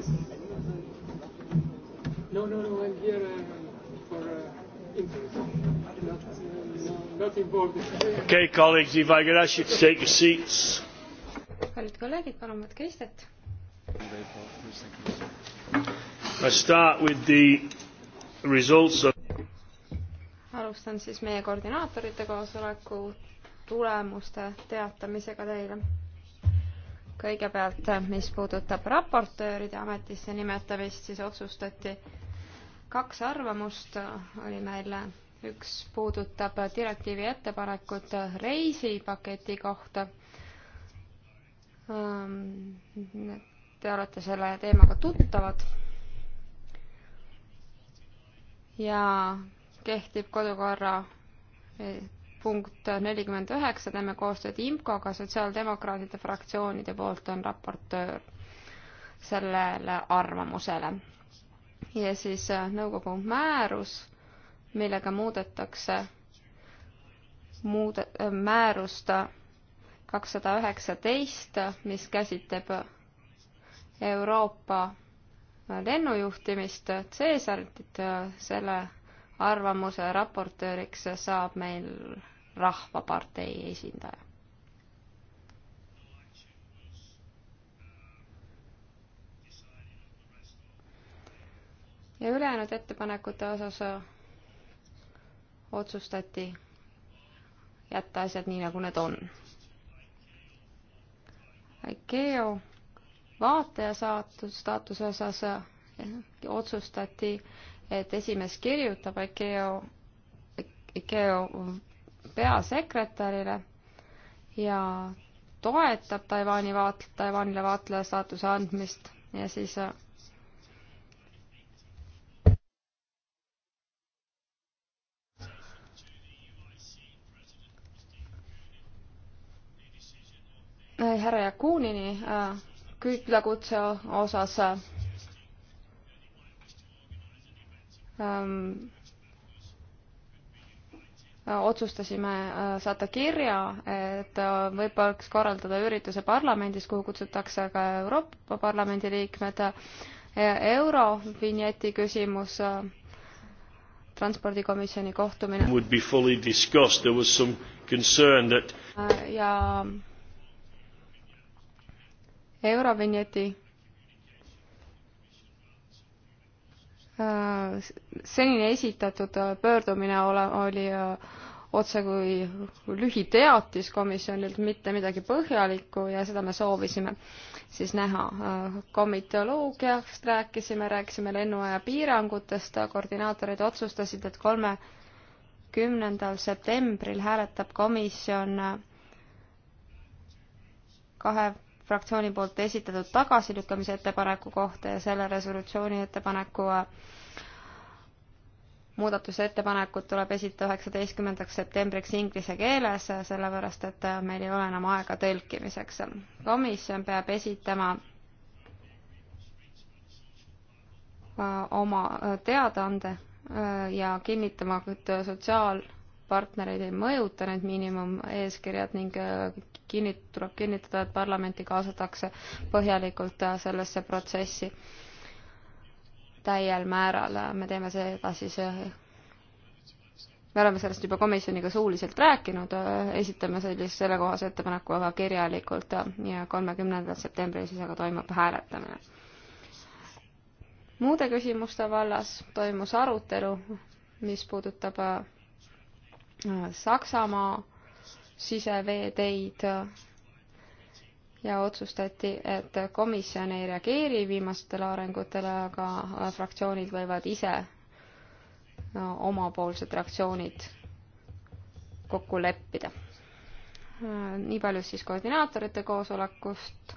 is. No, no, no. I'm here uh, for uh, interest. Not, uh, no, not involved. Okay, colleagues, if I could ask you to take your seats. kallid kolleegid, palun võtke istet. I start with the results of alustan siis meie koordinaatorite koosoleku tulemuste teatamisega teile kõigepealt, mis puudutab raportööride ametisse nimetamist, siis otsustati kaks arvamust oli meil. üks puudutab direktiivi ettepanekut reisipaketi kohta. Ähm, te olete selle teemaga tuttavad. ja kehtib kodukorra punkt nelikümmend üheksa, teeme koostööd IMCO-ga, sotsiaaldemokraadide fraktsioonide poolt on raportöör sellele arvamusele. ja siis äh, nõukogu määrus, millega muudetakse muude-, äh, määrust kakssada üheksateist, mis käsitleb Euroopa äh, lennujuhtimist, Cäsarit, selle arvamuse raportööriks saab meil Rahvapartei esindaja. ja ülejäänud ettepanekute osas otsustati jätta asjad nii, nagu need on. IKEA vaataja saatus, staatuse osas otsustati äh, et esimees kirjutab IKEA, IKEA peasekretärile ja toetab Taiwani vaat-, Taiwanile vaatleja staatuse andmist ja siis äh, härra Jakunini äh, küülakutse osas äh, ähm, äh, otsustasime äh, saata kirja, et äh, võib-olla võiks korraldada ürituse parlamendis, kuhu kutsutakse ka Euroopa Parlamendi liikmed, eurovinjeti küsimus, transpordikomisjoni kohtumine. ja eurovinjeti Äh, senine esitatud äh, pöördumine ole, oli äh, otsekui lühiteatis komisjonilt, mitte midagi põhjalikku ja seda me soovisime siis näha. komitoloogiast rääkisime, rääkisime lennuaja piirangutest, koordinaatorid otsustasid, et kolmekümnendal septembril hääletab komisjon kahe fraktsiooni poolt esitatud tagasilükkamise ettepaneku kohta ja selle resolutsiooni ettepaneku muudatusettepanekud tuleb esitada üheksateistkümnendaks septembriks inglise keeles, sellepärast et meil ei ole enam aega tõlkimiseks. komisjon peab esitama äh, oma äh, teadaande äh, ja kinnitama sotsiaal- partnereid ei mõjuta need miinimumeeskirjad ning äh, kinnit-, tuleb kinnitada, et parlamenti kaasatakse põhjalikult äh, sellesse protsessi täiel määral. me teeme seda siis, äh, me oleme sellest juba komisjoniga suuliselt rääkinud, esitame sellise, sellekohase ettepaneku aga kirjalikult ja kolmekümnendal septembril siis aga toimub hääletamine. muude küsimuste vallas toimus arutelu, mis puudutab Saksamaa siseveeteid ja otsustati, et komisjon ei reageeri viimastele arengutele, aga fraktsioonid võivad ise no, omapoolsed reaktsioonid kokku leppida. nii palju siis koordinaatorite koosolekust.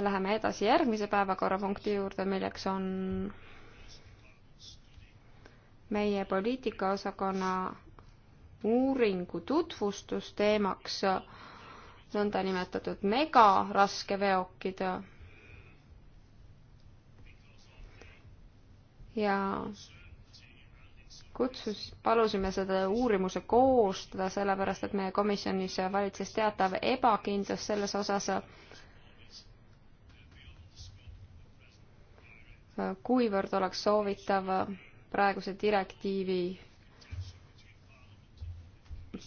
Läheme edasi järgmise päevakorrapunkti juurde, milleks on meie poliitikaosakonna uuringu tutvustus teemaks nõndanimetatud megaraskeveokid. ja kutsus, palusime seda uurimuse koostada, sellepärast et meie komisjonis valitses teatav ebakindlus selles osas, kuivõrd oleks soovitav praeguse direktiivi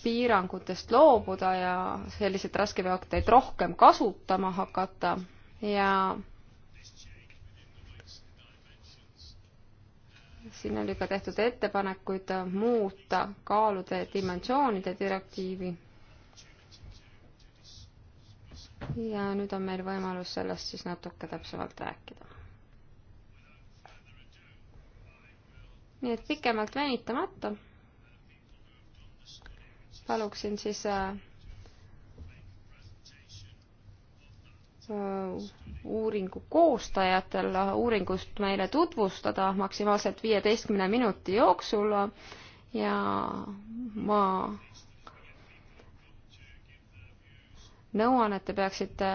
piirangutest loobuda ja selliseid raskeveokiteid rohkem kasutama hakata ja siin oli ka tehtud ettepanekuid muuta kaalude dimensioonide direktiivi. ja nüüd on meil võimalus sellest siis natuke täpsemalt rääkida nii et pikemalt venitamata paluksin siis äh, äh, uuringu koostajatel äh, uuringust meile tutvustada maksimaalselt viieteistkümne minuti jooksul ja ma nõuan, et te peaksite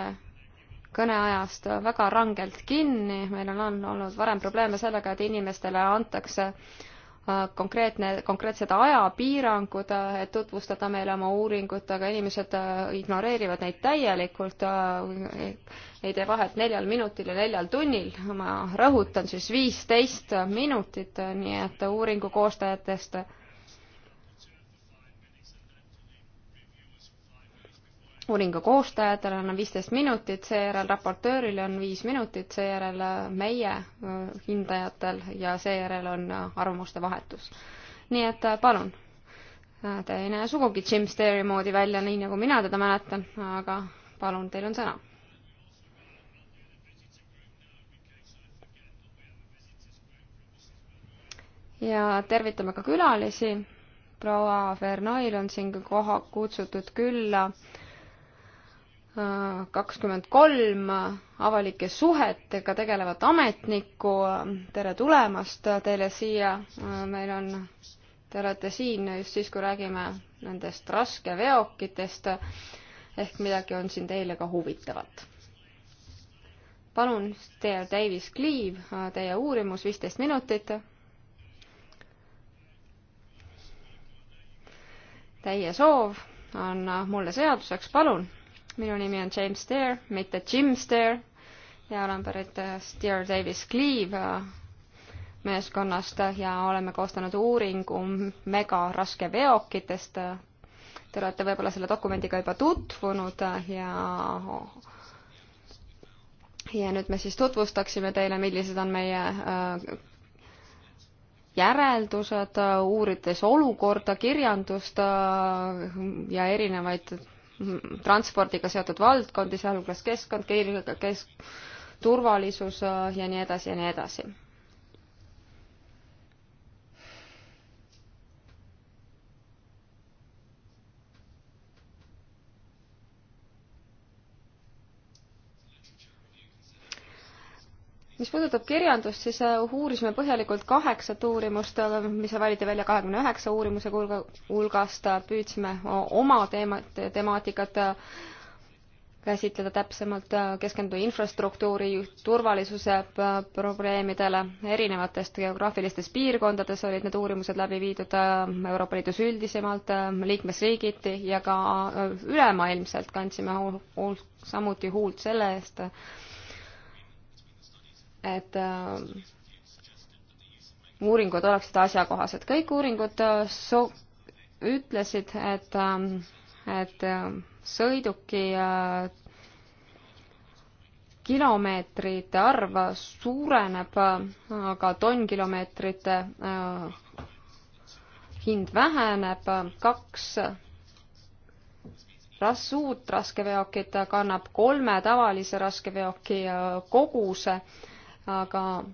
kõneajast väga rangelt kinni, meil on olnud varem probleeme sellega, et inimestele antakse äh, konkreetne, konkreetsed ajapiirangud, äh, et tutvustada meile oma uuringut, aga inimesed äh, ignoreerivad neid täielikult, ei tee vahet neljal minutil ja neljal tunnil, ma rõhutan siis viisteist minutit, nii et uuringu koostajatest uuringu koostajatele on viisteist minutit, seejärel raportööril on viis minutit, seejärel äh, meie äh, hindajatel ja seejärel on äh, arvamuste vahetus. nii et palun, te ei näe sugugi Jim Steeri moodi välja, nii nagu mina teda mäletan, aga palun, teil on sõna. ja tervitame ka külalisi. proua Vernoil on siin koha kutsutud külla äh, kakskümmend kolm avalike suhetega tegelevat ametnikku. tere tulemast teile siia. meil on, te olete siin just siis, kui räägime nendest raskeveokitest ehk midagi on siin teile ka huvitavat. palun, teie Davis Cleave, teie uurimus viisteist minutit. Teie soov on mulle seaduseks, palun minu nimi on James Stair, mitte Jim Stair ja olen pärit äh, Stair Davis Cleave äh, meeskonnast äh, ja oleme koostanud uuringu megaraskeveokitest. Te olete võib-olla selle dokumendiga juba tutvunud ja ja nüüd me siis tutvustaksime teile, millised on meie järeldused, uurides olukorda, kirjandust ja erinevaid transpordiga seotud valdkondi, sealhulgas keskkond, kesk-, turvalisus äh, ja nii edasi ja nii edasi mis puudutab kirjandust, siis äh, uurisime põhjalikult kaheksat uurimust, äh, mis valiti välja kahekümne üheksa uurimuse hulgast, püüdsime äh, oma teemat, temaatikat käsitleda täpsemalt, keskenduda infrastruktuuri turvalisuse probleemidele, erinevatest geograafilistest piirkondades olid need uurimused läbi viidud Euroopa Liidus üldisemalt, liikmesriigiti ja ka ülemaailmselt kandsime samuti huult selle eest, et ähm, uuringud oleksid asjakohased. kõik uuringud äh, so-, ütlesid, et, ähm, et ähm, sõiduki äh, kilomeetrite arv suureneb, äh, aga tonnkilomeetrite hind väheneb, kaks ras-, uut raskeveokit kannab kolme tavalise raskeveoki koguse äh, aga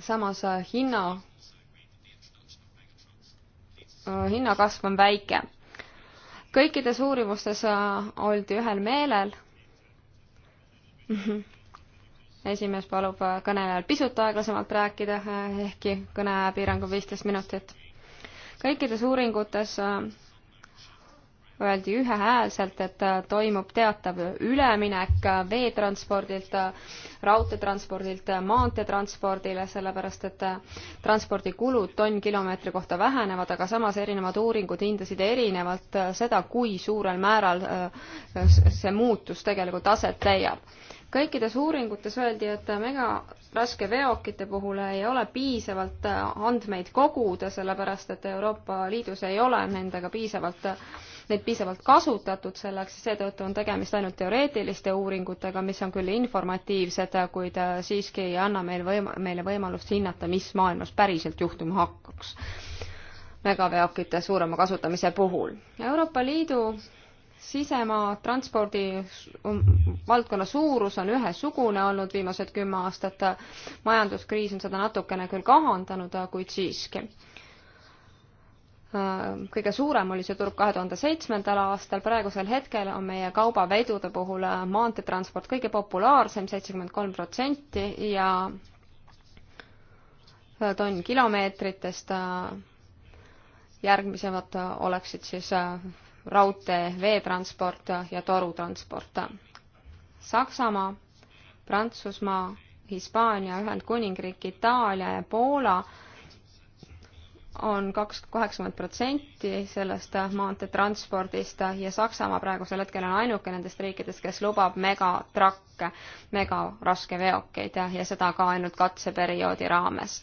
samas äh, hinna, äh, hinnakasv on väike. kõikides uurimustes äh, oldi ühel meelel esimees palub kõnelejal pisut aeglasemalt rääkida, ehkki kõneajapiirang on viisteist minutit. kõikides uuringutes öeldi ühehäälselt, et äh, toimub teatav üleminek äh, veetranspordilt, äh, raudteetranspordilt maanteetranspordile, sellepärast et transpordikulud tonnkilomeetri kohta vähenevad, aga samas erinevad uuringud hindasid erinevalt seda, kui suurel määral see muutus tegelikult aset leiab kõikides uuringutes öeldi, et megaraskeveokite puhul ei ole piisavalt andmeid koguda, sellepärast et Euroopa Liidus ei ole nendega piisavalt neid piisavalt kasutatud selleks, seetõttu on tegemist ainult teoreetiliste uuringutega, mis on küll informatiivsed, kuid äh, siiski ei anna meil võima-, meile võimalust hinnata, mis maailmas päriselt juhtuma hakkaks megaveokite suurema kasutamise puhul. Euroopa Liidu sisemaa transpordi um, valdkonna suurus on ühesugune olnud viimased kümme aastat. majanduskriis on seda natukene küll kahandanud, kuid siiski. Äh, kõige suurem oli see turg kahe tuhande seitsmendal aastal, praegusel hetkel on meie kaubavedude puhul äh, maanteetransport kõige populaarsem, seitsekümmend kolm protsenti ja äh, tonn kilomeetritest järgmisemad oleksid siis raudtee, veetransport ja torutransport. Saksamaa, Prantsusmaa, Hispaania, Ühendkuningriik, Itaalia ja Poola on kaks, kaheksakümmend protsenti sellest maanteetranspordist ja Saksamaa praegusel hetkel on ainuke nendest riikidest, kes lubab megatrakke, megaraskeveokeid ja, ja seda ka ainult katseperioodi raames.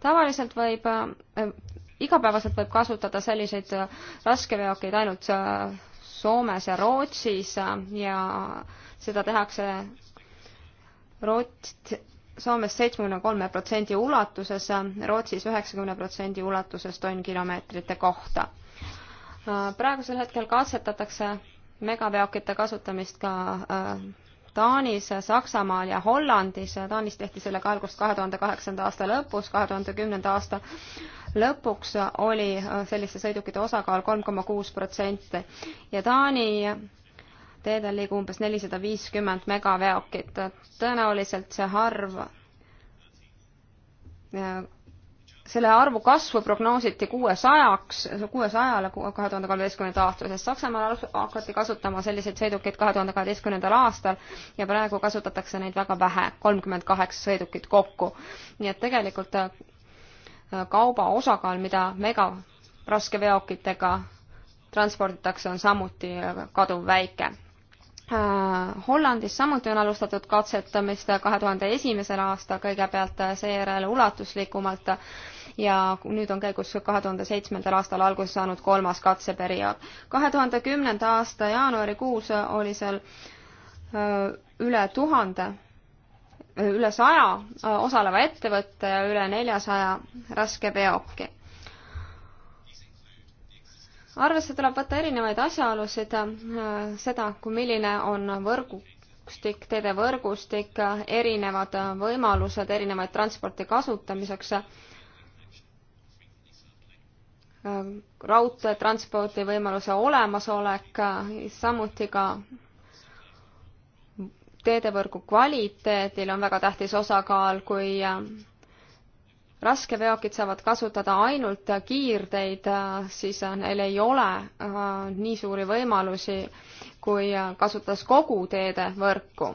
tavaliselt võib äh,, igapäevaselt võib kasutada selliseid äh, raskeveokeid ainult äh, Soomes ja Rootsis äh, ja seda tehakse Root-, Soomes seitsmekümne kolme protsendi ulatuses, Rootsis üheksakümne protsendi ulatuses tonnkilomeetrite kohta. praegusel hetkel katsetatakse megaveokite kasutamist ka äh, Taanis, Saksamaal ja Hollandis. Taanis tehti sellega algust kahe tuhande kaheksanda aasta lõpus, kahe tuhande kümnenda aasta lõpuks oli äh, selliste sõidukite osakaal kolm koma kuus protsenti ja Taani teedel liigub umbes nelisada viiskümmend megaveokit. tõenäoliselt see arv, selle arvu kasvu prognoositi kuuesajaks, kuuesajale kahe tuhande kolmeteistkümnenda aasta, sest Saksamaal hakati kasutama selliseid sõidukeid kahe tuhande kaheteistkümnendal aastal ja praegu kasutatakse neid väga vähe, kolmkümmend kaheksa sõidukit kokku. nii et tegelikult äh, kauba osakaal, mida mega raskeveokitega transporditakse, on samuti äh, kaduvväike. Äh, Hollandis samuti on alustatud katsetamist kahe tuhande esimesel aastal kõigepealt, äh, seejärel ulatuslikumalt ja nüüd on käigus kahe tuhande seitsmendal aastal alguse saanud kolmas katseperiood. kahe tuhande kümnenda aasta jaanuarikuus oli seal äh, üle tuhande, üle saja osaleva ettevõtte ja üle neljasaja raskeveoki arvesse tuleb võtta erinevaid asjaolusid, äh, seda, kui milline on võrgu võrgustik, teede võrgustik, erinevad võimalused erinevaid transporti kasutamiseks, äh, raudteetranspordi võimaluse olemasolek, äh, samuti ka teedevõrgu kvaliteedil on väga tähtis osakaal, kui raskeveokid saavad kasutada ainult kiirteid, siis neil ei ole äh, nii suuri võimalusi, kui kasutades kogu teedevõrku.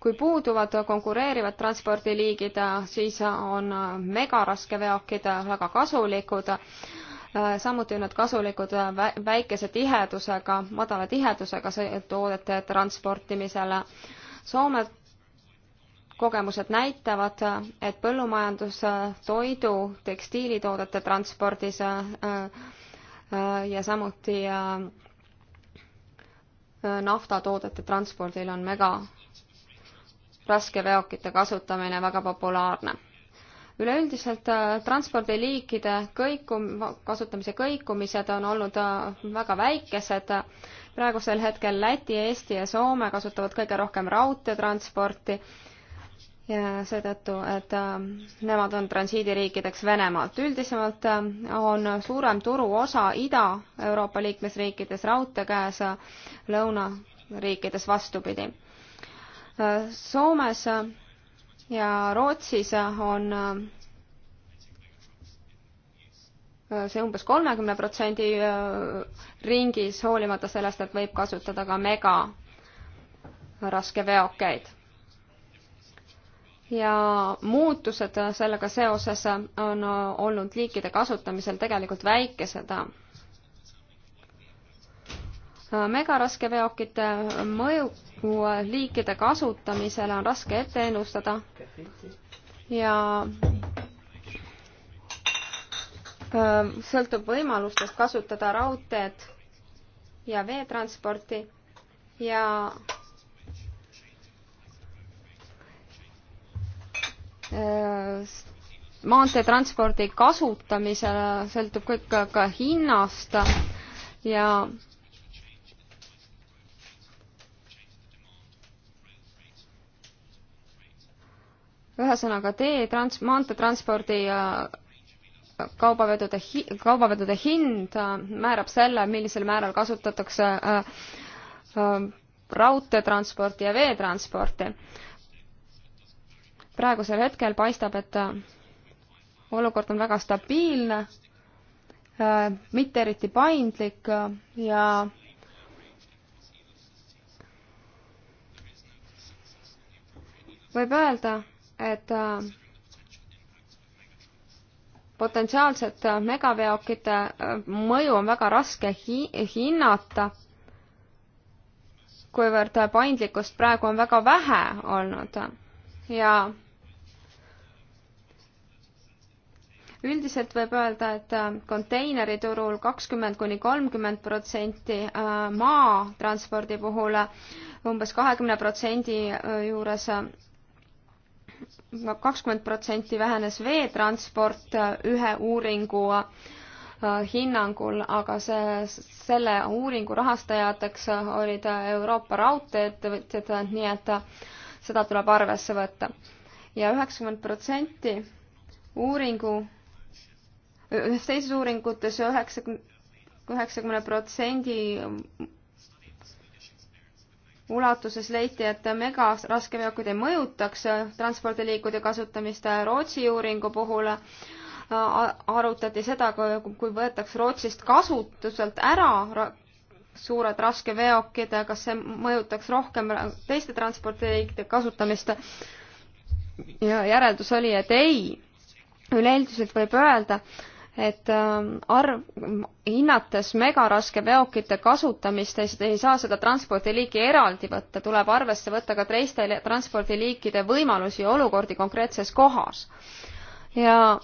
kui puuduvad konkureerivad transpordiliigid, siis on megaraskeveokid väga kasulikud, äh, samuti on nad kasulikud väikese tihedusega, madala tihedusega toodete transportimisele Soome kogemused näitavad, et põllumajandus, toidu, tekstiilitoodete transpordis ja samuti naftatoodete transpordil on mega raskeveokite kasutamine väga populaarne. üleüldiselt transpordiliikide kõikum-, kasutamise kõikumised on olnud väga väikesed. praegusel hetkel Läti, Eesti ja Soome kasutavad kõige rohkem raudteetransporti ja seetõttu, et äh, nemad on transiidiriikideks Venemaalt. üldisemalt äh, on suurem turuosa Ida-Euroopa liikmesriikides raudtee käes, äh, lõunariikides vastupidi. Soomes ja Rootsis on see umbes kolmekümne protsendi ringis, hoolimata sellest, et võib kasutada ka mega raskeveokeid ja muutused sellega seoses on olnud liikide kasutamisel tegelikult väikesed. megaraskeveokite mõju liikide kasutamisele on raske ette ennustada ja äh, sõltub võimalustest kasutada raudteed ja veetransporti ja Äh, maanteetranspordi kasutamisel sõltub kõik ka hinnast ja ühesõnaga teetrans-, maanteetranspordi ja kaubavedude hi-, kaubavedude hind määrab selle, millisel määral kasutatakse äh, äh, raudteetransporti ja veetransporti praegusel hetkel paistab, et äh, olukord on väga stabiilne, äh, mitte eriti paindlik äh, ja võib öelda, et potentsiaalset megaveokite mõju on väga raske hi hinnata, kuivõrd paindlikkust praegu on väga vähe olnud ja üldiselt võib öelda, et äh, konteineriturul kakskümmend kuni kolmkümmend protsenti, äh, maatranspordi puhul äh, umbes kahekümne protsendi juures kakskümmend protsenti vähenes veetransport ühe uuringu hinnangul, aga see, selle uuringu rahastajateks olid Euroopa raudtee-ettevõtjad, nii et seda tuleb arvesse võtta ja. ja üheksakümmend protsenti uuringu ühes teises uuringutes üheksakümne, üheksakümne protsendi ulatuses leiti, et mega raskeveokid ei mõjutaks transpordiliikude kasutamist Rootsi uuringu puhul äh, arutati seda, kui võetaks Rootsist kasutuselt ära suured raskeveokid, kas see mõjutaks rohkem teiste transpordiliikide kasutamist. ja järeldus oli, et ei. üleüldiselt võib öelda, et ähm, arv, hinnates megaraskeveokite kasutamist, ei saa seda transpordiliiki eraldi võtta, tuleb arvesse võtta ka teiste transpordiliikide võimalusi ja olukordi konkreetses kohas. ja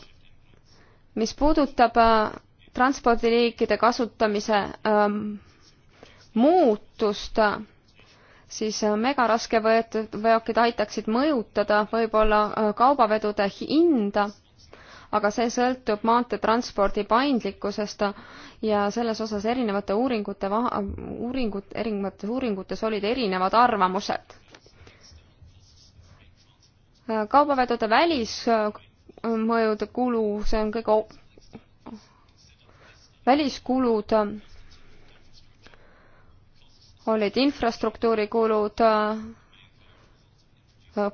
mis puudutab äh, transpordiliikide kasutamise ähm, muutust, siis äh, megaraske veokid aitaksid mõjutada võib-olla äh, kaubavedude hinda aga see sõltub maanteetranspordi paindlikkusest ja selles osas erinevate uuringute, uuringut, erinevates uuringutes olid erinevad arvamused. kaubavedude välismõjude kulu, see on kõige, väliskulud olid infrastruktuurikulud,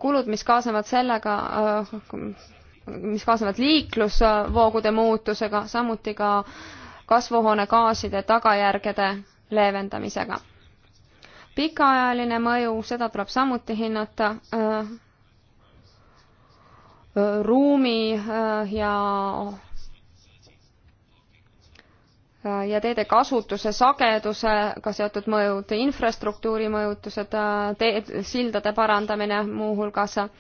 kulud, mis kaasnevad sellega, mis kaasnevad liiklusvoogude muutusega, samuti ka kasvuhoonegaaside tagajärgede leevendamisega. pikaajaline mõju, seda tuleb samuti hinnata äh,, äh ruumi äh, ja äh, ja teede kasutuse sagedusega seotud mõjud, infrastruktuuri mõjutused, äh, teed, sildade parandamine muuhulgas äh,,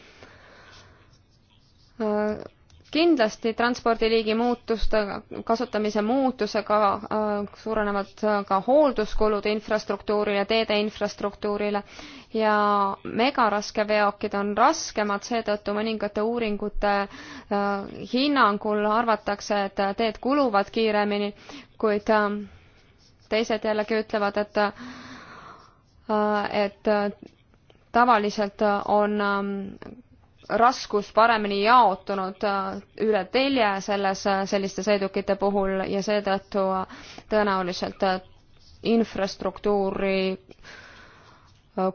kindlasti transpordiliigi muutuste, kasutamise muutusega äh, suurenevad äh, ka hoolduskulud infrastruktuurile, teede infrastruktuurile ja megaraskeveokid on raskemad, seetõttu mõningate uuringute äh, hinnangul arvatakse, et teed kuluvad kiiremini, kuid teised jällegi ütlevad, et et tavaliselt on raskus paremini jaotunud äh, üle telje selles, äh, selliste sõidukite puhul ja seetõttu äh, tõenäoliselt infrastruktuuri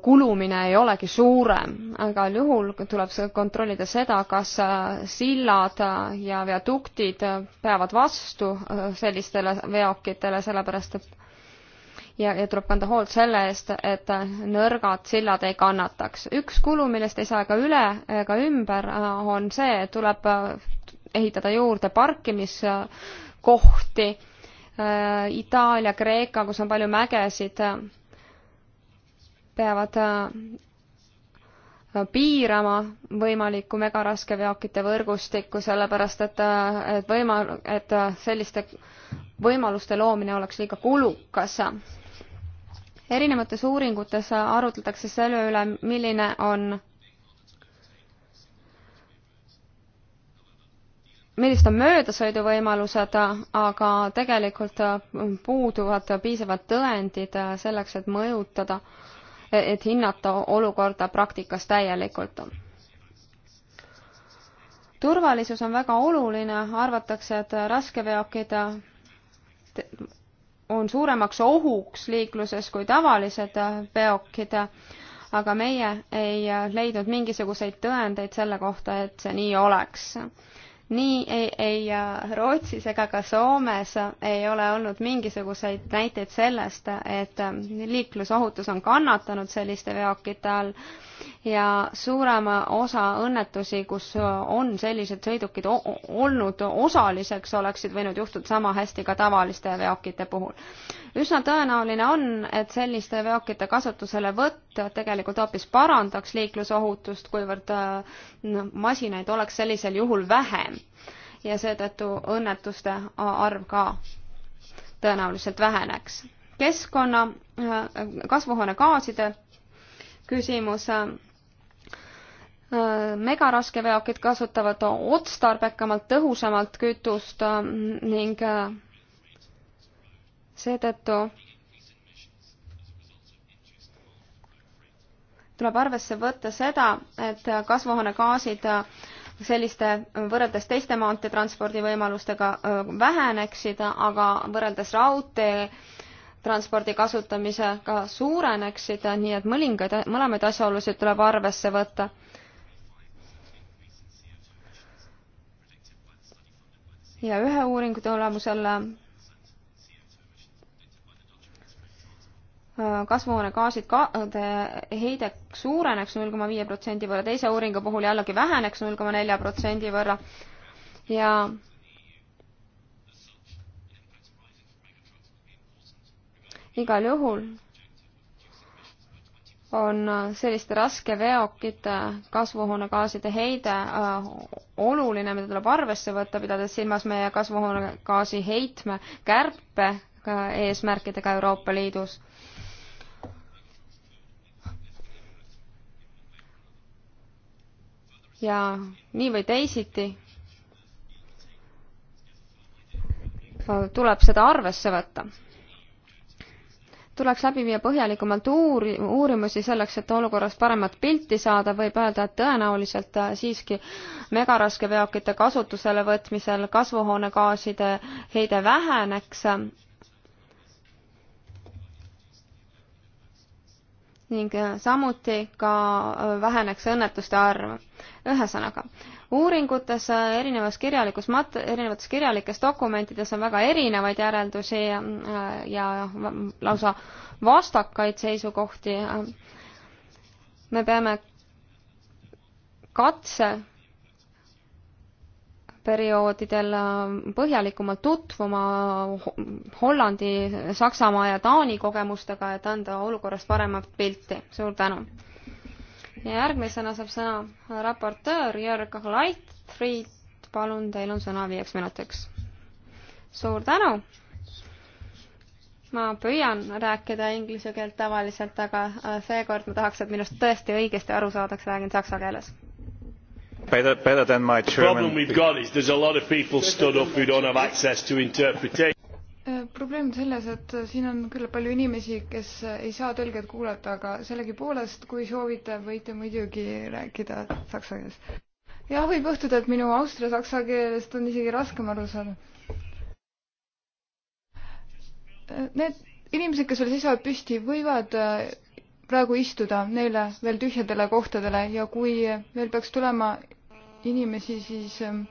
kulumine ei olegi suurem, aga juhul tuleb kontrollida seda, kas sillad ja viaduktid peavad vastu sellistele veokitele, sellepärast et ja, ja tuleb kanda hoolt selle eest, et nõrgad sillad ei kannataks. üks kulu, millest ei saa ka üle ega ümber, on see, et tuleb ehitada juurde parkimiskohti. Äh, Itaalia, Kreeka, kus on palju mägesid, peavad äh, piirama võimalikku megaraskeveokite võrgustikku, sellepärast et, äh, et võima-, et selliste võimaluste loomine oleks liiga kulukas erinevates uuringutes arutletakse selle üle, milline on, millised on möödasõiduvõimalused, aga tegelikult puuduvad piisavad tõendid selleks, et mõjutada, et hinnata olukorda praktikas täielikult turvalisus on väga oluline, arvatakse, et raskeveokid on suuremaks ohuks liikluses kui tavalised äh, veokid, aga meie ei äh, leidnud mingisuguseid tõendeid selle kohta, et see nii oleks. nii ei, ei äh, Rootsis ega ka Soomes ei ole olnud mingisuguseid näiteid sellest, et liiklusohutus on kannatanud selliste veokite all ja suurema osa õnnetusi, kus on sellised sõidukid olnud osaliseks, oleksid võinud juhtuda sama hästi ka tavaliste veokite puhul. üsna tõenäoline on, et selliste veokite kasutuselevõtt tegelikult hoopis parandaks liiklusohutust, kuivõrd no, äh, masinaid oleks sellisel juhul vähem ja seetõttu õnnetuste arv ka tõenäoliselt väheneks. keskkonna, äh, kasvuhoonegaaside küsimus äh, megaraskeveokid kasutavad otstarbekamalt, tõhusamalt kütust äh, ning äh, seetõttu tuleb arvesse võtta seda, et kasvuhoonegaasid äh, selliste võrreldes teiste maanteetranspordi võimalustega väheneksid, aga võrreldes raudtee transpordi kasutamisega ka suureneksid, nii et mõningaid, mõlemaid asjaolusid tuleb arvesse võtta ja ühe uuringu tulemusel äh, kasvuhoonegaasid ka-, äh, heide suureneks null koma viie protsendi võrra, teise uuringu puhul jällegi väheneks null koma nelja protsendi võrra ja igal juhul on äh, selliste raskeveokite äh, kasvuhoonegaaside heide äh, oluline, mida tuleb arvesse võtta, pidades silmas meie kasvuhoonegaasi heitme kärpe äh, eesmärkidega Euroopa Liidus. ja nii või teisiti äh, tuleb seda arvesse võtta tuleks läbi viia põhjalikumalt uuri-, uurimusi selleks, et olukorrast paremat pilti saada, võib öelda, et tõenäoliselt äh, siiski megaraskeveokite kasutusele võtmisel kasvuhoonegaaside heide väheneks ning äh, samuti ka äh, väheneks õnnetuste arv. ühesõnaga, uuringutes, erinevas kirjalikus mat-, erinevates kirjalikes dokumentides on väga erinevaid järeldusi ja, ja lausa vastakaid seisukohti. me peame katse perioodidel põhjalikumalt tutvuma Hollandi, Saksamaa ja Taani kogemustega, et anda olukorrast paremat pilti. suur tänu! ja järgmisena saab sõna raportöör Jörg Leitfried, palun, teil on sõna viieks minutiks. suur tänu! ma püüan rääkida inglise keelt tavaliselt, aga äh, seekord ma tahaks, et minust tõesti õigesti aru saadaks, räägin saksa keeles. Better, better than my German. The problem we've got is there's a lot of people stood up who don't have access to interpretation. Äh, probleem on selles, et äh, siin on küll palju inimesi, kes äh, ei saa tõlget kuulata, aga sellegipoolest, kui soovite, võite muidugi rääkida saksa keeles. jah, võib juhtuda, et minu austria saksa keelest on isegi raskem aru saada. Need inimesed, kes veel seisavad püsti, võivad praegu istuda neile veel tühjadele kohtadele ja kui veel peaks tulema inimesi, siis ähm,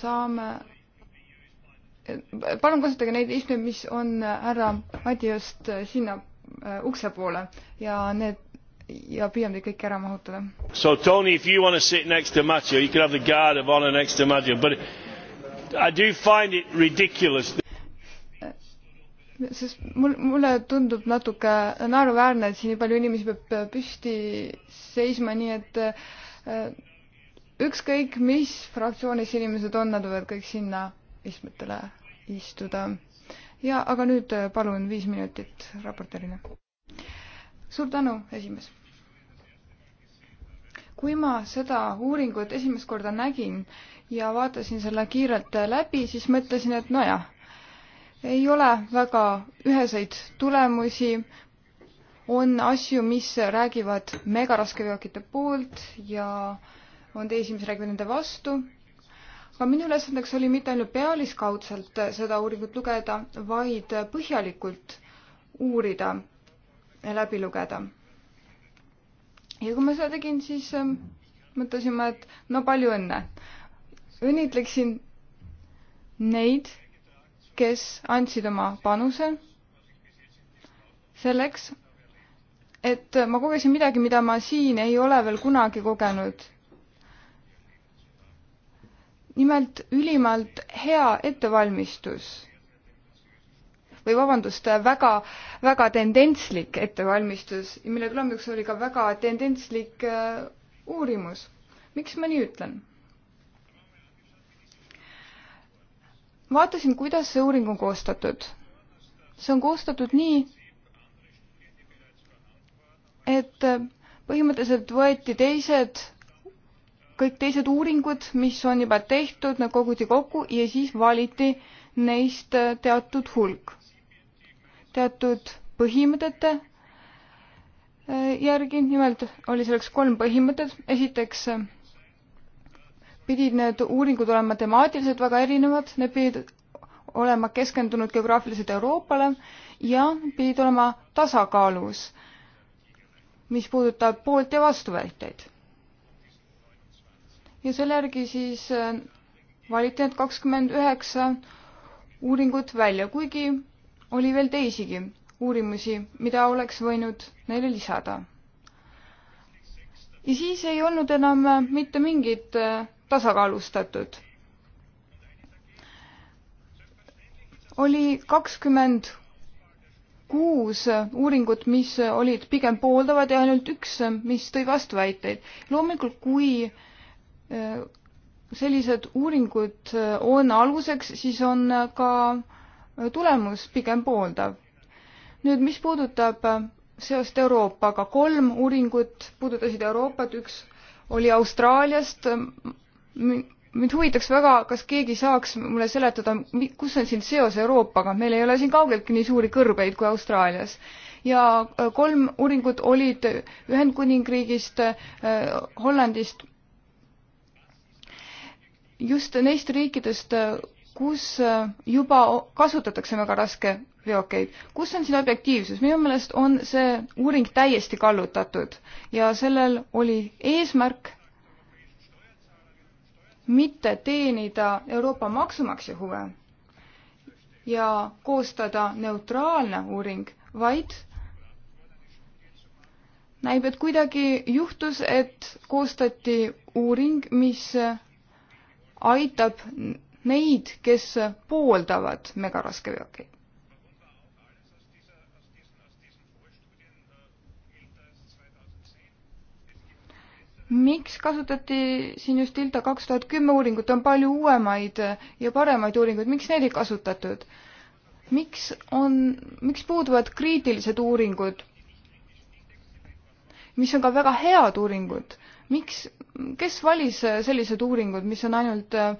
saame palun kasutage neid istmeid, mis on äh, härra Madi just äh, sinna äh, ukse poole ja need ja püüame teid kõiki ära mahutada. So Tony, if you want to sit next to Matteo, you can have the guard of honor next to Matteo, but I do find it ridiculous. sest mul, mulle tundub natuke naeruväärne, et siin nii palju inimesi peab püsti seisma, nii et ükskõik, mis fraktsioonis inimesed on, nad võivad kõik sinna istmetele istuda. ja aga nüüd äh, palun viis minutit raportöörile. suur tänu, esimees. kui ma seda uuringut esimest korda nägin ja vaatasin selle kiirelt läbi, siis mõtlesin, et nojah, ei ole väga üheseid tulemusi, on asju, mis räägivad megaraskeveokite poolt ja on teisi, mis räägivad nende vastu aga minu ülesandeks oli mitte ainult pealiskaudselt seda uuringut lugeda, vaid põhjalikult uurida ja läbi lugeda. ja kui ma seda tegin, siis ähm, mõtlesime, et no palju õnne. õnnitleksin neid, kes andsid oma panuse selleks, et ma kogesin midagi, mida ma siin ei ole veel kunagi kogenud nimelt ülimalt hea ettevalmistus või vabandust, väga, väga tendentslik ettevalmistus, mille tulemuseks oli ka väga tendentslik äh, uurimus. miks ma nii ütlen? vaatasin, kuidas see uuring on koostatud. see on koostatud nii, et põhimõtteliselt võeti teised kõik teised uuringud, mis on juba tehtud, nad koguti kokku ja siis valiti neist teatud hulk, teatud põhimõtete e, järgi, nimelt oli selleks kolm põhimõtet, esiteks pidid need uuringud olema temaatiliselt väga erinevad, need pidid olema keskendunud geograafiliselt Euroopale ja pidid olema tasakaalus, mis puudutab poolt- ja vastuväiteid ja selle järgi siis äh, valiti need kakskümmend üheksa uuringut välja, kuigi oli veel teisigi uurimusi, mida oleks võinud neile lisada. ja siis ei olnud enam äh, mitte mingit äh, tasakaalustatud. oli kakskümmend kuus uuringut, mis olid pigem pooldavad ja ainult üks, mis tõi vastuväiteid. loomulikult, kui Äh, sellised uuringud äh, on aluseks, siis on äh, ka tulemus pigem pooldav. nüüd, mis puudutab seost Euroopaga, kolm uuringut puudutasid Euroopat, üks oli Austraaliast. mind huvitaks väga, kas keegi saaks mulle seletada, kus on siin seos Euroopaga, meil ei ole siin kaugeltki nii suuri kõrbeid kui Austraalias ja kolm uuringut olid Ühendkuningriigist, Hollandist just neist riikidest, kus äh, juba kasutatakse väga raske veokeid. kus on siin objektiivsus? minu meelest on see uuring täiesti kallutatud ja sellel oli eesmärk mitte teenida Euroopa maksumaksja huve ja koostada neutraalne uuring, vaid näib, et kuidagi juhtus, et koostati uuring, mis aitab neid, kes pooldavad megaraskeveoki. miks kasutati siin just ILTA kaks tuhat kümme uuringut, on palju uuemaid ja paremaid uuringuid, miks neid ei kasutatud? miks on, miks puuduvad kriitilised uuringud mis on ka väga head uuringud. miks, kes valis äh, sellised uuringud, mis on ainult äh,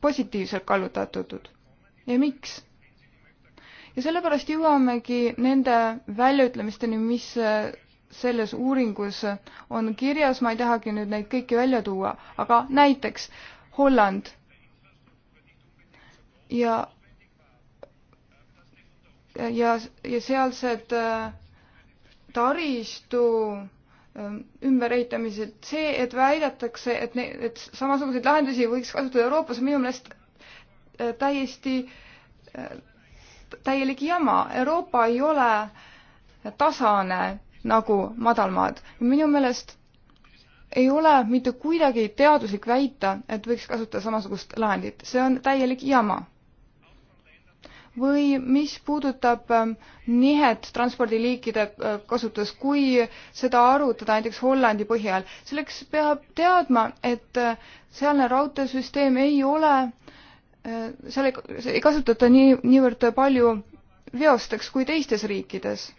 positiivselt kallutatud ja miks? ja sellepärast jõuamegi nende väljaütlemisteni, mis äh, selles uuringus on kirjas, ma ei tahagi nüüd neid kõiki välja tuua, aga näiteks Holland ja ja, ja sealsed äh, taristu ähm, ümberehitamised, see, et väidetakse, et ne-, et samasuguseid lahendusi võiks kasutada Euroopas, on minu meelest äh, täiesti äh, täielik jama. Euroopa ei ole tasane nagu madalmaad. minu meelest ei ole mitte kuidagi teaduslik väita, et võiks kasutada samasugust lahendit. see on täielik jama või mis puudutab ähm, nihet transpordiliikide äh, kasutuses, kui seda arutada näiteks Hollandi põhjal, selleks peab teadma, et äh, sealne raudteesüsteem ei ole, äh, seal ei, ei kasutata nii, niivõrd palju veosteks kui teistes riikides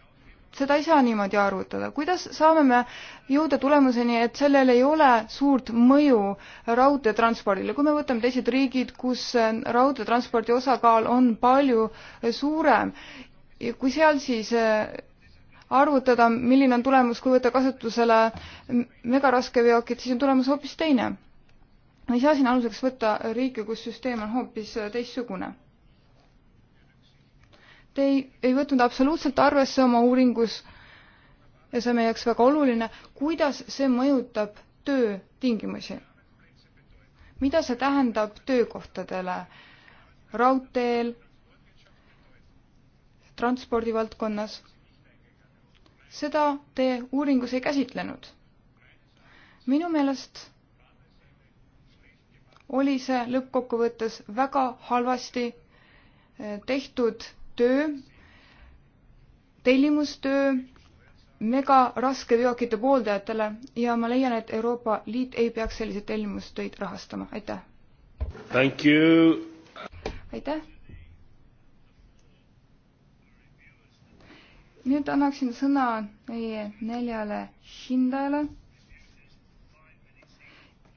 seda ei saa niimoodi arvutada. kuidas saame me jõuda tulemuseni, et sellel ei ole suurt mõju raudteetranspordile, kui me võtame teised riigid, kus äh, raudteetranspordi osakaal on palju äh, suurem, kui seal siis äh, arvutada, milline on tulemus, kui võtta kasutusele megaraskeveokid, siis on tulemus hoopis teine. me ei saa siin aluseks võtta riike, kus süsteem on hoopis teistsugune Te ei, ei võtnud absoluutselt arvesse oma uuringus ja see on meie jaoks väga oluline, kuidas see mõjutab töötingimusi. mida see tähendab töökohtadele raudteel, transpordivaldkonnas? seda te uuringus ei käsitlenud. minu meelest oli see lõppkokkuvõttes väga halvasti eh, tehtud töö, tellimustöö megaraske veokite pooldajatele ja ma leian, et Euroopa Liit ei peaks selliseid tellimustöid rahastama, aitäh. aitäh. nüüd annaksin sõna meie neljale hindajale.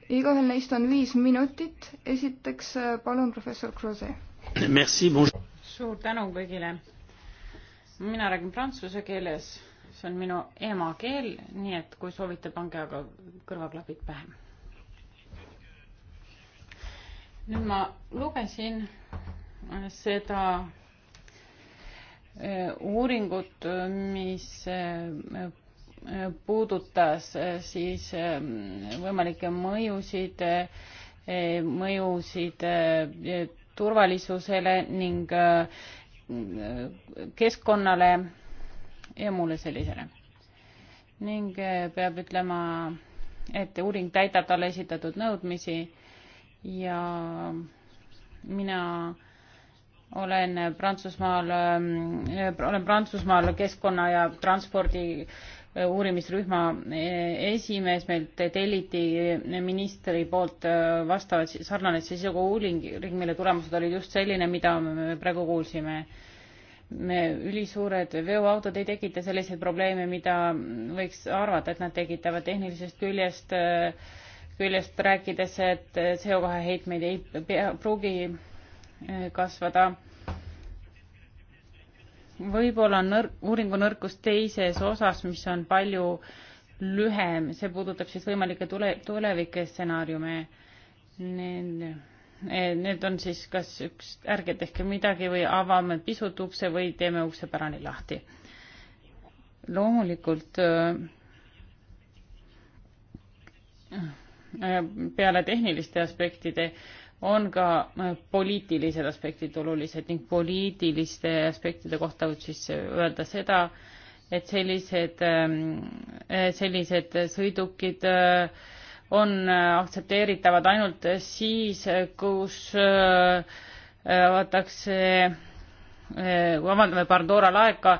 igaühel neist on viis minutit. esiteks palun, professor Kruse suur tänu kõigile. mina räägin prantsuse keeles, see on minu emakeel, nii et kui soovite, pange aga kõrvaklapid pähe. nüüd ma lugesin seda eh, uuringut, mis eh, puudutas eh, siis võimalikke mõjusid, mõjusid turvalisusele ning äh, keskkonnale ja muule sellisele. ning äh, peab ütlema, et uuring täidab talle esitatud nõudmisi ja mina olen Prantsusmaal, äh, olen Prantsusmaal keskkonna ja transpordi uurimisrühma esimees, meilt telliti ministri poolt äh, vastav sarnane sisuga uuring, mille tulemused olid just selline, mida me praegu kuulsime. me ülisuured veoautod ei tekita selliseid probleeme, mida võiks arvata, et nad tekitavad tehnilisest küljest, äh, küljest rääkides, et CO2 heitmeid ei pea, pruugi äh, kasvada võib-olla on nõrk, uuringu nõrkus teises osas, mis on palju lühem, see puudutab siis võimalikke tule, tulevikustsenaariume. Need, eh, need on siis kas üks, ärge tehke midagi või avame pisut ukse või teeme ukse pärani lahti. loomulikult eh, eh, peale tehniliste aspektide on ka äh, poliitilised aspektid olulised ning poliitiliste aspektide kohta võib siis öelda seda, et sellised, ähm, äh, sellised sõidukid äh, on aktsepteeritavad ainult siis, kus avatakse, avandame Pandora laeka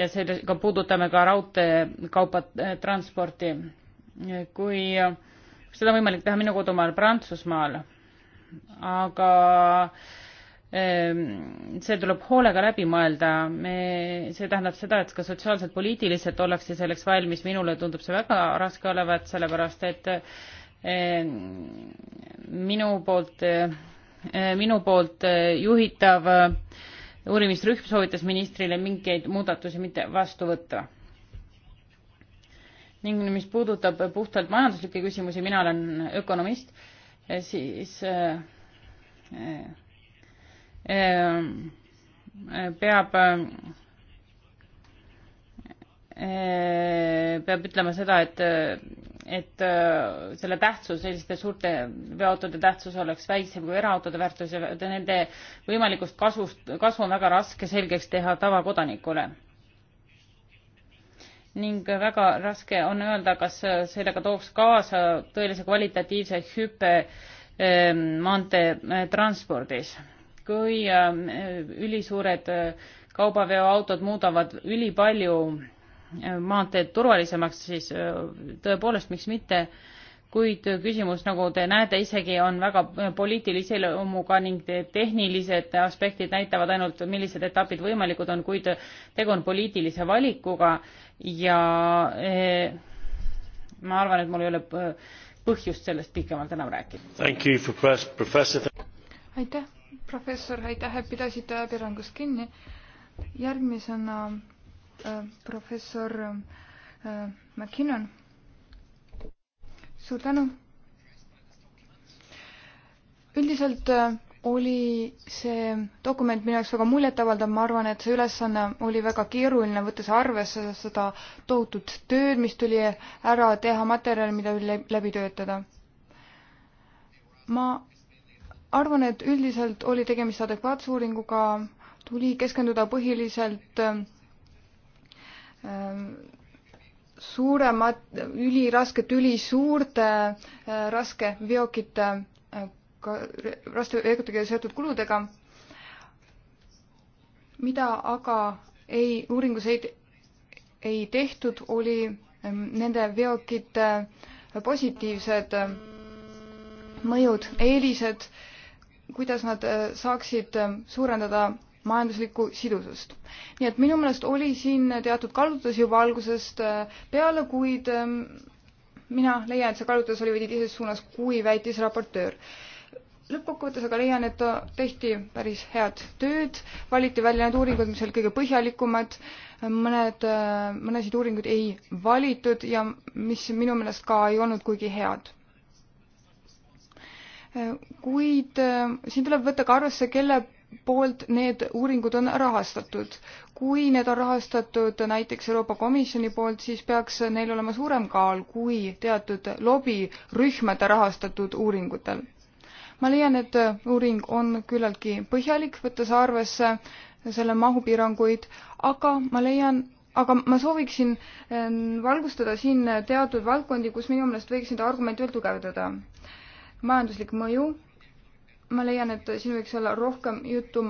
ja sellega puudutame ka raudteekaubatransporti. kui seda on võimalik teha minu kodumaal Prantsusmaal aga ehm, see tuleb hoolega läbi mõelda, me, see tähendab seda, et ka sotsiaalselt, poliitiliselt ollakse selleks valmis, minule tundub see väga raske olevat, sellepärast et ehm, minu poolt, ehm, minu poolt eh, juhitav eh, uurimisrühm soovitas ministrile mingeid muudatusi mitte vastu võtta. ning mis puudutab puhtalt majanduslikke küsimusi, mina olen ökonomist siis äh, äh, äh, peab peab ütlema seda, et, et selle tähtsus, selliste suurte veoautode tähtsus oleks väiksem kui eraautode väärtus ja nende võimalikust kasvust, kasvu on väga raske selgeks teha tavakodanikule ning väga raske on öelda, kas sellega tooks kaasa tõelise kvalitatiivse hüppe ehm, maanteetranspordis. Eh, kui eh, ülisuured eh, kaubaveoautod muudavad ülipalju maanteed turvalisemaks, siis tõepoolest, miks mitte, kuid küsimus, nagu te näete, isegi on väga poliitilise iseloomuga ning tehnilised aspektid näitavad ainult, millised etapid võimalikud on, kuid tegu on poliitilise valikuga ja eh, ma arvan, et mul ei ole eh, põhjust sellest pikemalt enam rääkida. aitäh, professor, aitäh, et pidasite ajapiirangust kinni. järgmisena äh, professor äh, McKinnon. suur tänu. üldiselt äh, oli see dokument minu jaoks väga muljetavaldav, ma arvan, et see ülesanne oli väga keeruline, võttes arvesse seda tohutut tööd, mis tuli ära teha, materjali, mida tuli läbi töötada. ma arvan, et üldiselt oli tegemist adekvaatse uuringuga, tuli keskenduda põhiliselt ähm, suuremat, ülirasket, ülisuurte äh, raskeveokite ka raskevõikutega seotud kuludega, mida aga ei, uuringus ei, ei tehtud, oli ähm, nende veokite positiivsed ähm, mõjud, eelised, kuidas nad äh, saaksid ähm, suurendada majanduslikku sidusust. nii et minu meelest oli siin teatud kaalutlusi juba algusest äh, peale, kuid mina leian, et see kaalutlus oli veidi teises suunas, kui väitis raportöör lõppkokkuvõttes aga leian, et tehti päris head tööd, valiti välja need uuringud, mis olid kõige põhjalikumad, mõned, mõnesid uuringuid ei valitud ja mis minu meelest ka ei olnud kuigi head. kuid äh, siin tuleb võtta ka arvesse, kelle poolt need uuringud on rahastatud. kui need on rahastatud näiteks Euroopa Komisjoni poolt, siis peaks neil olema suurem kaal kui teatud lobirühmade rahastatud uuringutel ma leian, et äh, uuring on küllaltki põhjalik, võttes arvesse selle mahupiiranguid, aga ma leian, aga ma sooviksin ähm, valgustada siin teatud valdkondi, kus minu meelest võiks neid argumente veel tugevdada. majanduslik mõju, ma leian, et siin võiks olla rohkem juttu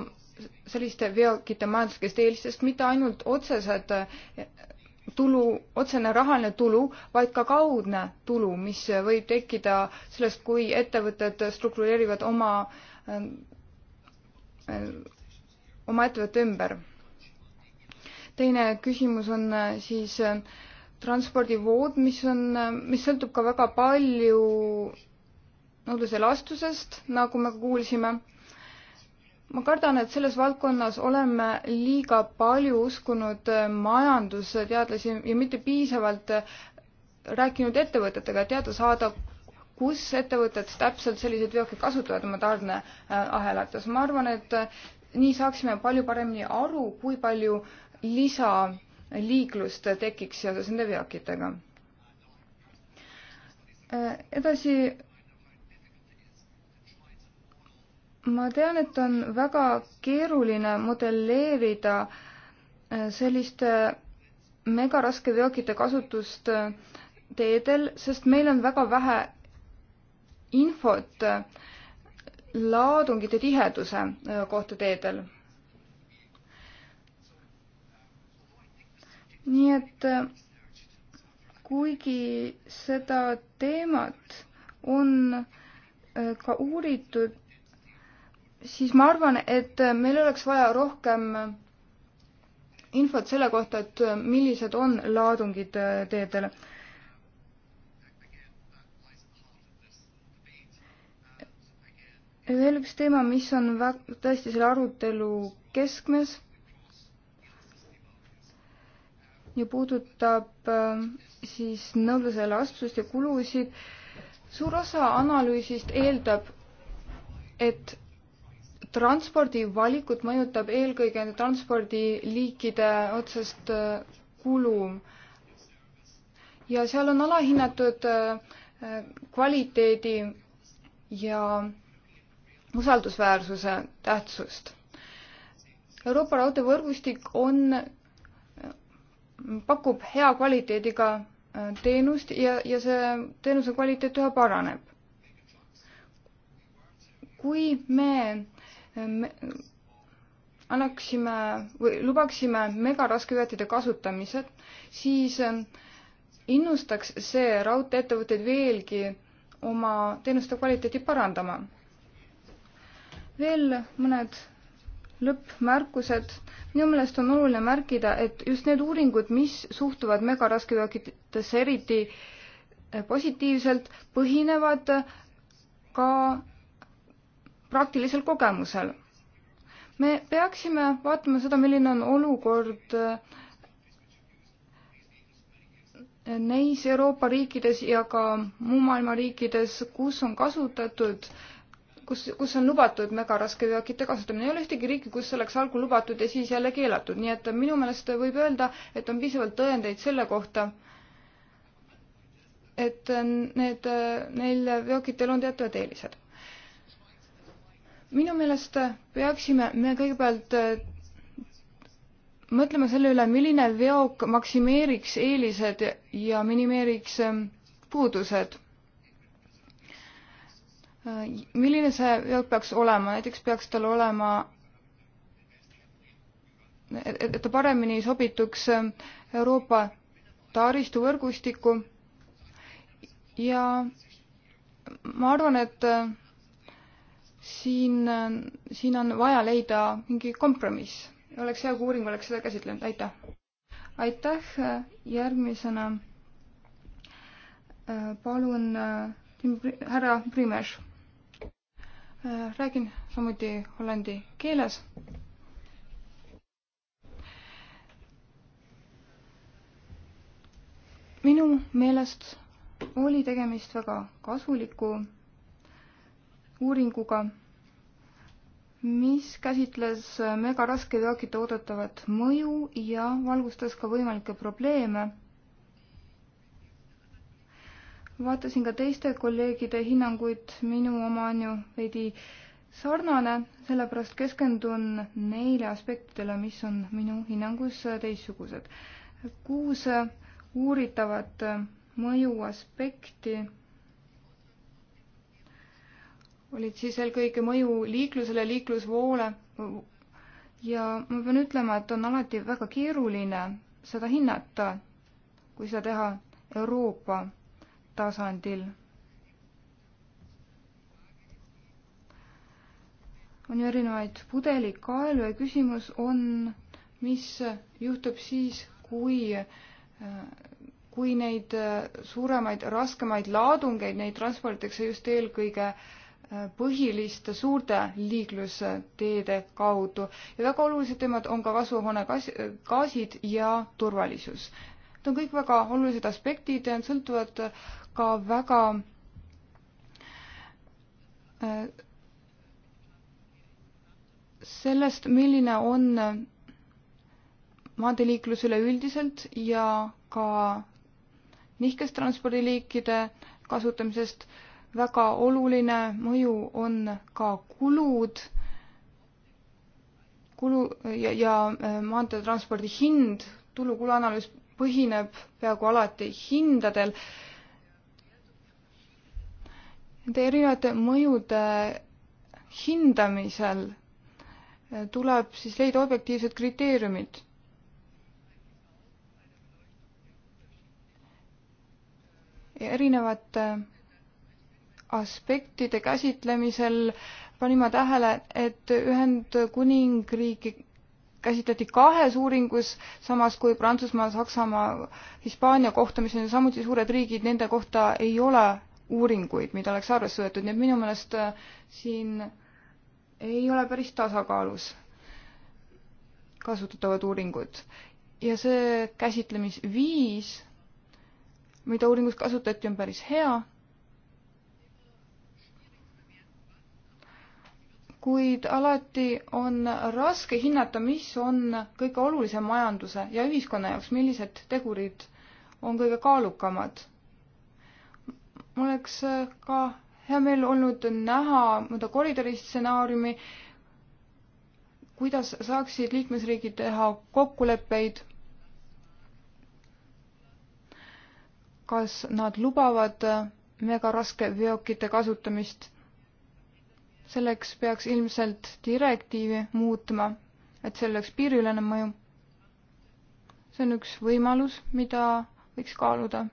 selliste veokite majanduslikest eelistest, mitte ainult otsesed tulu, otsene rahaline tulu, vaid ka kaudne tulu, mis võib tekkida sellest, kui ettevõtted struktureerivad oma, äh, oma ettevõtte ümber. teine küsimus on äh, siis äh, transpordivood, mis on, mis sõltub ka väga palju nõudluse elastusest, nagu me kuulsime ma kardan, et selles valdkonnas oleme liiga palju uskunud majandusteadlasi ja mitte piisavalt rääkinud ettevõtetega, et teada saada, kus ettevõtted täpselt selliseid veokeid kasutavad oma tarneahelates. ma arvan, et nii saaksime palju paremini aru, kui palju lisaliiklust tekiks seoses nende veokitega. edasi ma tean, et on väga keeruline modelleerida äh, selliste äh, megaraskeveokite kasutust äh, teedel, sest meil on väga vähe infot laadungite tiheduse kohta teedel. nii et kuigi seda teemat on ka uuritud siis ma arvan, et meil oleks vaja rohkem infot selle kohta, et millised on laadungid teedel. veel üks teema, mis on väga, tõesti selle arutelu keskmes ja puudutab äh, siis nõudlusele astusest ja kulusid. suur osa analüüsist eeldab, et transpordivalikut mõjutab eelkõige transpordiliikide otsest äh, kulu. ja seal on alahinnatud äh, kvaliteedi ja usaldusväärsuse tähtsust. Euroopa raudteevõrgustik on, äh, pakub hea kvaliteediga teenust ja, ja see teenuse kvaliteet üha paraneb. kui me Ehm, annaksime või lubaksime megaraskeveotide kasutamised, siis ehm, innustaks see raudtee-ettevõtteid veelgi oma teenuste kvaliteeti parandama. veel mõned lõppmärkused. minu meelest on oluline märkida, et just need uuringud, mis suhtuvad megaraskeveokitesse eriti eh, positiivselt, põhinevad ka praktilisel kogemusel. me peaksime vaatama seda, milline on olukord eh, neis Euroopa riikides ja ka muu maailma riikides, kus on kasutatud, kus, kus on lubatud megaraskeveokite kasutamine. ei ole ühtegi riiki, kus oleks algul lubatud ja siis jälle keelatud, nii et minu meelest võib öelda, et on piisavalt tõendeid selle kohta, et need, neil veokitel on teatavad eelised minu meelest peaksime me kõigepealt äh, mõtlema selle üle, milline veok maksimeeriks eelised ja minimeeriks ähm, puudused. Äh, milline see veok peaks olema, näiteks peaks tal olema, et ta paremini sobituks ähm, Euroopa taristuvõrgustikku ja ma arvan, et äh, siin, siin on vaja leida mingi kompromiss. oleks hea, kui uuring oleks seda käsitlenud, aitäh. aitäh, järgmisena äh, palun äh, härra Primes. Äh, räägin samuti hollandi keeles. minu meelest oli tegemist väga kasuliku uuringuga, mis käsitles megaraskeveokite oodatavat mõju ja valgustas ka võimalikke probleeme. vaatasin ka teiste kolleegide hinnanguid, minu oma on ju veidi sarnane, sellepärast keskendun neile aspektidele, mis on minu hinnangus teistsugused. kuus uuritavat mõju aspekti olid siis eelkõige mõju liiklusele, liiklusvoole ja ma pean ütlema, et on alati väga keeruline seda hinnata, kui seda teha Euroopa tasandil. on ju erinevaid pudelikaelu ja küsimus on, mis juhtub siis, kui, äh, kui neid äh, suuremaid, raskemaid laadungeid, neid transporditakse just eelkõige äh, põhiliste suurte liiklusteede kaudu ja väga olulised teemad on ka kasvuhoonegaasid ja turvalisus. Need on kõik väga olulised aspektid ja need sõltuvad ka väga äh, sellest, milline on maanteeliiklus üleüldiselt ja ka nihkestranspordiliikide kasutamisest äh, väga oluline mõju on ka kulud, kulu ja, ja äh, maanteetranspordi hind, tulu-kulu analüüs põhineb peaaegu alati hindadel. Nende erinevate mõjude hindamisel äh, tuleb siis leida objektiivsed kriteeriumid. erinevate aspektide käsitlemisel panin ma tähele, et Ühendkuningriigi käsitleti kahes uuringus, samas kui Prantsusmaa, Saksamaa, Hispaania kohta, mis on samuti suured riigid, nende kohta ei ole uuringuid, mida oleks arvesse võetud, nii et minu meelest äh, siin ei ole päris tasakaalus kasutatavad uuringud. ja see käsitlemisviis, mida uuringus kasutati, on päris hea kuid alati on raske hinnata, mis on kõige olulisem majanduse ja ühiskonna jaoks, millised tegurid on kõige kaalukamad. mul oleks ka hea meel olnud näha mõnda koridori stsenaariumi, kuidas saaksid liikmesriigid teha kokkuleppeid, kas nad lubavad megaraske veokite kasutamist selleks peaks ilmselt direktiivi muutma, et seal oleks piiriülene mõju. see on üks võimalus, mida võiks kaaluda.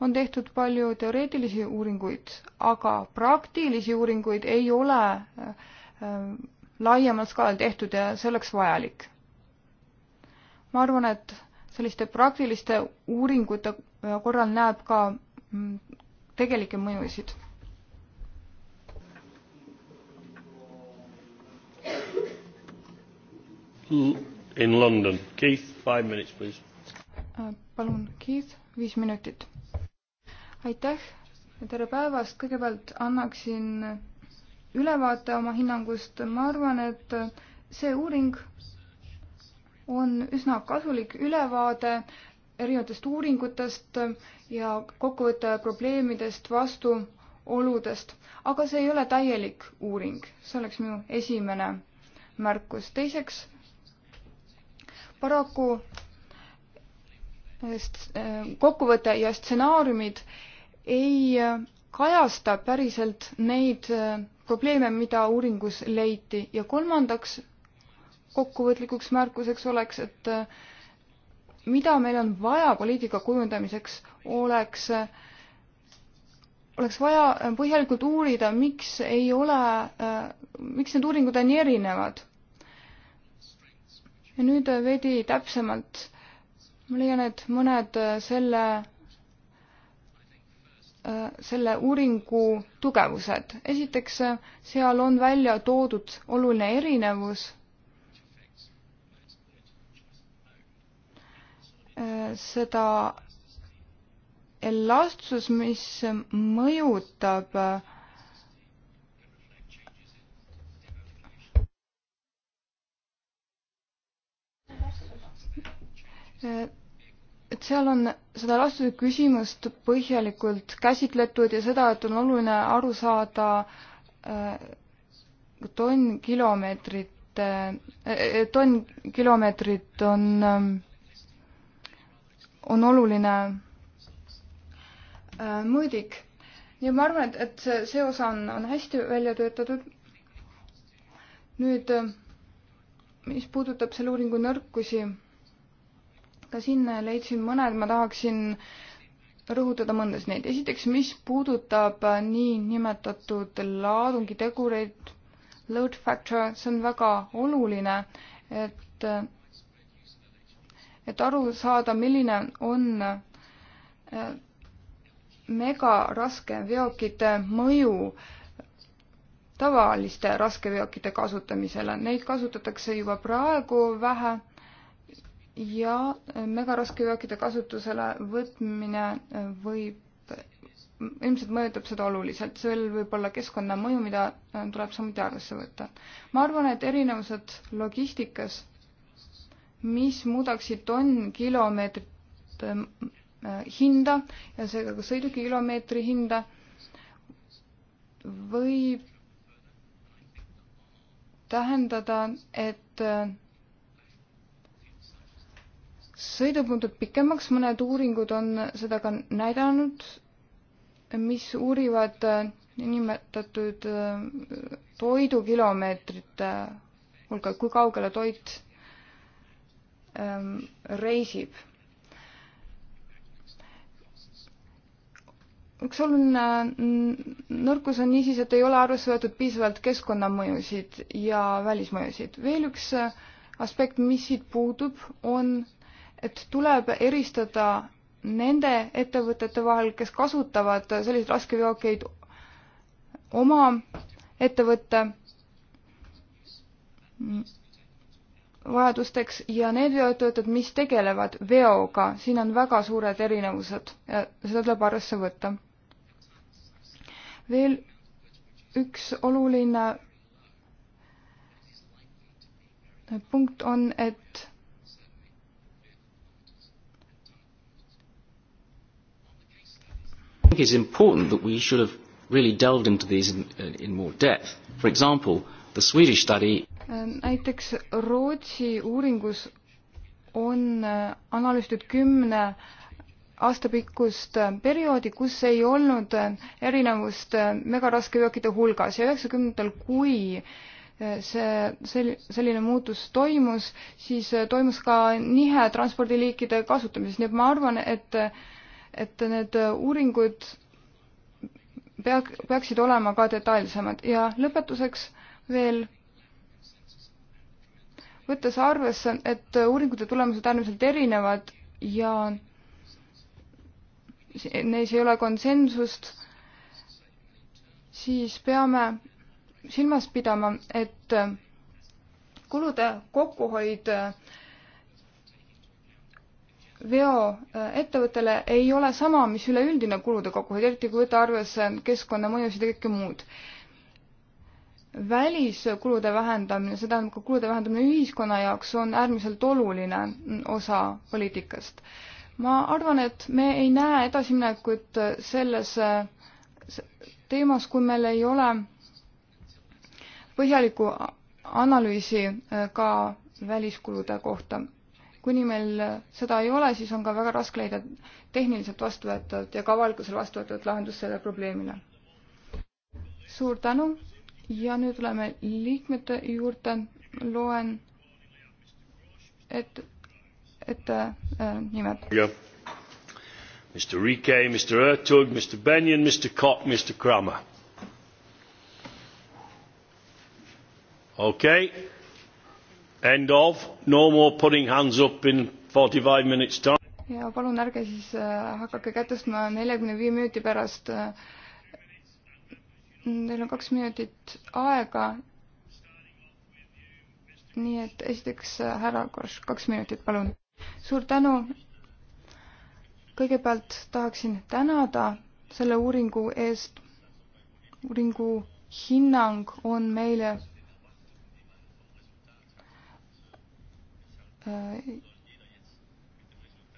on tehtud palju teoreetilisi uuringuid, aga praktilisi uuringuid ei ole äh, äh, laiemal skaalal tehtud ja see oleks vajalik. ma arvan, et selliste praktiliste uuringute korral näeb ka mm, tegelikke mõjusid in London. Keith, five minutes, please. Äh, palun, Keith, viis minutit. aitäh ja tere päevast. kõigepealt annaksin ülevaate oma hinnangust. ma arvan, et see uuring on üsna kasulik ülevaade erinevatest uuringutest ja kokkuvõte probleemidest, vastuoludest, aga see ei ole täielik uuring, see oleks minu esimene märkus. teiseks paraku äh, äh, kokkuvõte ja stsenaariumid ei äh, kajasta päriselt neid probleeme, mida uuringus leiti ja kolmandaks kokkuvõtlikuks märkuseks oleks, et mida meil on vaja poliitika kujundamiseks, oleks, oleks vaja põhjalikult uurida, miks ei ole, miks need uuringud on nii erinevad ja nüüd äh, veidi täpsemalt. ma leian, et mõned äh, selle, äh, selle uuringu tugevused. esiteks, seal on välja toodud oluline erinevus seda elastsus, mis mõjutab äh, et seal on seda lastuse küsimust põhjalikult käsitletud ja seda, et on oluline aru saada äh, tonnkilomeetrit, äh, äh, tonnkilomeetrit on, on oluline mõõdik. ja ma arvan, et, et see, see osa on, on hästi välja töötatud. nüüd, mis puudutab selle uuringu nõrkusi ka siin leidsin mõned, ma tahaksin rõhutada mõndas neid. esiteks, mis puudutab niinimetatud laadungitegureid, load factor, see on väga oluline, et, et aru saada, milline on äh, megaraske veokite mõju tavaliste raskeveokite kasutamisele. Neid kasutatakse juba praegu vähe ja megaraskeveokite kasutusele võtmine eh, võib ilmselt mõjutab seda oluliselt, seal võib olla keskkonnamõju, mida eh, tuleb samuti arvesse võtta. ma arvan, et erinevused logistikas, mis muudaksid tonnkilomeetrit eh, hinda ja seega ka sõidukikilomeetri hinda, võib tähendada, et sõidud muutub pikemaks, mõned uuringud on seda ka näidanud, mis uurivad niinimetatud äh, äh, toidukilomeetrite hulka, kui kaugele toit ähm, reisib. üks oluline äh, nõrkus on niisiis, et ei ole arvesse võetud piisavalt keskkonnamõjusid ja välismõjusid. veel üks aspekt, mis siit puudub, on et tuleb eristada nende ettevõtete vahel, kes kasutavad selliseid raskeveokeid oma ettevõtte vajadusteks ja need veoettevõtted, mis tegelevad veoga, siin on väga suured erinevused ja seda tuleb arvesse võtta. veel üks oluline punkt on, et think it's important that we should have really delved into these in, uh, in more depth. For example, the Swedish study ähm, näiteks Rootsi uuringus on äh, analüüsitud kümne aasta pikkust äh, perioodi, kus ei olnud äh, erinevust megaraskeveokite hulgas ja üheksakümnendatel, kui see, sel-, selline muutus toimus, siis toimus ka nihe transpordiliikide kasutamises, nii et ma arvan, et et need äh, uuringud peak-, peaksid olema ka detailsemad ja lõpetuseks veel võttes arvesse, et äh, uuringute tulemused äärmiselt erinevad ja neis ei ole konsensust, siis peame silmas pidama, et äh, kulude kokkuhoid äh, veoettevõttele äh, ei ole sama, mis üleüldine kulude kokkuhoid, eriti kui võtta arvesse keskkonnamõjusid ja kõike muud. väliskulude vähendamine, see tähendab ka kulude vähendamine ühiskonna jaoks on äärmiselt oluline osa poliitikast. ma arvan, et me ei näe edasiminekut selles äh, teemas, kui meil ei ole põhjalikku analüüsi äh, ka väliskulude kohta kuni meil seda ei ole, siis on ka väga raske leida tehniliselt vastuvõetavat ja ka avalikkusele vastuvõetavat lahendust sellele probleemile. suur tänu ja nüüd oleme liikmete juurde. loen, et, et äh, nimed. Mr Rike, Mr Ertug, Mr Benyon, Mr Cock, Mr Cramer. okei okay End of, no more putting hands up in forty five minutes time. ja palun ärge siis äh, hakake kätt tõstma neljakümne viie minuti pärast. Äh, teil on kaks minutit aega. nii et esiteks äh, härra Koš, kaks minutit, palun. suur tänu. kõigepealt tahaksin tänada selle uuringu eest. uuringu hinnang on meile Äh,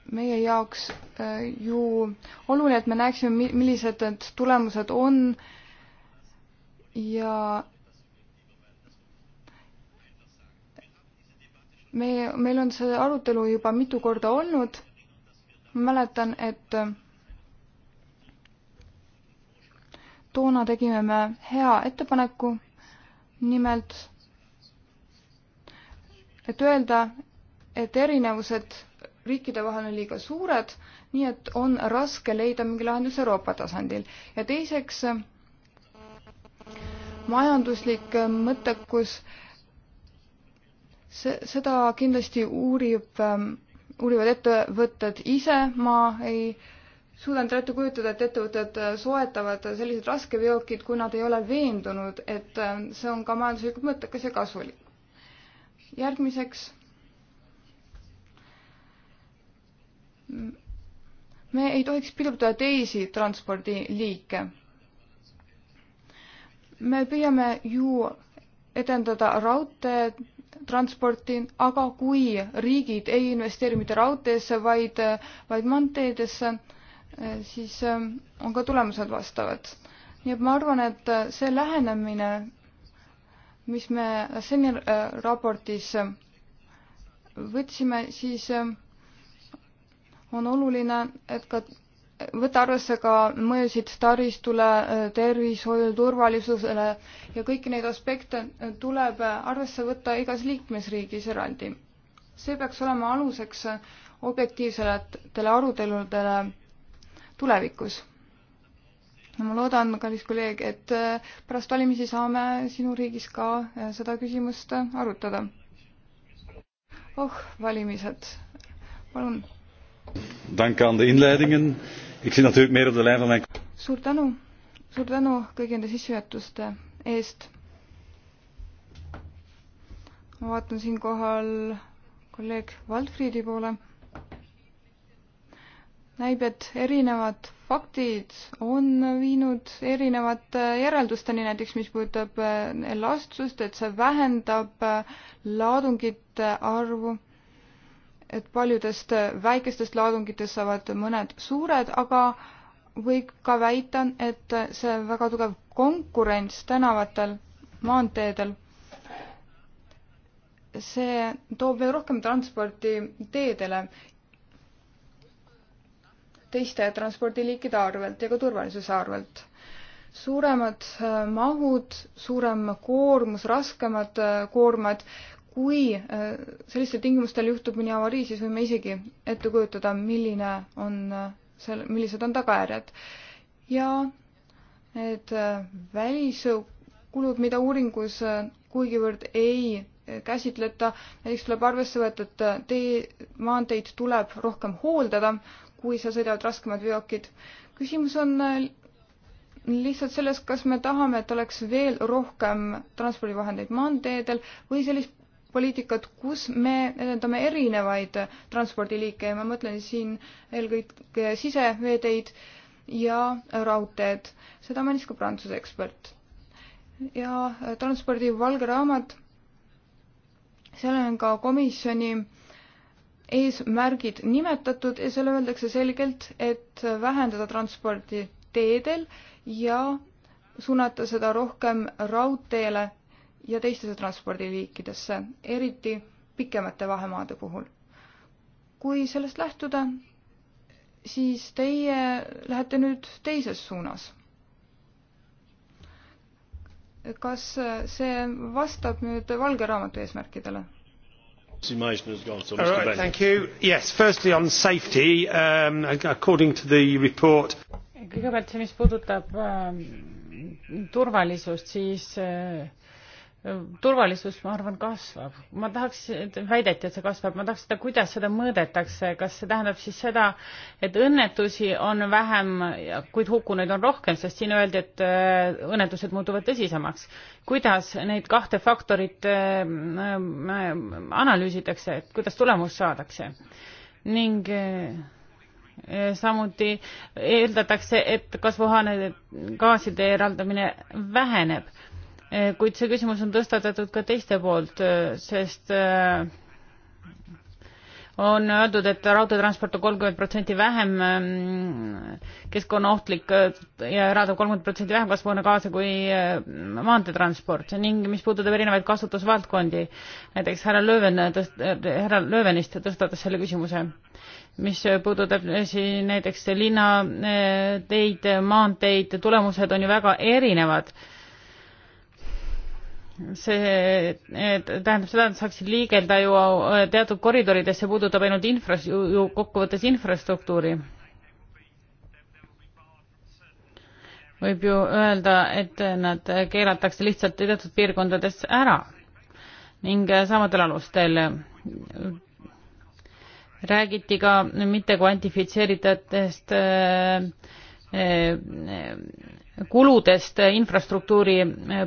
meie jaoks äh, ju oluline, et me näeksime, millised need tulemused on ja meie, meil on see arutelu juba mitu korda olnud. ma mäletan, et toona tegime me hea ettepaneku, nimelt et öelda, et erinevused riikide vahel on liiga suured, nii et on raske leida mingi lahendus Euroopa tasandil. ja teiseks, majanduslik mõttekus, see, seda kindlasti uurib, uurivad ettevõtted ise, ma ei suuda endale ette kujutada, et ettevõtted soetavad sellised raskeveokid, kui nad ei ole veendunud, et see on ka majanduslikult mõttekas ja kasulik. järgmiseks me ei tohiks pidurdada teisi transpordiliike. me püüame ju edendada raudteetransporti, aga kui riigid ei investeeri mitte raudteesse, vaid, vaid maanteedesse, siis ähm, on ka tulemused vastavad. nii et ma arvan, et see lähenemine, mis me seni äh, raportis võtsime, siis äh, on oluline, et ka võtta arvesse ka mõjusid taristule, tervishoiu, turvalisusele ja kõiki neid aspekte tuleb arvesse võtta igas liikmesriigis eraldi. see peaks olema aluseks objektiivsetele aruteludele tulevikus. ma loodan, kallis kolleeg, et pärast valimisi saame sinu riigis ka seda küsimust arutada. oh, valimised. palun suur tänu, suur tänu kõigi nende sissejuhatuste eest. ma vaatan siinkohal kolleeg Valfriidi poole. näib, et erinevad faktid on viinud erinevate järeldusteni, näiteks mis puudutab elastsust, et see vähendab laadungite arvu et paljudest väikestest laadungitest saavad mõned suured, aga võib ka väita, et see väga tugev konkurents tänavatel, maanteedel, see toob veel rohkem transporti teedele teiste transpordiliikide arvelt ja ka turvalisuse arvelt. suuremad mahud, suurem koormus, raskemad koormad kui äh, sellistel tingimustel juhtub mõni avarii, siis võime isegi ette kujutada, milline on äh, seal, millised on tagajärjed. ja need äh, väliskulud, mida uuringus kuigivõrd ei käsitleta, näiteks tuleb arvesse võtta, et tee, maanteid tuleb rohkem hooldada, kui seal sõidavad raskemad veokid. küsimus on lihtsalt selles, kas me tahame, et oleks veel rohkem transpordivahendeid maanteedel või sellist poliitikat, kus me edendame erinevaid transpordiliike ja ma mõtlen siin eelkõige siseveeteid ja raudteed. seda mainis ka Prantsuse ekspert. ja transpordi valge raamat, seal on ka komisjoni eesmärgid nimetatud ja seal öeldakse selgelt, et vähendada transporti teedel ja suunata seda rohkem raudteele ja teistesse transpordiliikidesse, eriti pikemate vahemaade puhul. kui sellest lähtuda, siis teie lähete nüüd teises suunas. kas see vastab nüüd Valge Raamatu eesmärkidele? Right, thank you. Yes, firstly on safety, um, according to the report. kõigepealt see, mis puudutab äh, turvalisust, siis äh, turvalisus, ma arvan, kasvab. ma tahaks, väideti, et see kasvab, ma tahaks seda, kuidas seda mõõdetakse, kas see tähendab siis seda, et õnnetusi on vähem, kuid hukkunuid on rohkem, sest siin öeldi, et äh, õnnetused muutuvad tõsisemaks. kuidas neid kahte faktorit äh, äh, analüüsitakse, et kuidas tulemust saadakse? ning samuti eeldatakse, et kasvuhoonegaaside eraldamine väheneb Eh, kuid see küsimus on tõstatatud ka teiste poolt, eh, sest eh, on öeldud, et raudteetransport on kolmkümmend protsenti vähem mm, keskkonnaohtlik ja eraldab kolmkümmend protsenti vähem kasvuhoonegaase kui maanteetransport ning mis puudutab erinevaid kasutusvaldkondi, näiteks härra Lööven tõst-, härra Löövenist tõstatas selle küsimuse, mis puudutab siin näiteks linnateid, maanteid, tulemused on ju väga erinevad see tähendab seda, et saaksid liigelda ju teatud koridorides, see puudutab ainult infra, ju kokkuvõttes infrastruktuuri. võib ju öelda, et nad keelatakse lihtsalt teatud piirkondades ära ning samadel alustel räägiti ka mitte kvantifitseeritavatest äh, eh, äh, eh, kuludest infrastruktuuri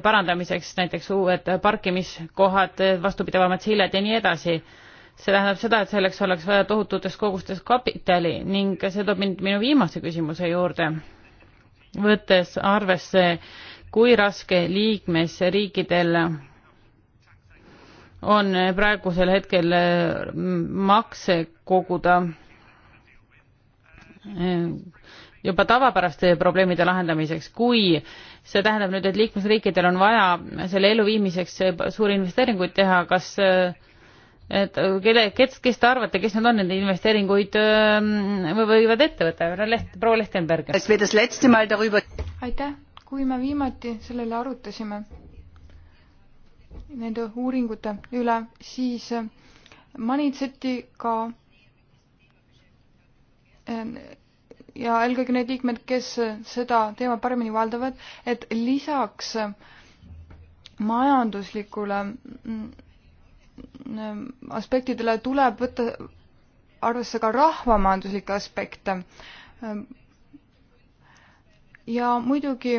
parandamiseks, näiteks uued parkimiskohad, vastupidavamad sillad ja nii edasi. see tähendab seda, et selleks oleks vaja tohututes kogustes kapitali ning see toob mind minu viimase küsimuse juurde, võttes arvesse, kui raske liikmesriikidel on praegusel hetkel makse koguda juba tavapäraste probleemide lahendamiseks. kui see tähendab nüüd, et liikmesriikidel on vaja selle elluviimiseks suuri investeeringuid teha, kas et kelle, kes, kes te arvate, kes need on, need investeeringuid võivad ette võtta? Leht, proua Lehtenberg. aitäh, kui me viimati sellele arutasime, nende uuringute üle, siis manitseti ka ja eelkõige need liikmed, kes seda teemat paremini valdavad, et lisaks majanduslikule mm, mm, aspektidele tuleb võtta arvesse ka rahvamajanduslikke aspekte. ja muidugi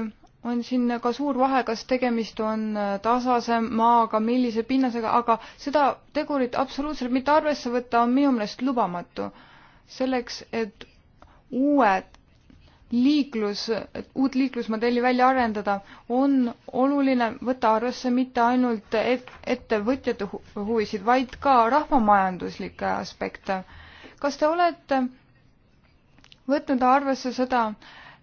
on siin ka suur vahe, kas tegemist on tasase maaga, millise pinnasega, aga seda tegurit absoluutselt mitte arvesse võtta on minu meelest lubamatu. selleks, et uued liiklus, uut liiklusmodelli välja arendada, on oluline võtta arvesse mitte ainult ettevõtjate huvisid, vaid ka rahvamajanduslikke aspekte. kas te olete võtnud arvesse seda,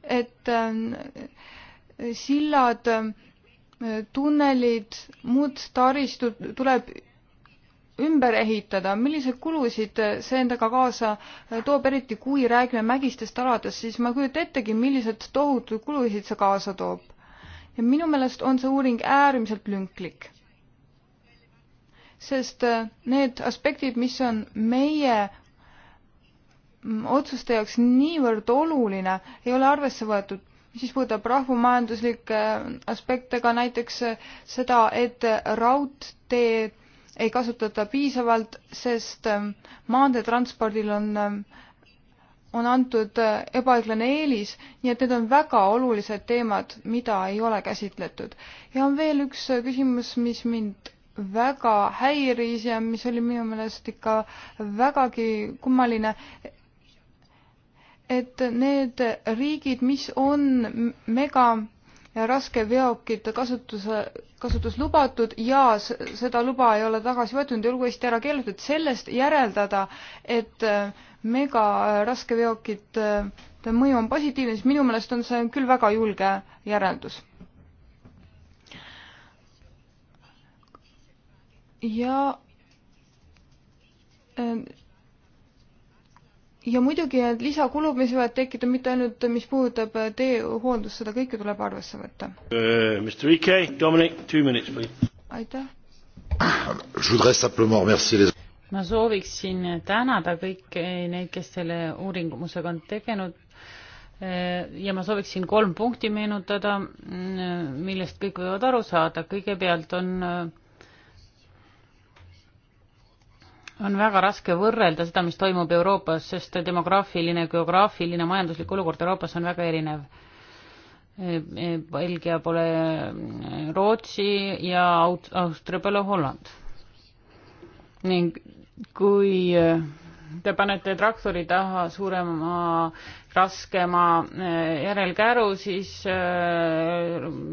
et äh, sillad, äh, tunnelid, muud taristud tuleb ümber ehitada, milliseid kulusid see endaga kaasa toob, eriti kui räägime mägistest aladest, siis ma ei kujuta ettegi, millised tohutud kulusid see kaasa toob. ja minu meelest on see uuring äärmiselt lünklik. sest äh, need aspektid, mis on meie mm, otsuste jaoks niivõrd oluline, ei ole arvesse võetud mis puudutab rahvamajanduslikke äh, aspekte ka näiteks äh, seda, et raudteed ei kasutata piisavalt, sest ähm, maanteetranspordil on, ähm, on antud äh, ebaõiglane eelis, nii et need on väga olulised teemad, mida ei ole käsitletud. ja on veel üks äh, küsimus, mis mind väga häiris ja mis oli minu meelest ikka vägagi kummaline, et need riigid, mis on mega raskeveokite kasutuse, kasutus lubatud ja seda luba ei ole tagasi võetud ja uuesti ära keelatud, sellest järeldada, et äh, megaraskeveokite äh, äh, mõju on positiivne, siis minu meelest on see küll väga julge järeldus. ja ja muidugi need lisakulud, mis võivad tekkida mitte ainult, mis puudutab äh, teehooldust, seda kõike tuleb arvesse võtta uh,. aitäh. ma sooviksin tänada kõiki neid, kes selle uuringumusega on tegenud äh, ja ma sooviksin kolm punkti meenutada, mm, millest kõik võivad aru saada. kõigepealt on on väga raske võrrelda seda, mis toimub Euroopas, sest demograafiline, geograafiline, majanduslik olukord Euroopas on väga erinev. Belgia pole Rootsi ja Aust-, Austria pole Holland. ning kui te panete traktori taha suurema, raskema järelkäru, siis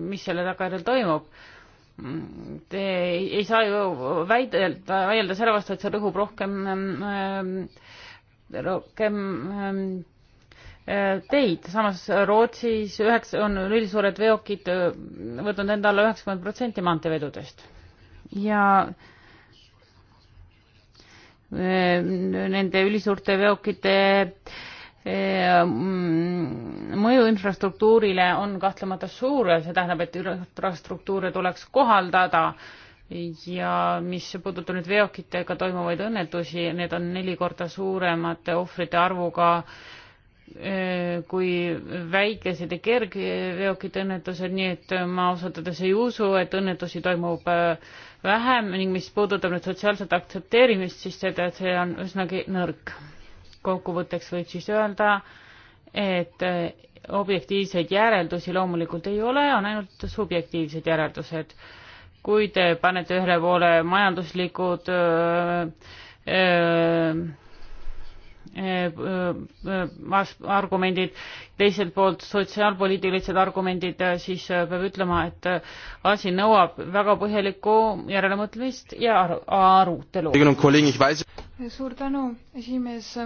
mis selle tagajärjel toimub? Te ei, ei saa ju väidelda, vaielda selle vastu, et see rõhub rohkem ähm,, ähm rohkem ähm, äh, teid, samas Rootsis üheksa, on ülisuured veokid äh, võtnud enda alla üheksakümmend protsenti maanteevedudest. ja äh, nende ülisuurte veokite äh, Mm, mõju infrastruktuurile on kahtlemata suur, see tähendab, et infrastruktuure tuleks kohaldada ja mis puudutab nüüd veokitega toimuvaid õnnetusi, need on neli korda suuremate ohvrite arvuga kui väikesed ja kergveokite õnnetused, nii et ma ausalt öeldes ei usu, et õnnetusi toimub vähem ning mis puudutab nüüd sotsiaalset aktsepteerimist, siis see, see on üsnagi nõrk kokkuvõtteks võib siis öelda, et äh, objektiivseid järeldusi loomulikult ei ole, on ainult subjektiivsed järeldused. kui te panete ühele poole majanduslikud öö, äh, öö, äh, argumendid, teiselt poolt sotsiaalpoliitilised argumendid, siis peab ütlema, et asi nõuab väga põhjalikku järelemõtlemist ja arutelu suur tänu, esimees.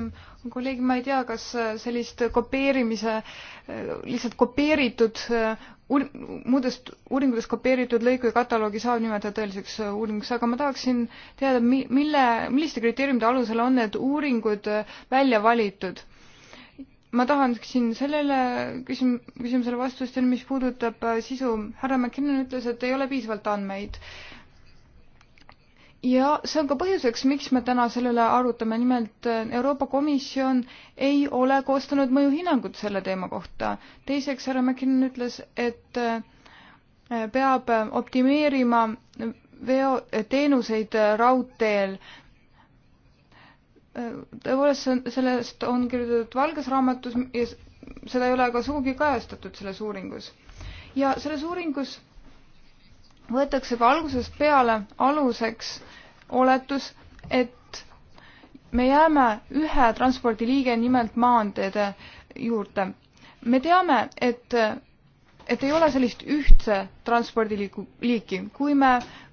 kolleeg, ma ei tea, kas sellist kopeerimise, lihtsalt kopeeritud uur-, muudest uuringutest kopeeritud lõiku ja kataloogi saab nimetada tõeliseks uuringuks, aga ma tahaksin teada, mi-, mille, milliste kriteeriumide alusel on need uuringud välja valitud? ma tahaksin sellele küsim-, küsimusele vastust, mis puudutab sisu. härra McKinnon ütles, et ei ole piisavalt andmeid ja see on ka põhjuseks, miks me täna selle üle arutame, nimelt äh, Euroopa Komisjon ei ole koostanud mõjuhinnangut selle teema kohta. teiseks, härra McKinnon ütles, et äh, peab äh, optimeerima veoteenuseid raudteel. tõepoolest, sellest on kirjutatud Valges Raamatus ja seda ei ole ka sugugi kajastatud selles uuringus. ja selles uuringus võetakse ka algusest peale aluseks äh, oletus, et me jääme ühe transpordiliige, nimelt maanteede juurde. me teame, et, et ei ole sellist ühtse transpordiliiku, liiki. kui me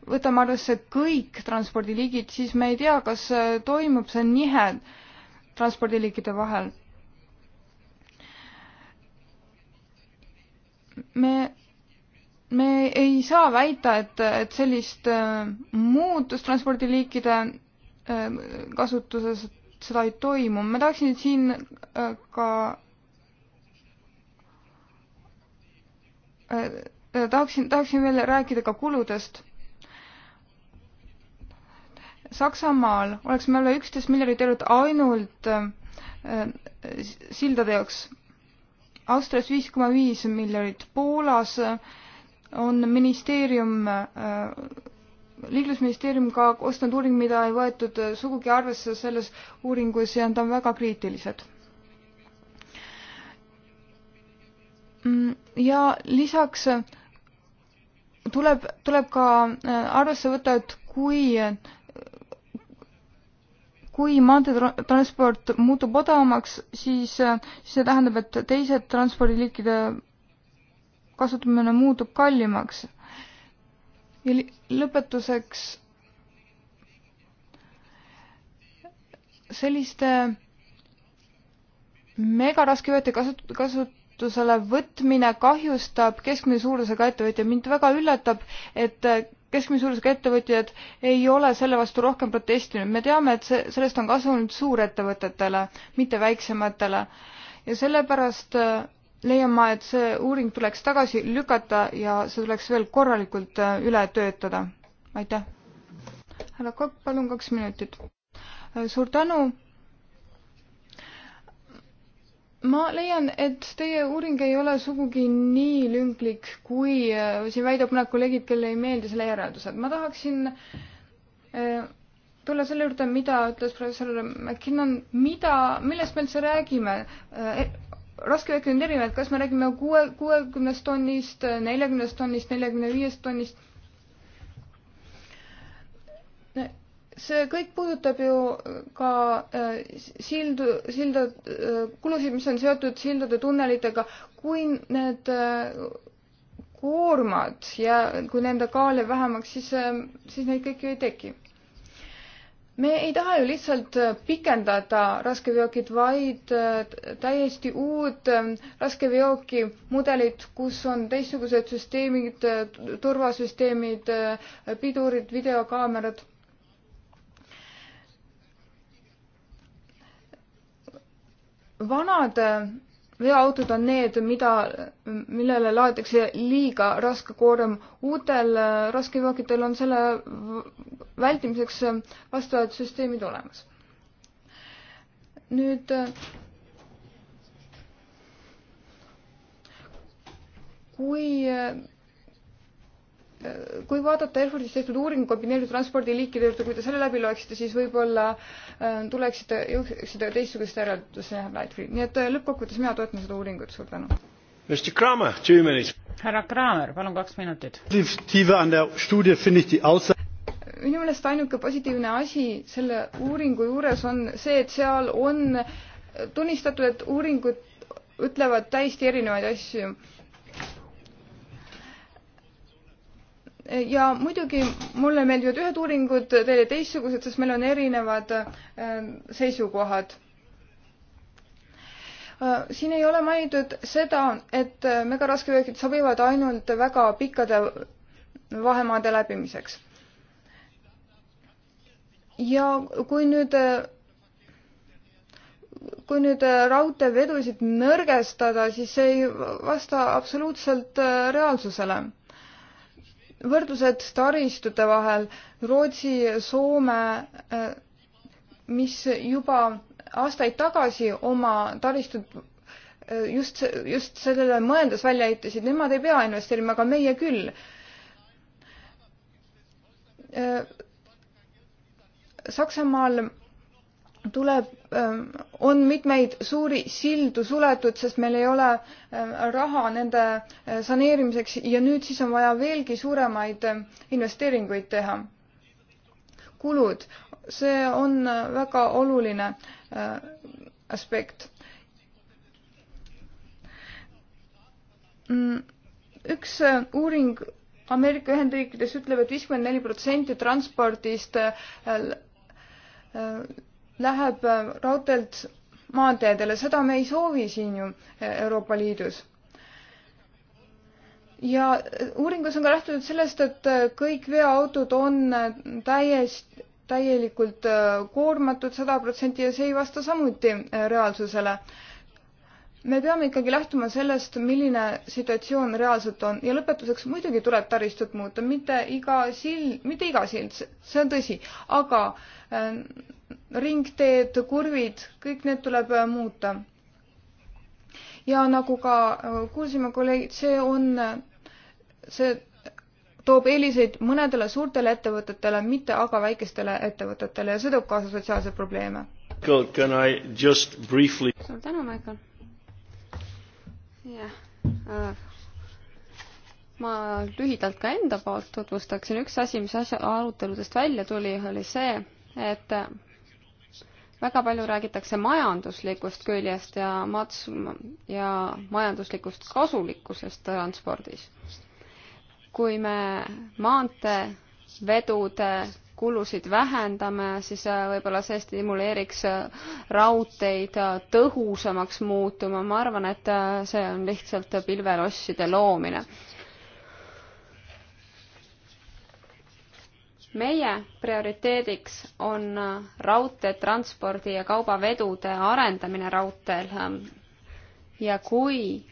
võtame arvesse kõik transpordiliigid, siis me ei tea, kas toimub see nihe transpordiliikide vahel. me me ei saa väita, et, et sellist äh, muutust transpordiliikide äh, kasutuses, et seda ei toimu. ma tahaksin siin äh, ka tahaksin, tahaksin veel rääkida ka kuludest. Saksamaal oleks meil üle üksteist miljonit eurot ainult sildade jaoks, Austrias viis koma viis miljonit, Poolas on ministeerium äh, liiklusministeerium ka koostanud uuring, mida ei võetud äh, sugugi arvesse selles uuringus ja nad on väga kriitilised. Mm, ja lisaks äh, tuleb, tuleb ka arvesse võtta, et kui, kui maanteetransport muutub odavamaks, siis see tähendab, et teised transpordiliikide kasutamine muutub kallimaks. ja lõpetuseks selliste megaraskevõtja kasut-, kasutusele võtmine kahjustab keskmise suurusega ettevõtja. mind väga üllatab, et keskmise suurusega ettevõtjad ei ole selle vastu rohkem protestinud. me teame, et see, sellest on kasu olnud suurettevõtetele, mitte väiksematele. ja sellepärast leian ma, et see uuring tuleks tagasi lükata ja see tuleks veel korralikult äh, üle töötada. aitäh. härra Kopp, palun kaks minutit. Äh, suur tänu. ma leian, et teie uuring ei ole sugugi nii lünklik, kui äh, siin väidab mõned kolleegid, kellele ei meeldi selle järeldused. ma tahaksin tulla selle juurde, mida ütles professor McKinnon, mida, millest me üldse räägime? raskeveokid on erinevad, kas me räägime kuue, kuuekümnest tonnist, neljakümnest tonnist, neljakümne viiest tonnist. see kõik puudutab ju ka äh, sildu, silda äh,, kulusid, mis on seotud sildade, tunnelitega, kui need äh, koormad ja kui nende kaal jääb vähemaks, siis, äh, siis neid kõiki ei teki me ei taha ju lihtsalt äh, pikendada raskeveokit, vaid äh, täiesti uut ähm, raskeveoki mudelit, kus on teistsugused süsteemid, äh, turvasüsteemid, pidurid, videokaamerad. vanad veoautod on need, mida, millele laaditakse liiga raske koorem. uutel äh, raskeveokitel on selle vältimiseks vastavad süsteemid olemas. nüüd äh, kui äh, kui vaadata Erfurtis tehtud uuringu kombineeritud transpordiliikide juurde, kui te selle läbi loeksite, siis võib-olla äh, tuleksite, jõuaksite teistsuguste järeldusteni, härra Leitfried. nii et äh, lõppkokkuvõttes mina toetan seda uuringut, suur tänu. härra Kramer, palun kaks minutit. minu meelest ainuke positiivne asi selle uuringu juures on see, et seal on tunnistatud, et uuringud ütlevad täiesti erinevaid asju ja muidugi mulle meeldivad ühed uuringud, teile teistsugused, sest meil on erinevad ähm, seisukohad. Äh, siin ei ole mainitud seda, et äh, megaraskeveokid sobivad ainult väga pikkade vahemaade läbimiseks. ja kui nüüd äh, kui nüüd raudteevedusid nõrgestada, siis see ei vasta absoluutselt reaalsusele võrdlused taristute vahel, Rootsi, Soome, eh, mis juba aastaid tagasi oma taristut eh, just, just sellele mõeldes välja ehitasid, nemad ei pea investeerima, aga meie küll. Eh, Saksamaal tuleb, ähm, on mitmeid suuri sildu suletud, sest meil ei ole äh, raha nende äh, saneerimiseks ja nüüd siis on vaja veelgi suuremaid ähm, investeeringuid teha. kulud, see on äh, väga oluline aspekt. Mm, üks uuring Ameerika Ühendriikides ütleb et, et viiskümmend neli protsenti transpordist läheb äh, raudteelt maanteedele, seda me ei soovi siin ju äh, Euroopa Liidus. ja äh, uuringus on ka lähtunud sellest, et kõik veoautod on täiesti, täielikult koormatud sada protsenti ja see ei vasta samuti reaalsusele me peame ikkagi lähtuma sellest, milline situatsioon reaalselt on ja lõpetuseks muidugi tuleb taristut muuta, mitte iga sild, mitte iga sild, see on tõsi, aga äh, ringteed, kurvid, kõik need tuleb äh, muuta. ja nagu ka äh, kuulsime kolleegid, see on, äh, see toob eeliseid mõnedele suurtele ettevõtetele, mitte aga väikestele ettevõtetele ja see toob kaasa sotsiaalseid probleeme. suur tänu, Michael jah, äh, ma lühidalt ka enda poolt tutvustaksin, üks asi, mis asja, aruteludest välja tuli, oli see, et väga palju räägitakse majanduslikust küljest ja mats- ja majanduslikust kasulikkusest transpordis. kui me maanteevedude kulusid vähendame, siis äh, võib-olla see stimuleeriks äh, raudteid äh, tõhusamaks muutuma, ma arvan, et see on lihtsalt pilvelosside loomine. meie prioriteediks on raudteetranspordi ja kaubavedude arendamine raudteel ähm, ja kui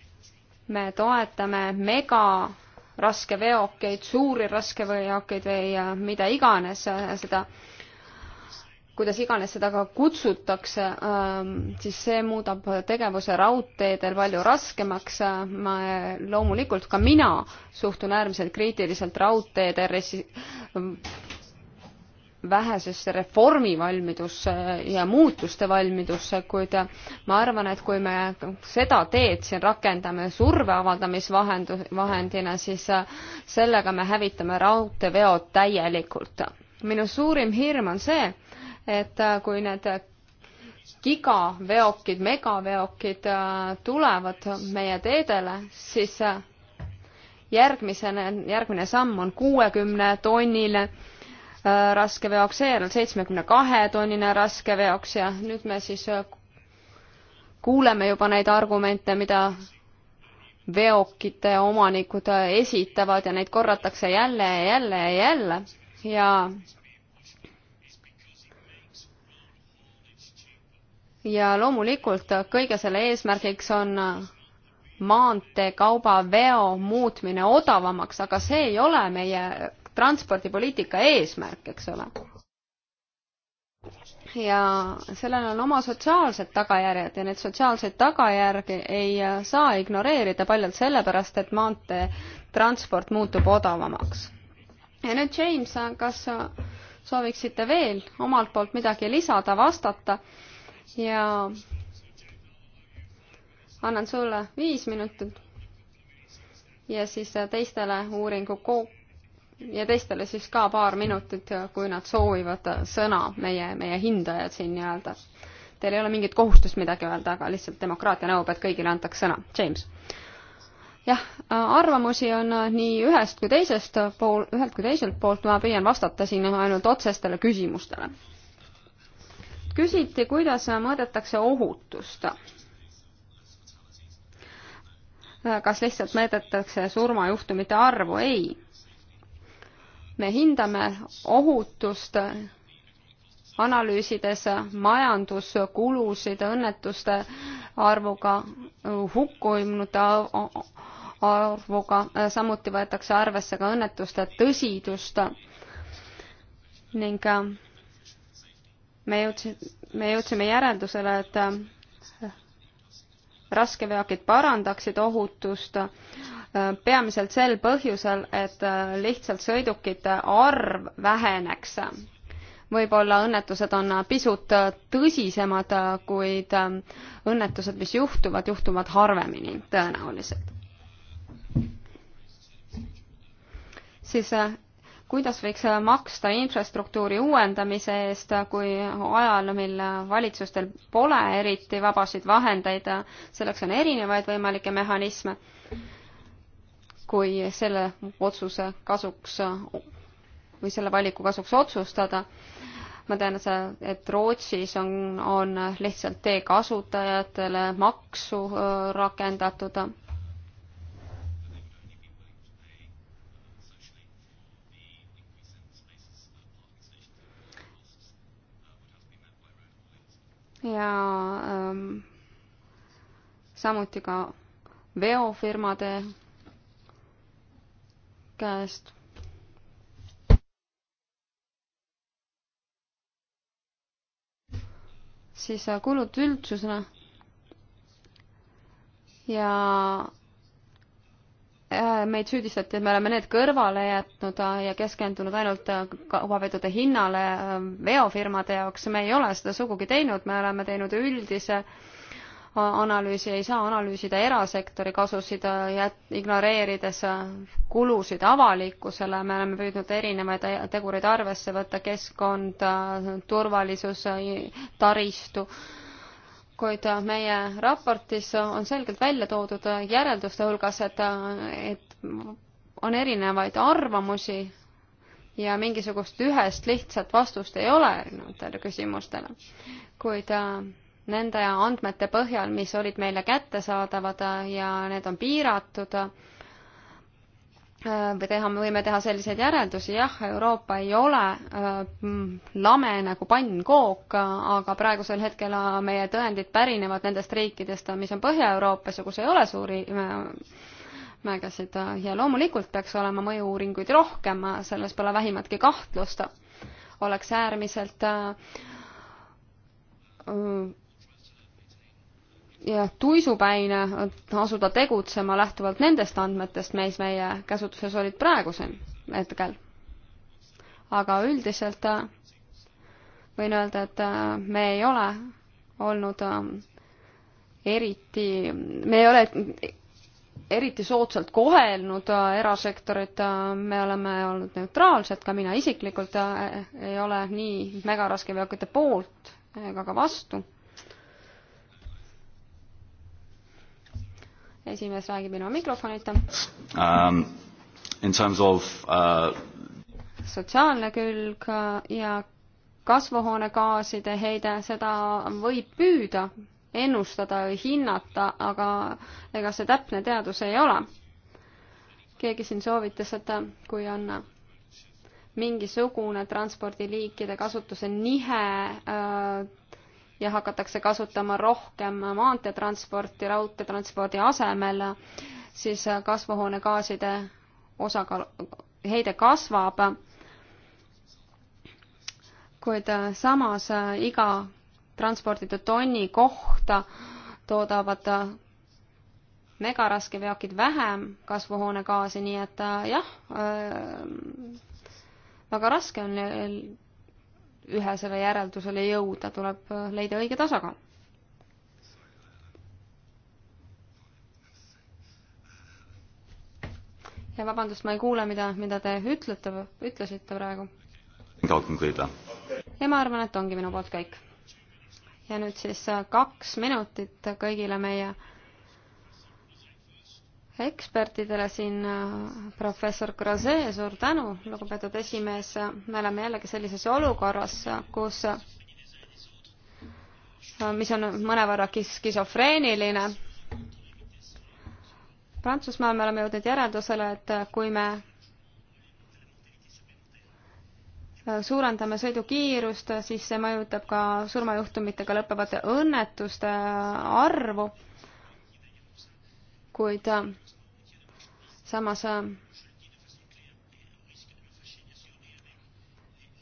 me toetame mega raskeveokeid, suuri raskeveokeid või mida iganes äh, seda, kuidas iganes seda ka kutsutakse, ähm, siis see muudab tegevuse raudteedel palju raskemaks. ma loomulikult, ka mina suhtun äärmiselt kriitiliselt raudteede vähesesse reformivalmidusse ja muutuste valmidusse, kuid ma arvan, et kui me seda teed siin rakendame surve avaldamisvahendu-, vahendina, siis sellega me hävitame raudteeveod täielikult. minu suurim hirm on see, et kui need gigaveokid, megaveokid tulevad meie teedele, siis järgmisena, järgmine samm on kuuekümne tonnine Äh, raskeveoks, seejärel seitsmekümne kahe tonnine raskeveoks ja nüüd me siis äh, kuuleme juba neid argumente, mida veokite omanikud äh, esitavad ja neid korratakse jälle ja jälle ja jälle ja ja loomulikult kõige selle eesmärgiks on maanteekaubaveo muutmine odavamaks, aga see ei ole meie transpordipoliitika eesmärk, eks ole. ja sellel on oma sotsiaalsed tagajärjed ja need sotsiaalseid tagajärgi ei saa ignoreerida paljalt sellepärast, et maanteetransport muutub odavamaks. ja nüüd, James, kas sooviksite veel omalt poolt midagi lisada, vastata ja annan sulle viis minutit ja siis teistele uuringu ja teistele siis ka paar minutit, kui nad soovivad sõna, meie, meie hindajad siin nii-öelda. Teil ei ole mingit kohustust midagi öelda, aga lihtsalt demokraatia nõuab, et kõigile antaks sõna. James jah, arvamusi on nii ühest kui teisest pool, ühelt kui teiselt poolt, ma püüan vastata siin ainult otsestele küsimustele. küsiti, kuidas mõõdetakse ohutust. kas lihtsalt mõõdetakse surmajuhtumite arvu? ei me hindame ohutust analüüsides majanduskulusid õnnetuste arvuga, hukkunute arvuga, samuti võetakse arvesse ka õnnetuste tõsidust ning me jõudsime, me jõudsime järeldusele, et raskeveokid parandaksid ohutust, Äh, peamiselt sel põhjusel, et äh, lihtsalt sõidukite arv väheneks. võib-olla õnnetused on äh, pisut tõsisemad, kuid õnnetused, mis juhtuvad, juhtuvad harvemini tõenäoliselt. siis kuidas võiks maksta infrastruktuuri uuendamise eest, kui ajal, mil valitsustel pole eriti vabasid vahendeid, selleks on erinevaid võimalikke mehhanisme kui selle otsuse kasuks või selle valiku kasuks otsustada. ma tean, et Rootsis on, on lihtsalt tee kasutajatele maksu rakendatud. ja ähm, samuti ka veofirmade käest. siis äh, kulud üldsusena ja äh, meid süüdistati, et me oleme need kõrvale jätnud äh, ja keskendunud ainult kaubavedude hinnale veofirmade jaoks. me ei ole seda sugugi teinud, me oleme teinud üldise äh, analüüsi, ei saa analüüsida erasektori kasusid, ignoreerides kulusid avalikkusele, me oleme püüdnud erinevaid tegureid arvesse võtta, keskkond, turvalisus, taristu, kuid meie raportis on selgelt välja toodud järelduste hulgas, et, et on erinevaid arvamusi ja mingisugust ühest lihtsat vastust ei ole erinevatele küsimustele. kuid äh, nende andmete põhjal, mis olid meile kättesaadavad äh, ja need on piiratud, või äh, teha, me võime teha selliseid järeldusi, jah, Euroopa ei ole äh, lame nagu pannkook, aga praegusel hetkel meie tõendid pärinevad nendest riikidest, mis on Põhja-Euroopas ja kus ei ole suuri mägesid ja loomulikult peaks olema mõju-uuringuid rohkem, selles pole vähimatki kahtlust. oleks äärmiselt ja tuisupäine asuda tegutsema lähtuvalt nendest andmetest, mis meie käsutuses olid praegusel hetkel. aga üldiselt äh, võin öelda, et äh, me ei ole olnud äh, eriti, me ei ole eriti soodsalt kohelnud erasektorit, me oleme olnud neutraalsed, ka mina isiklikult ei ole nii megaraske veokite poolt ega ka vastu esimees räägib ilma mikrofonita um,. In terms of uh... sotsiaalne külg ja kasvuhoonegaaside heide, seda võib püüda ennustada või hinnata, aga ega see täpne teadus ei ole. keegi siin soovitas, et kui on mingisugune transpordiliikide kasutuse nihe äh, ja hakatakse kasutama rohkem maanteetransporti raudteetranspordi asemel, siis kasvuhoonegaaside osakaal, heide kasvab. kuid samas iga transporditud tonni kohta toodavad megaraskeveokid vähem kasvuhoonegaasi, nii et jah, väga raske on ühesele järeldusele jõuda, tuleb äh, leida õige tasakaal. ja vabandust, ma ei kuule, mida, mida te ütlete, ütlesite praegu. ja ma arvan, et ongi minu poolt kõik. ja nüüd siis äh, kaks minutit kõigile meie ekspertidele siin, äh, professor Grose, suur tänu, lugupeetud esimees, me oleme jällegi sellises olukorras, kus äh, mis on mõnevõrra skisofreeniline. Prantsusmaal me oleme jõudnud järeldusele, et kui me äh, suurendame sõidukiirust, siis see mõjutab ka surmajuhtumitega lõppevate õnnetuste arvu kuid äh, samas äh,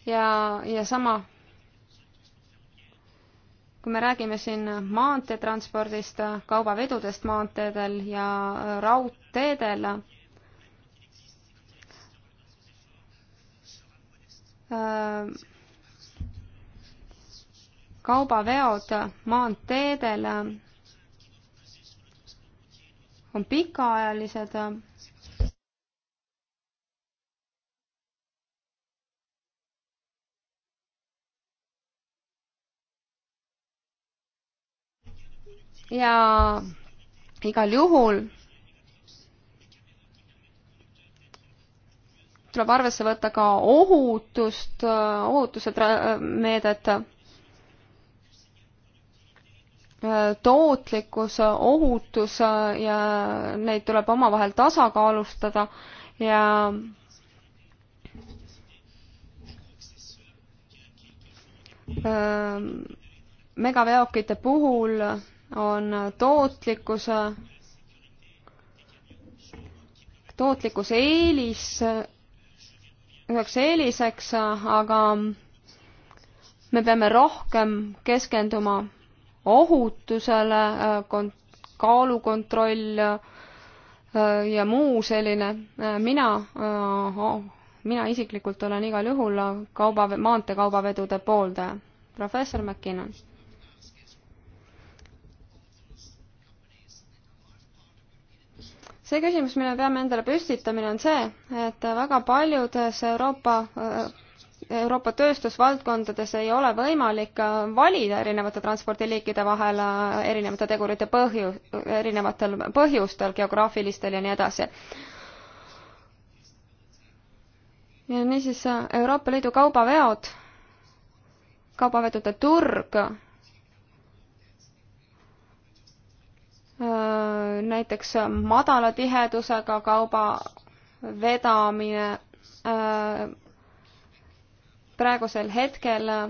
ja, ja sama, kui me räägime siin maanteetranspordist, äh, kaubavedudest maanteedel ja raudteedel, kaubaveod maanteedel on pikaajalised ja igal juhul tuleb arvesse võtta ka ohutust, ohutuse meedet Äh, tootlikkus, äh, ohutus äh, ja neid tuleb omavahel tasakaalustada ja ähm, megaveokite puhul on tootlikkus, tootlikkus eelis, üheks eeliseks, aga me peame rohkem keskenduma ohutusele, kaalukontroll äh, ja muu selline. Äh, mina, äh, mina isiklikult olen igal juhul kauba, maanteekaubavedude pooldaja. professor McKinnon see küsimus, mille peame endale püstitamine, on see, et väga paljudes Euroopa Euroopa tööstusvaldkondades ei ole võimalik äh, valida erinevate transpordiliikide vahel äh, erinevate tegurite põhju, erinevatel põhjustel, geograafilistel ja nii edasi. ja niisiis äh, Euroopa Liidu kaubaveod, kaubavedude turg, näiteks madala tihedusega kauba vedamine praegusel hetkel äh,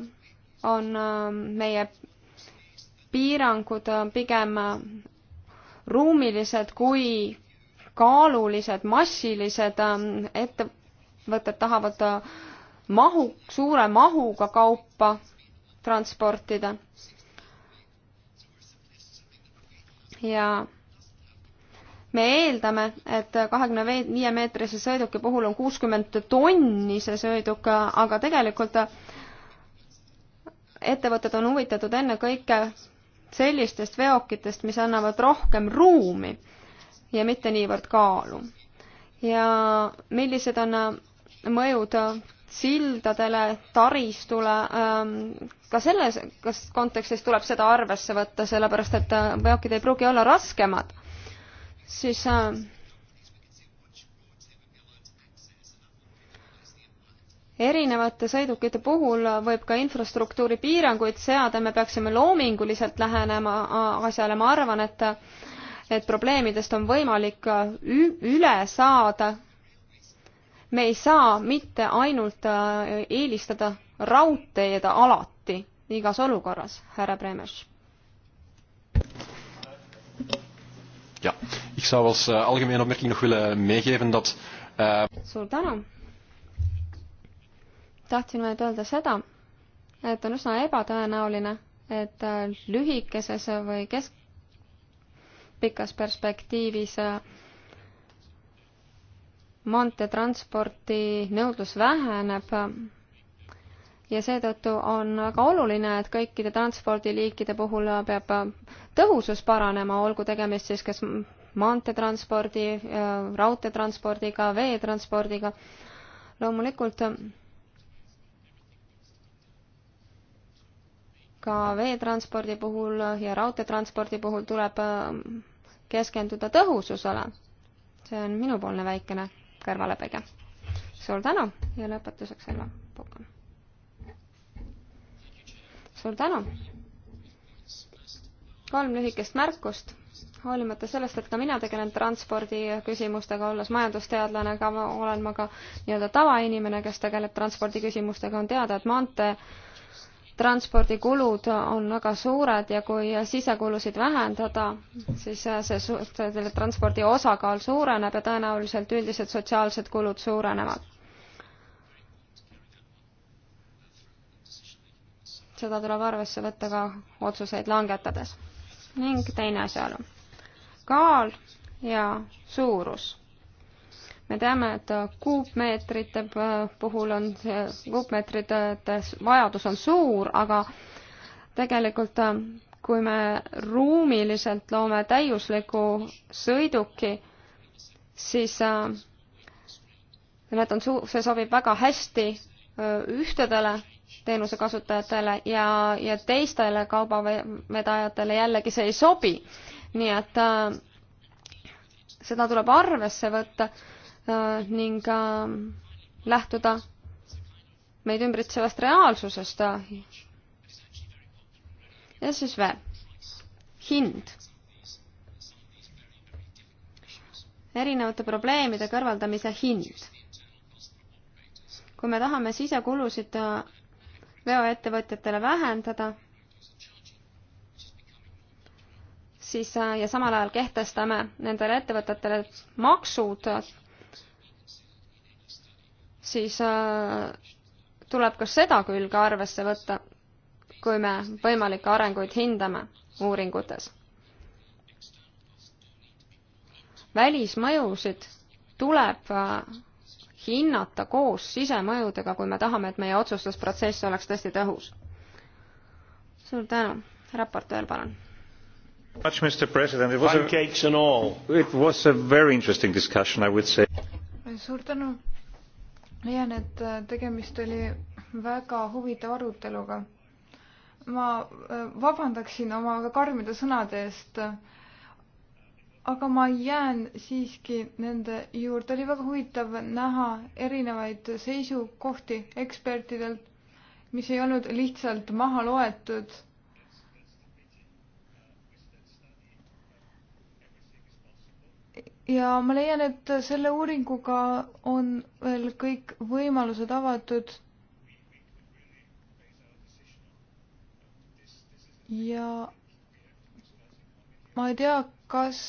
on äh, meie piirangud äh, pigem ruumilised kui kaalulised, massilised, ettevõtted tahavad mahu, suure mahuga kaupa transportida. ja me eeldame, et kahekümne viie meetrise sõiduki puhul on kuuskümmend tonni see sõiduk, aga tegelikult ettevõtted on huvitatud ennekõike sellistest veokitest, mis annavad rohkem ruumi ja mitte niivõrd kaalu. ja millised on mõjud sildadele, taristule, ähm, ka selles, kas kontekstis tuleb seda arvesse võtta, sellepärast et äh, veokid ei pruugi olla raskemad siis äh, erinevate sõidukite puhul võib ka infrastruktuuri piiranguid seada, me peaksime loominguliselt lähenema äh, asjale, ma arvan, et et probleemidest on võimalik äh, üle saada. me ei saa mitte ainult eelistada raudteed alati, igas olukorras, härra Premes ja, ik zou als uh, eh, algemene opmerking nog willen meegeven dat uh.... suur tänu. tahtsin vaid öelda seda, et on üsna ebatõenäoline, et eh, lühikeses või keskpikas perspektiivis maanteetransporti nõudlus väheneb ja seetõttu on väga oluline, et kõikide transpordiliikide puhul peab tõhusus paranema, olgu tegemist siis kas maanteetranspordi, äh, raudteetranspordiga, veetranspordiga. loomulikult ka veetranspordi puhul ja raudteetranspordi puhul tuleb äh, keskenduda tõhususele. see on minupoolne väikene kõrvalepõige. suur tänu ja lõpetuseks Elva Pukan suur tänu! kolm lühikest märkust. hoolimata sellest, et ka mina tegelen transpordi küsimustega, olles majandusteadlane, ka olen ma ka nii-öelda tavainimene, kes tegeleb transpordi küsimustega, on teada, et maantee transpordikulud on väga suured ja kui sisekulusid vähendada, siis see, selle transpordi osakaal suureneb ja tõenäoliselt üldised sotsiaalsed kulud suurenevad seda tuleb arvesse võtta ka otsuseid langetades. ning teine asjaolu, kaal ja suurus. me teame, et kuupmeetrite puhul on, kuupmeetrite vajadus on suur, aga tegelikult äh, kui me ruumiliselt loome täiusliku sõiduki, siis äh, need on suu-, see sobib väga hästi äh, ühtedele teenuse kasutajatele ja, ja teistele kaubavedajatele jällegi see ei sobi. nii et äh, seda tuleb arvesse võtta äh, ning äh, lähtuda meid ümbritsevast reaalsusest. ja siis veel, hind. erinevate probleemide kõrvaldamise hind. kui me tahame sisekulusid äh, veoettevõtjatele vähendada, siis äh, ja samal ajal kehtestame nendele ettevõtetele maksud, siis äh, tuleb ka seda külge arvesse võtta, kui me võimalikke arenguid hindame uuringutes. välismõjusid tuleb äh, hinnata koos sisemõjudega, kui me tahame, et meie otsustusprotsess oleks tõesti tõhus. suur tänu, raportöör, palun. Mr President, it was, a, it was a very interesting discussion, I would say. suur tänu. leian, et äh, tegemist oli väga huvitava aruteluga. ma äh, vabandaksin oma karmide sõnade eest aga ma jään siiski nende juurde, oli väga huvitav näha erinevaid seisukohti ekspertidelt, mis ei olnud lihtsalt maha loetud. ja ma leian, et selle uuringuga on veel kõik võimalused avatud. ja ma ei tea, kas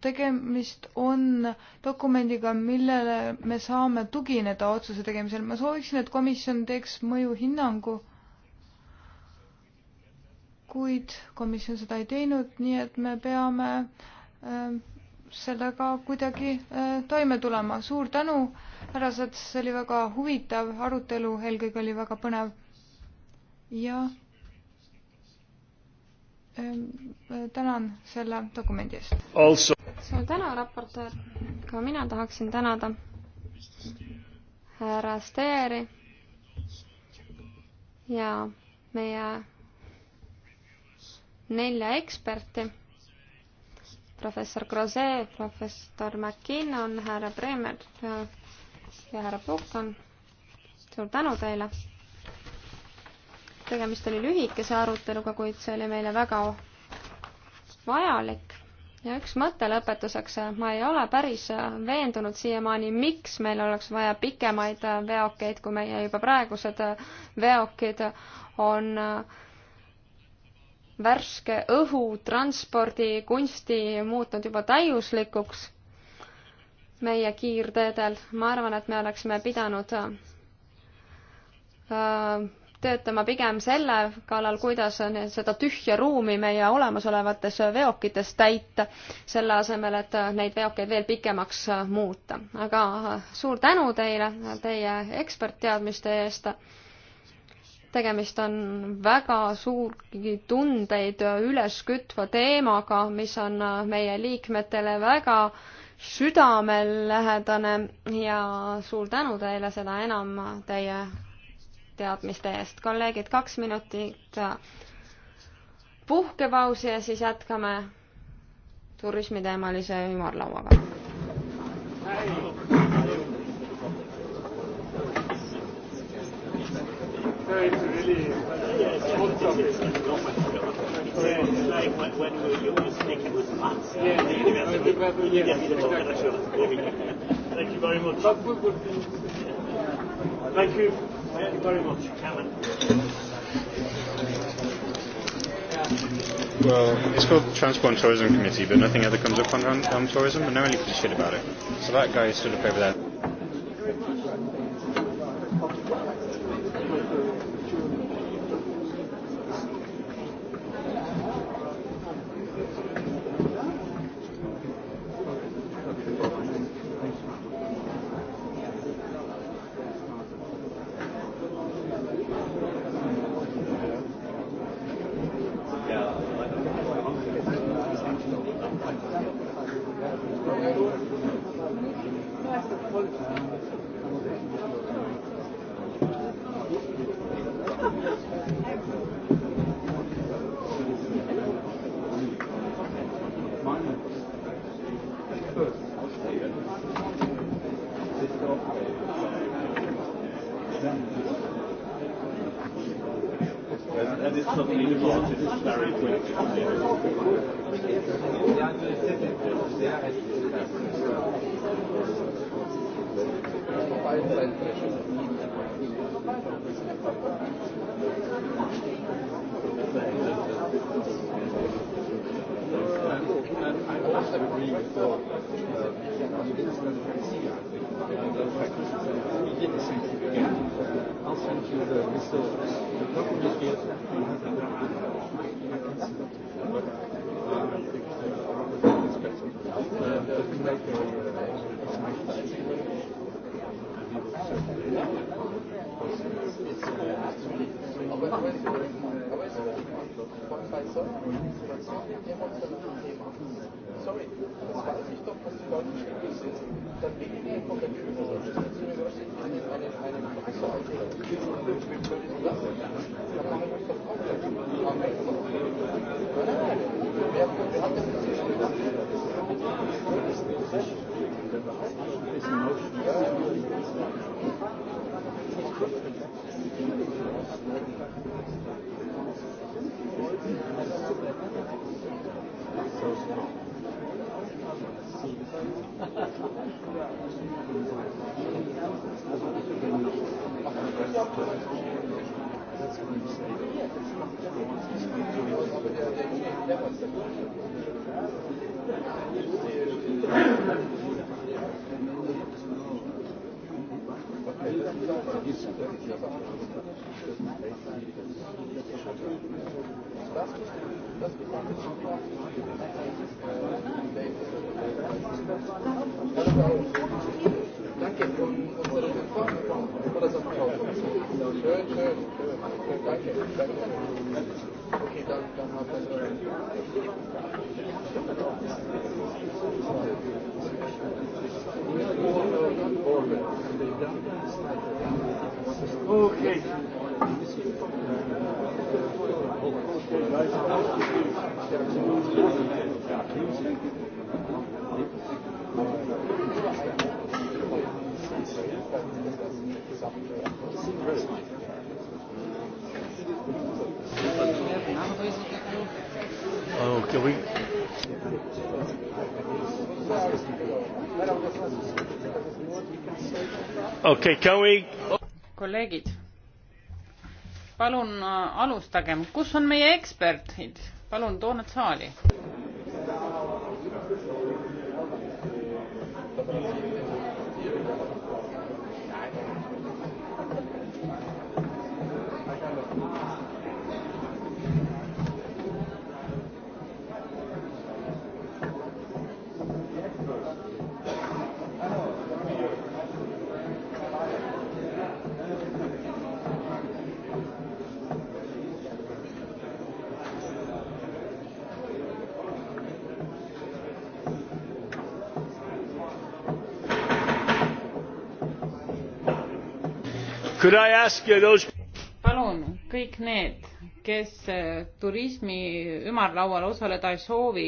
tegemist on dokumendiga, millele me saame tugineda otsuse tegemisel. ma sooviksin, et komisjon teeks mõjuhinnangu, kuid komisjon seda ei teinud, nii et me peame ähm, sellega kuidagi äh, toime tulema. suur tänu, härra Sats, see oli väga huvitav arutelu, eelkõige oli väga põnev ja Ehm, tänan selle dokumendi eest. suur tänu, raportöör. ka mina tahaksin tänada härra Steeri ja meie nelja eksperti, professor Grose, professor McKinnon, härra Bremer ja härra Puhkan. suur tänu teile tegemist oli lühikese aruteluga, kuid see oli meile väga vajalik. ja üks mõte lõpetuseks, ma ei ole päris veendunud siiamaani, miks meil oleks vaja pikemaid veokeid, kui meie juba praegused veokid on värske õhu, transpordi, kunsti muutnud juba täiuslikuks meie kiirteedel. ma arvan, et me oleksime pidanud äh, töötama pigem selle kallal, kuidas seda tühja ruumi meie olemasolevates veokites täita, selle asemel, et neid veokeid veel pikemaks muuta. aga suur tänu teile teie ekspertteadmiste eest. tegemist on väga suuri tundeid üles kütva teemaga, mis on meie liikmetele väga südamelähedane ja suur tänu teile, seda enam teie teadmiste eest. kolleegid, kaks minutit puhkepausi ja siis jätkame turismiteemalise ümarlauaga. Thank you very much. Thank you. Thank you very much, Chairman. Well, it's called Transport and Tourism Committee, but nothing ever comes up on, on, on tourism, and no one really gives a shit about it. So that guy stood up over there. okay, we... kolleegid, palun äh, alustagem, kus on meie eksperdid, palun too nad saali. Those... palun kõik need, kes äh, turismi ümarlaual osaleda ei soovi,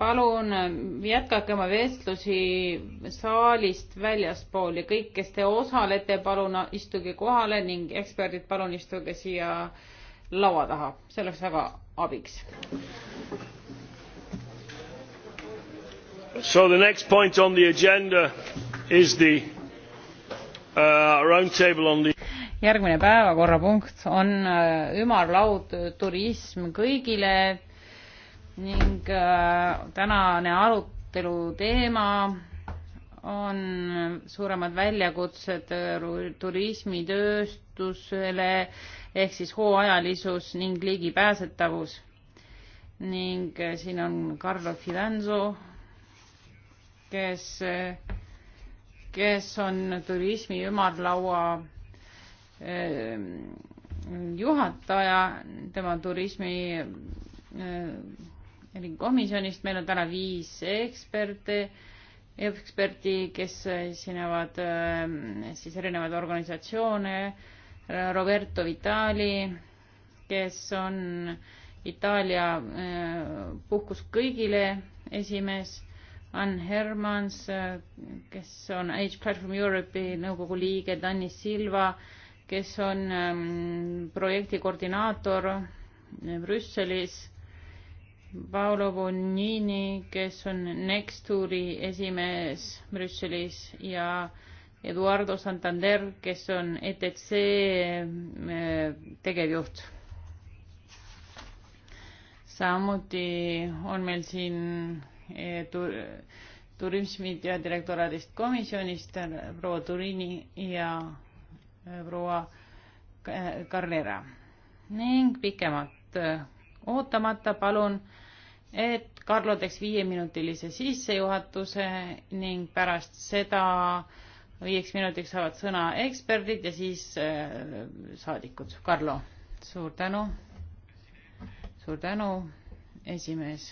palun äh, jätkake oma vestlusi saalist väljaspool ja kõik, kes te osalete, palun istuge kohale ning eksperdid, palun istuge siia laua taha, see oleks väga abiks. So the next point on the agenda is the Uh, järgmine päevakorrapunkt on uh, ümarlaud turism kõigile ning uh, tänane arutelu teema on suuremad väljakutsed turismitööstusele ehk siis hooajalisus ning ligipääsetavus ning siin on Carlo Fidanzo kes kes on turismi ümarlaua ehm, juhataja, tema turismi ehm, komisjonist, meil on täna viis eksperte, eksperti, kes esinevad ehm, siis erinevaid organisatsioone, Roberto Vitali, kes on Itaalia puhkus kõigile esimees Ann Hermans, kes on Age Platform Europe'i nõukogu liige, Danny Silva, kes on ähm, projekti koordinaator äh, Brüsselis, Paolo Bonini, kes on Nexturi esimees Brüsselis ja Eduardo Santander, kes on ETC äh, tegevjuht. samuti on meil siin Eh, tur, turismi peadirektoraadist komisjonist proua Turini ja eh, proua Carrera ning pikemalt eh, ootamata palun, et Karlo teeks viieminutilise sissejuhatuse ning pärast seda viieks minutiks saavad sõna eksperdid ja siis saadikud. Karlo, suur tänu. suur tänu, esimees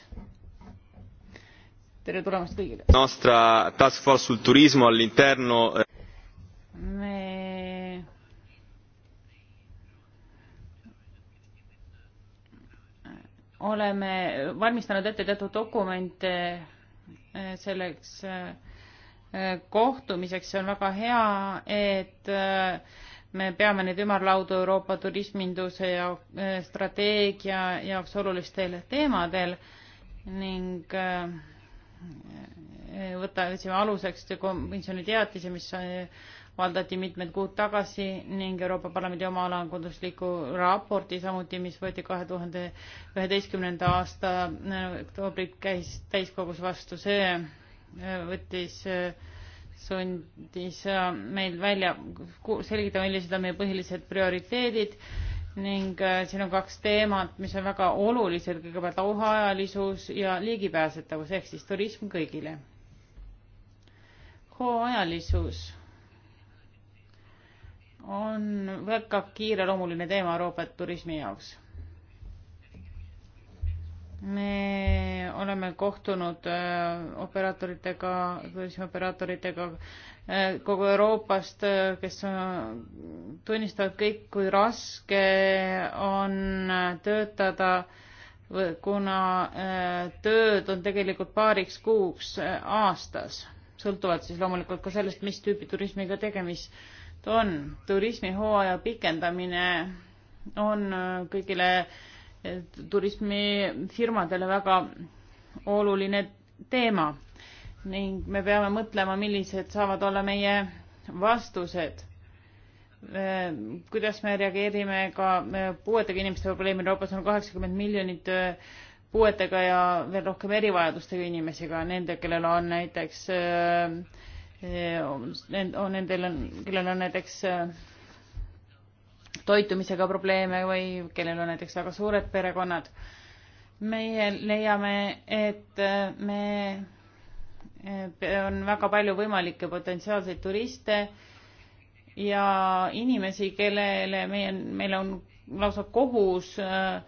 tere tulemast kõigile. Nostra task force sul turismo all'interno. Eh. me oleme valmistanud ette teatud dokumente eh, selleks eh, kohtumiseks, see on väga hea, et me peame neid ümarlaudu Euroopa turisminduse ja strateegia jaoks olulistel teemadel ning äh, võtsime aluseks komisjoni teatise, mis avaldati eh, mitmed kuud tagasi ning Euroopa Parlamendi omaalakondusliku raporti samuti, mis võeti kahe tuhande üheteistkümnenda aasta eh, oktoobri käis täiskogus vastu, see eh, võttis, sundis meil välja selgitada, millised on meie põhilised prioriteedid ning äh, siin on kaks teemat, mis on väga olulised, kõigepealt auhaajalisus ja ligipääsetavus ehk siis turism kõigile. hooajalisus on väga kiireloomuline teema Euroopa turismi jaoks me oleme kohtunud äh, operaatoritega, turismioperaatoritega äh, kogu Euroopast, äh, kes tunnistavad kõik, kui raske on töötada, kuna tööd on tegelikult paariks kuuks aastas, sõltuvalt siis loomulikult ka sellest, mis tüüpi turismiga tegemist on. turismihooaja pikendamine on kõigile turismifirmadele väga oluline teema ning me peame mõtlema, millised saavad olla meie vastused. Äh, kuidas me reageerime ka äh, puuetega inimeste probleemile, Euroopas on kaheksakümmend miljonit äh, puuetega ja veel rohkem erivajadustega inimesi ka, nende, kellel on näiteks, nendel on, kellel on näiteks toitumisega probleeme või kellel on näiteks väga suured perekonnad. meie leiame, et äh, me, äh, on väga palju võimalikke potentsiaalseid turiste ja inimesi, kellele meie, meil on lausa kohus äh,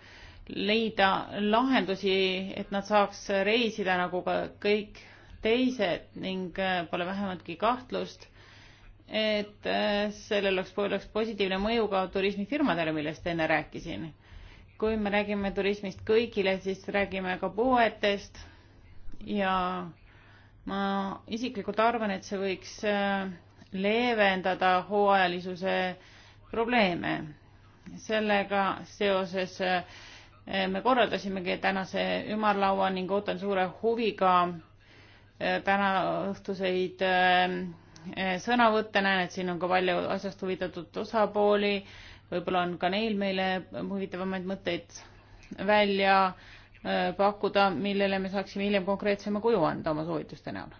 leida lahendusi, et nad saaks reisida nagu ka kõik teised ning pole vähematki kahtlust et äh, sellel oleks, oleks positiivne mõju ka turismifirmadele, millest enne rääkisin. kui me räägime turismist kõigile, siis räägime ka poetest ja ma isiklikult arvan, et see võiks äh, leevendada hooajalisuse probleeme. sellega seoses äh, me korraldasimegi tänase ümarlaua ning ootan suure huviga tänaõhtuseid Eh, sõnavõtte, näen, et siin on ka palju asjast huvitatud osapooli, võib-olla on ka neil meile huvitavamaid mõtteid välja eh, pakkuda, millele me saaksime hiljem konkreetsema kuju anda oma soovituste näol.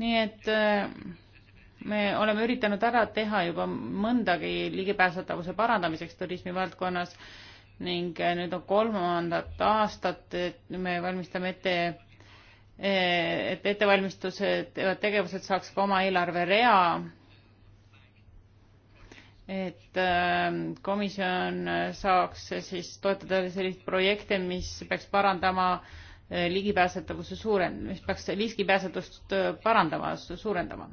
nii et eh, me oleme üritanud ära teha juba mõndagi ligipääsetavuse parandamiseks turismivaldkonnas ning nüüd on kolmandat aastat, et me valmistame ette Eh, et ettevalmistused, tegevused saaks ka oma eelarverea. et ähm, komisjon saaks siis toetada selliseid projekte, mis peaks parandama äh, ligipääsetavuse suuren-, mis peaks ligipääsetavust äh, parandama, suurendama.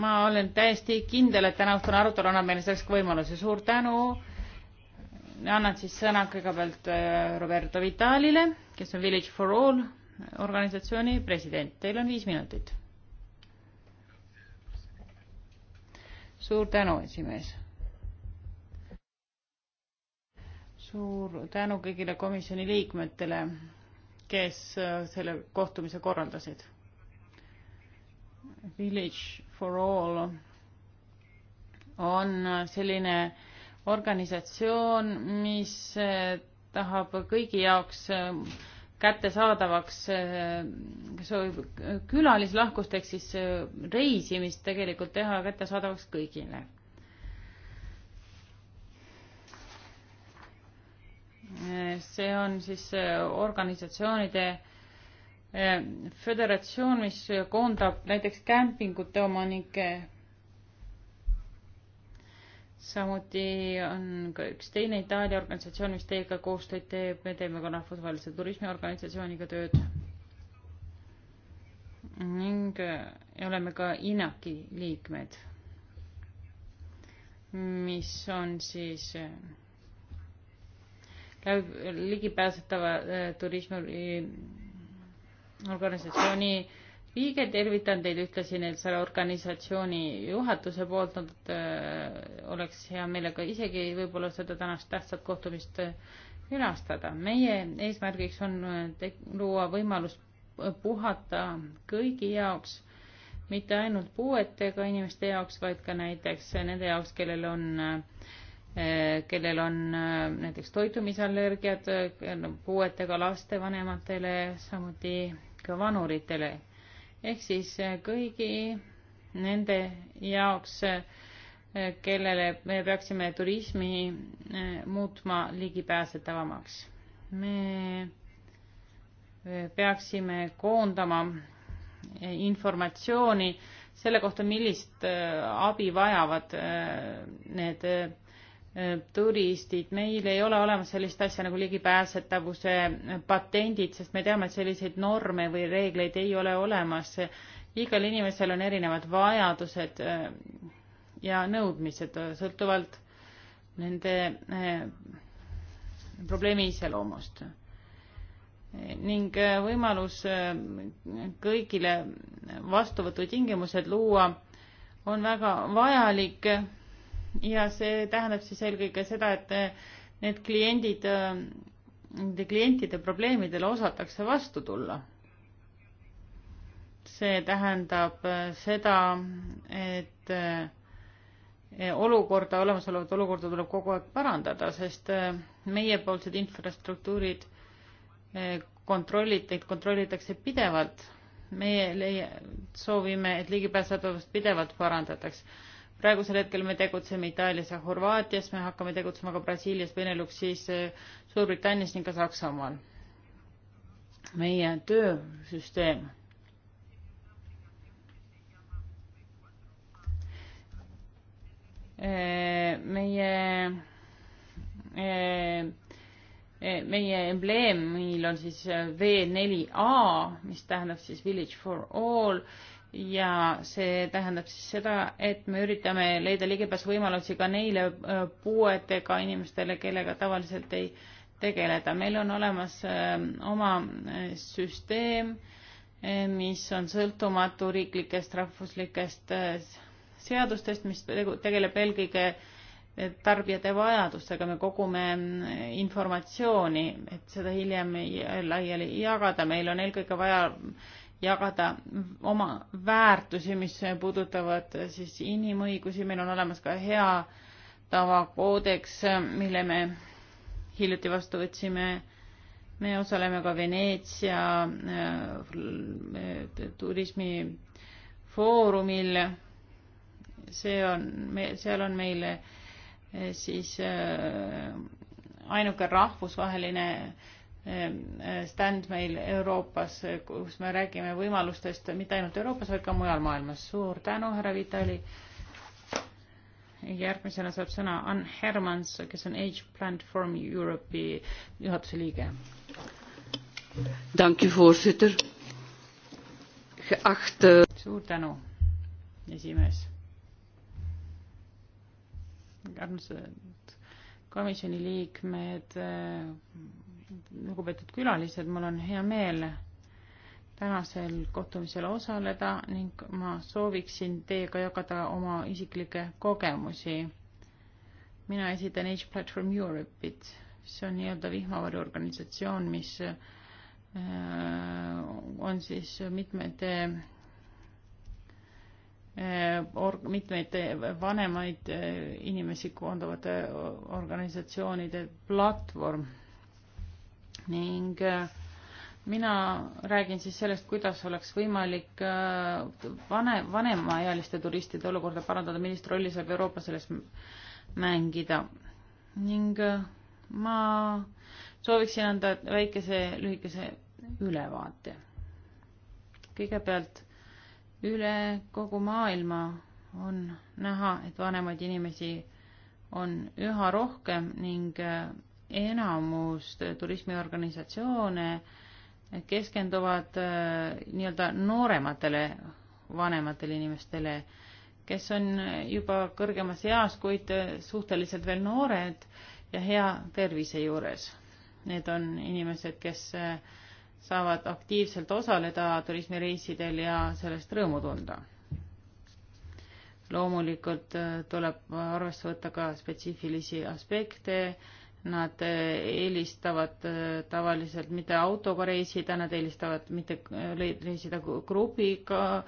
ma olen täiesti kindel, et tänaõhtune arutelu annab meile selleks võimaluse. suur tänu annan siis sõna kõigepealt äh, Roberto Vitalile, kes on Village for All organisatsiooni president. Teil on viis minutit. suur tänu, esimees. suur tänu kõigile komisjoni liikmetele, kes äh, selle kohtumise korraldasid. Village for All on äh, selline organisatsioon, mis eh, tahab kõigi jaoks eh, kättesaadavaks, eh, kes soovib külalislahkust ehk siis reisimist tegelikult teha kättesaadavaks kõigile. see on siis organisatsioonide föderatsioon, mis koondab näiteks kämpingute omanikke samuti on ka üks teine Itaalia organisatsioon, mis teiega koostööd teeb, me teeme ka rahvusvahelise turismiorganisatsiooniga tööd. ning äh, oleme ka INAK-i liikmed, mis on siis äh, ligipääsetava äh, turismi organisatsiooni äh, liige, tervitan teid ühtlasi neil selle organisatsiooni juhatuse poolt, nad äh, oleks hea meelega isegi võib-olla seda tänast tähtsat kohtumist äh, külastada. meie eesmärgiks on äh, luua võimalus puhata kõigi jaoks, mitte ainult puuetega inimeste jaoks, vaid ka näiteks nende jaoks, kellel on äh, kellel on äh, näiteks toitumisallergiad, puuetega lastevanematele, samuti ka vanuritele ehk siis eh, kõigi nende jaoks, eh, kellele me peaksime turismi eh, muutma ligipääsetavamaks. me peaksime koondama informatsiooni selle kohta, millist abi vajavad need turistid, meil ei ole olemas sellist asja nagu ligipääsetavuse patendid, sest me teame, et selliseid norme või reegleid ei ole olemas. igal inimesel on erinevad vajadused äh, ja nõudmised äh, sõltuvalt nende äh, probleemi iseloomust. ning võimalus kõigile vastuvõtutingimused luua on väga vajalik ja see tähendab siis eelkõige seda, et eh, need kliendid, eh, nende klientide probleemidele osatakse vastu tulla. see tähendab eh, seda, et olukorda, olemasolevat olukorda tuleb kogu aeg parandada, sest meiepoolsed infrastruktuurid kontrollid, neid kontrollitakse pidevalt. meie leia-, soovime, et ligipääsetavust pidevalt parandataks praegusel hetkel me tegutseme Itaalias ja Horvaatias, me hakkame tegutsema ka Brasiilias, Beneluxis, Suurbritannias ning ka Saksamaal. meie töösüsteem eh, meie, eh, eh, meie embleemil on siis V4A, mis tähendab siis Village for all ja see tähendab siis seda, et me üritame leida ligipääsuvõimalusi ka neile äh, puuetega inimestele, kellega tavaliselt ei tegeleda. meil on olemas äh, oma äh, süsteem, mis on sõltumatu riiklikest rahvuslikest seadustest, mis tegeleb eelkõige tarbijate vajadustega, me kogume informatsiooni, et seda hiljem laiali jagada, meil on eelkõige vaja jagada oma väärtusi, mis puudutavad siis inimõigusi, meil on olemas ka hea tavakoodeks, mille me hiljuti vastu võtsime. me osaleme ka Veneetsia äh, turismifoorumil. see on, seal on meil äh, siis äh, ainuke rahvusvaheline äh, Ehm, eh, stand meil Euroopas, eh, kus me räägime võimalustest mitte ainult Euroopas, vaid ka mujal maailmas. suur tänu, härra Vitali. järgmisena saab sõna Ann Hermans, kes on Age Platform Europe'i juhatuse liige. suur tänu, esimees. armsad komisjoni liikmed lugupeetud külalised, mul on hea meel tänasel kohtumisel osaleda ning ma sooviksin teiega jagada oma isiklikke kogemusi. mina esitan Age Platform Europe'it, see on nii-öelda vihmavarjuorganisatsioon, mis äh, on siis mitmete äh, org-, mitmeid vanemaid äh, inimesi koondavate organisatsioonide platvorm ning äh, mina räägin siis sellest, kuidas oleks võimalik äh, vane, vanemaealiste turistide olukorda parandada, millist rolli saab Euroopa selles mängida. ning äh, ma sooviksin anda väikese lühikese ülevaate. kõigepealt üle kogu maailma on näha, et vanemaid inimesi on üha rohkem ning enamus turismiorganisatsioone keskenduvad äh, nii-öelda noorematele, vanematele inimestele, kes on juba kõrgemas eas, kuid äh, suhteliselt veel noored ja hea tervise juures. Need on inimesed, kes äh, saavad aktiivselt osaleda turismireisidel ja sellest rõõmu tunda. loomulikult tuleb arvesse võtta ka spetsiifilisi aspekte, Nad eh, eelistavad eh, tavaliselt mitte autoga reisida, nad eelistavad mitte eh, reisida grupiga,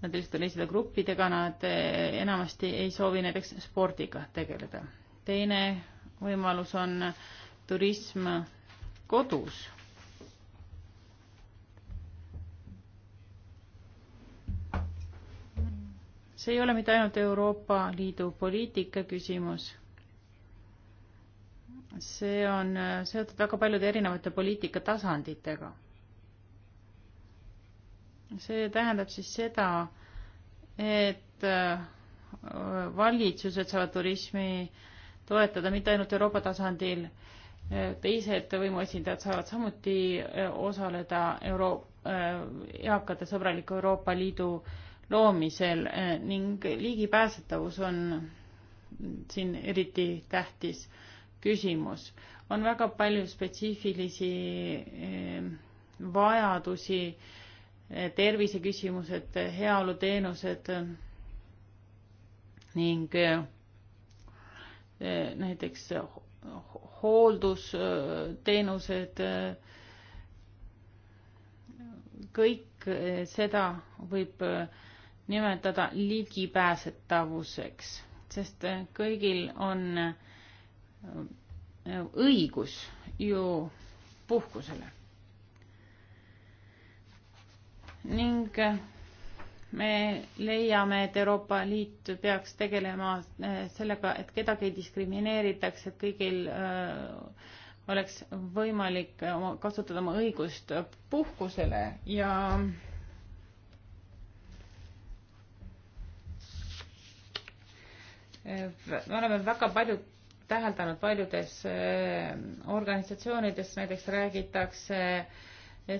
nad eelistavad reisida gruppidega, nad enamasti ei soovi näiteks spordiga tegeleda. teine võimalus on turism kodus see ei ole mitte ainult Euroopa Liidu poliitika küsimus, see on äh, seotud väga paljude erinevate poliitikatasanditega. see tähendab siis seda, et äh, valitsused saavad turismi toetada mitte ainult Euroopa tasandil, äh, teised võimuesindajad saavad samuti osaleda euro-, eakate sõbraliku Euroopa Liidu loomisel ning ligipääsetavus on mm, siin eriti tähtis küsimus. on väga palju spetsiifilisi eh, vajadusi, eh, terviseküsimused, eh, heaoluteenused ning näiteks hooldusteenused, kõik seda võib nimetada ligipääsetavuseks, sest kõigil on äh, õigus ju puhkusele. ning me leiame, et Euroopa Liit peaks tegelema eh, sellega, et kedagi ei diskrimineeritaks, et kõigil eh, oleks võimalik eh, kasutada oma õigust puhkusele ja me oleme väga paljud täheldanud paljudes äh, organisatsioonides, näiteks räägitakse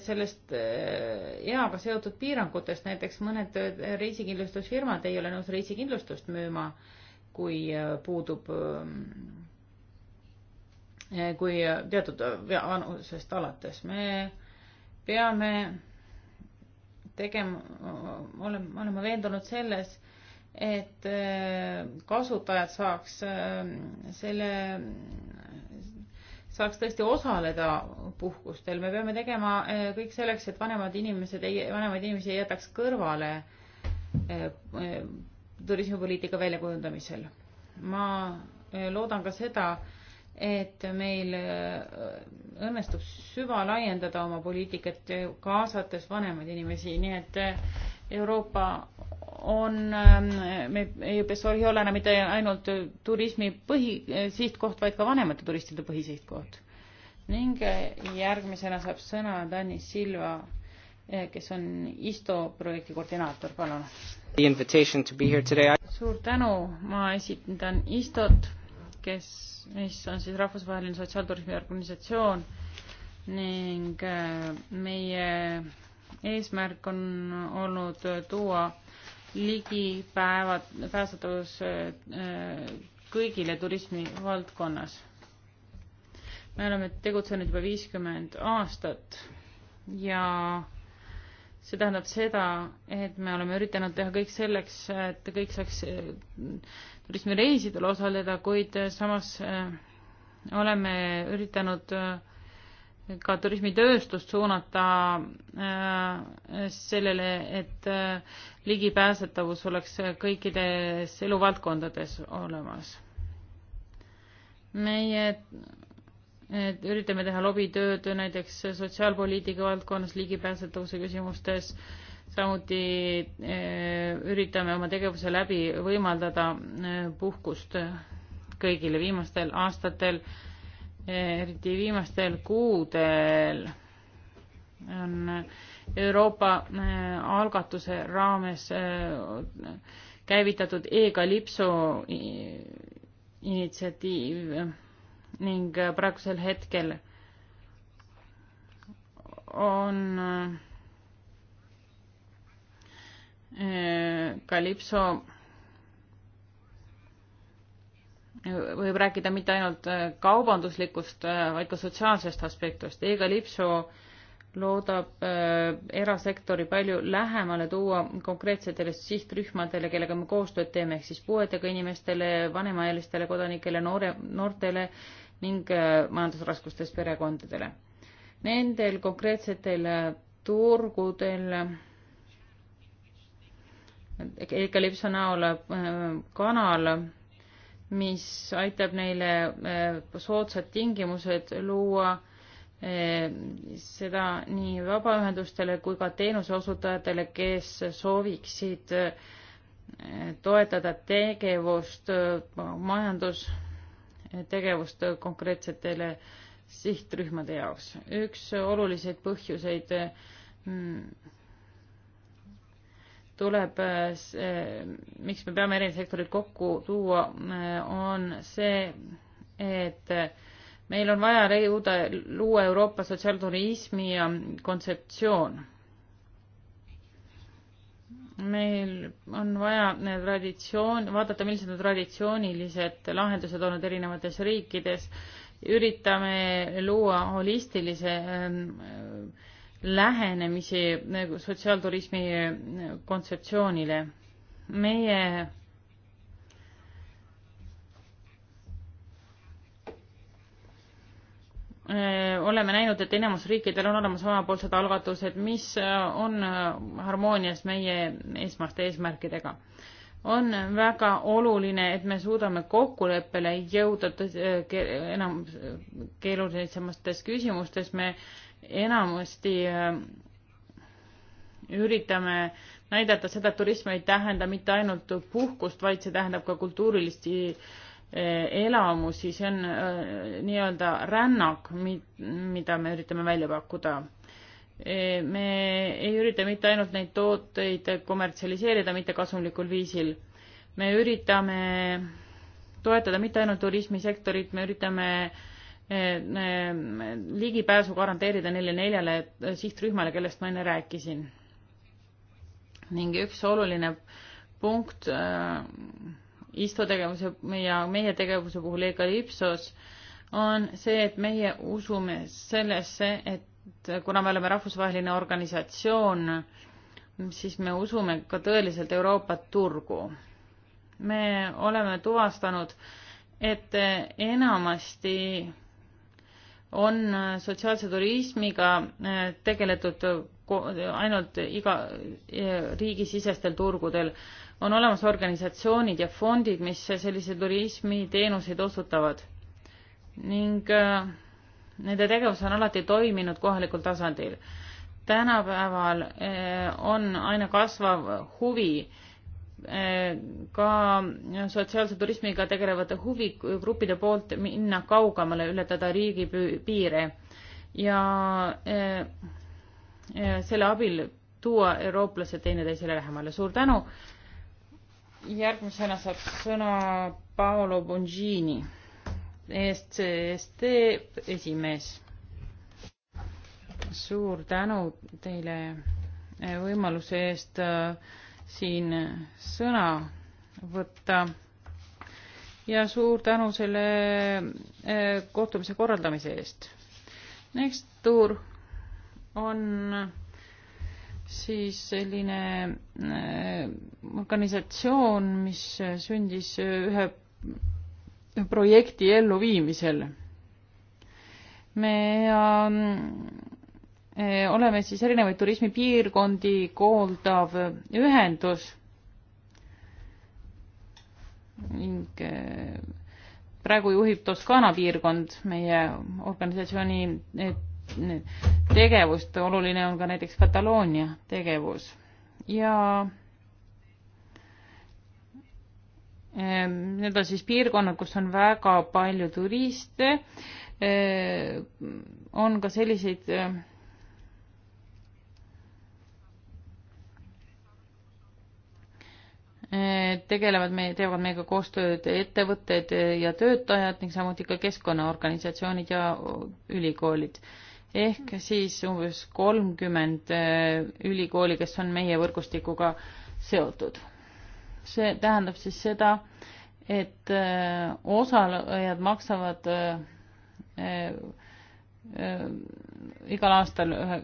sellest äh, eaga seotud piirangutest, näiteks mõned äh, reisikindlustusfirmad ei ole nõus reisikindlustust müüma, kui puudub, ähm, kui teatud vanusest alates. me peame tegema, olema, olema veendunud selles, et äh, kasutajad saaks ähm, selle, saaks tõesti osaleda puhkustel. me peame tegema äh, kõik selleks, et vanemad inimesed ei, vanemaid inimesi ei jätaks kõrvale äh, turismipoliitika väljakujundamisel. ma loodan ka seda, et meil õnnestub süva laiendada oma poliitikat, kaasates vanemaid inimesi, nii et Euroopa on, ähm, me ei, ei ole enam mitte ainult turismi põhisihtkoht, vaid ka vanemate turistide põhisihtkoht. ning äh, järgmisena saab sõna Tõnis Silva, äh, kes on ISTO projekti koordinaator, palun. suur tänu, ma esindan ISTO-t, kes, mis on siis rahvusvaheline sotsiaalturismi organisatsioon ning äh, meie eesmärk on olnud tuua ligipäevad, pääsetavus äh, kõigile turismi valdkonnas. me oleme tegutsenud juba viiskümmend aastat ja see tähendab seda, et me oleme üritanud teha kõik selleks, et kõik saaks äh, turismireisidel osaleda, kuid samas äh, oleme üritanud äh, ka turismitööstust suunata äh, sellele, et äh, ligipääsetavus oleks kõikides eluvaldkondades olemas. meie et äh, üritame teha lobitööd näiteks sotsiaalpoliitika valdkonnas ligipääsetavuse küsimustes, samuti üritame oma tegevuse läbi võimaldada puhkust kõigile. viimastel aastatel äh, eriti viimastel kuudel on Euroopa äh, algatuse raames äh, käivitatud e-Kalipso initsiatiiv ning praegusel hetkel on Kalipso äh, võib rääkida mitte ainult äh, kaubanduslikust, äh, vaid ka sotsiaalsest aspektist. Eega Lipsu loodab äh, erasektori palju lähemale tuua konkreetsetele sihtrühmadele, kellega me koostööd teeme, ehk siis puuetega inimestele, vanemaealistele kodanikele, noore, noortele ning majandusraskustes perekondadele. Nendel konkreetsetel turgudel Eika Lipsu näol kanal mis aitab neile eh, soodsad tingimused luua, eh, seda nii vabaühendustele kui ka teenuseosutajatele, kes sooviksid eh, toetada tegevust, majandustegevust konkreetsetele sihtrühmade jaoks. üks oluliseid põhjuseid tuleb, eh, miks me peame erinevad sektorid kokku tuua, eh, on see, et meil on vaja jõuda, luua Euroopa sotsiaalturismi kontseptsioon. meil on vaja eh, traditsioon, vaadata, millised on traditsioonilised lahendused olnud erinevates riikides, üritame luua holistilise äh, lähenemisi nagu sotsiaalturismi kontseptsioonile. meie äh, oleme näinud, et enamus riikidel on olemas omapoolsed algatused, mis on harmoonias meie esmaste eesmärkidega. on väga oluline, et me suudame kokkuleppele jõuda äh, enam keerulisemates küsimustes, me enamasti äh, üritame näidata seda, et turism ei tähenda mitte ainult puhkust, vaid see tähendab ka kultuurilist äh, elamusi, see on äh, nii-öelda rännak, mida me üritame välja pakkuda. me ei ürita mitte ainult neid tooteid kommertsialiseerida mittekasumlikul viisil, me üritame toetada mitte ainult turismisektorit, me üritame äh, Ehm, ehm, ligipääsu garanteerida neile neljale eh, sihtrühmale, kellest ma enne rääkisin. ning üks oluline punkt eh, ISTO tegevuse ja meie tegevuse puhul Egalipsos on see, et meie usume sellesse, et kuna me oleme rahvusvaheline organisatsioon, siis me usume ka tõeliselt Euroopa turgu. me oleme tuvastanud, et enamasti on äh, sotsiaalse turismiga äh, tegeletud äh, ainult iga riigisisestel turgudel. on olemas organisatsioonid ja fondid, mis sellise turismi teenuseid osutavad ning nende tegevus on alati toiminud kohalikul tasandil. tänapäeval on aina kasvav huvi ka sotsiaalse turismiga tegelevate huvigruppide poolt minna kaugemale, ületada riigipiire ja eh, eh, selle abil tuua eurooplased teineteisele lähemale. suur tänu. järgmisena saab sõna Paolo Bongini, ESCST esimees. suur tänu teile võimaluse eest äh, siin sõna võtta ja suur tänu selle eh, kohtumise korraldamise eest. Next Tour on siis selline eh, organisatsioon, mis sündis ühe projekti elluviimisel. me ähm, Äh, oleme siis erinevaid turismipiirkondi kooldav ühendus ning äh, praegu juhib Toskaana piirkond meie organisatsiooni äh, tegevust, oluline on ka näiteks Kataloonia tegevus ja need on siis piirkonnad, kus on väga palju turiste, on ka selliseid Eh, tegelevad meie, teevad meiega koostööd ettevõtted ja töötajad ning samuti ka keskkonnaorganisatsioonid ja ülikoolid. ehk siis umbes kolmkümmend eh, ülikooli, kes on meie võrgustikuga seotud. see tähendab siis seda, et eh, osalejad maksavad igal aastal ühe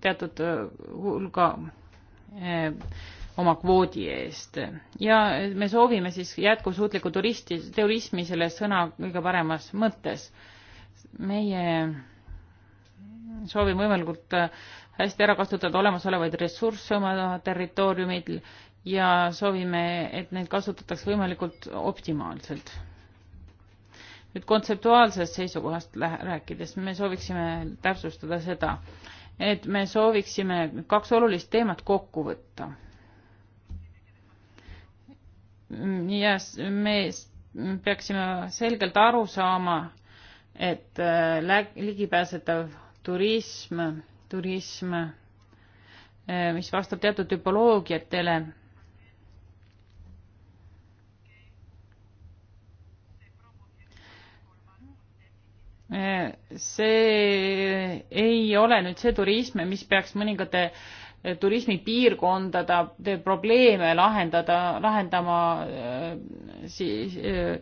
teatud hulga oma kvoodi eest ja me soovime siis jätkusuutlikku turisti, turismi selle sõna kõige paremas mõttes. meie soovime võimalikult hästi ära kasutada olemasolevaid ressursse oma territooriumil ja soovime, et neid kasutataks võimalikult optimaalselt. nüüd kontseptuaalsest seisukohast rääkides me sooviksime täpsustada seda, et me sooviksime kaks olulist teemat kokku võtta ja me peaksime selgelt aru saama, et äh, ligipääsetav turism, turism, äh, mis vastab teatud tüpoloogiatele, äh, see ei ole nüüd see turism, mis peaks mõningate äh, turismipiirkondade probleeme lahendada, lahendama äh, siis äh,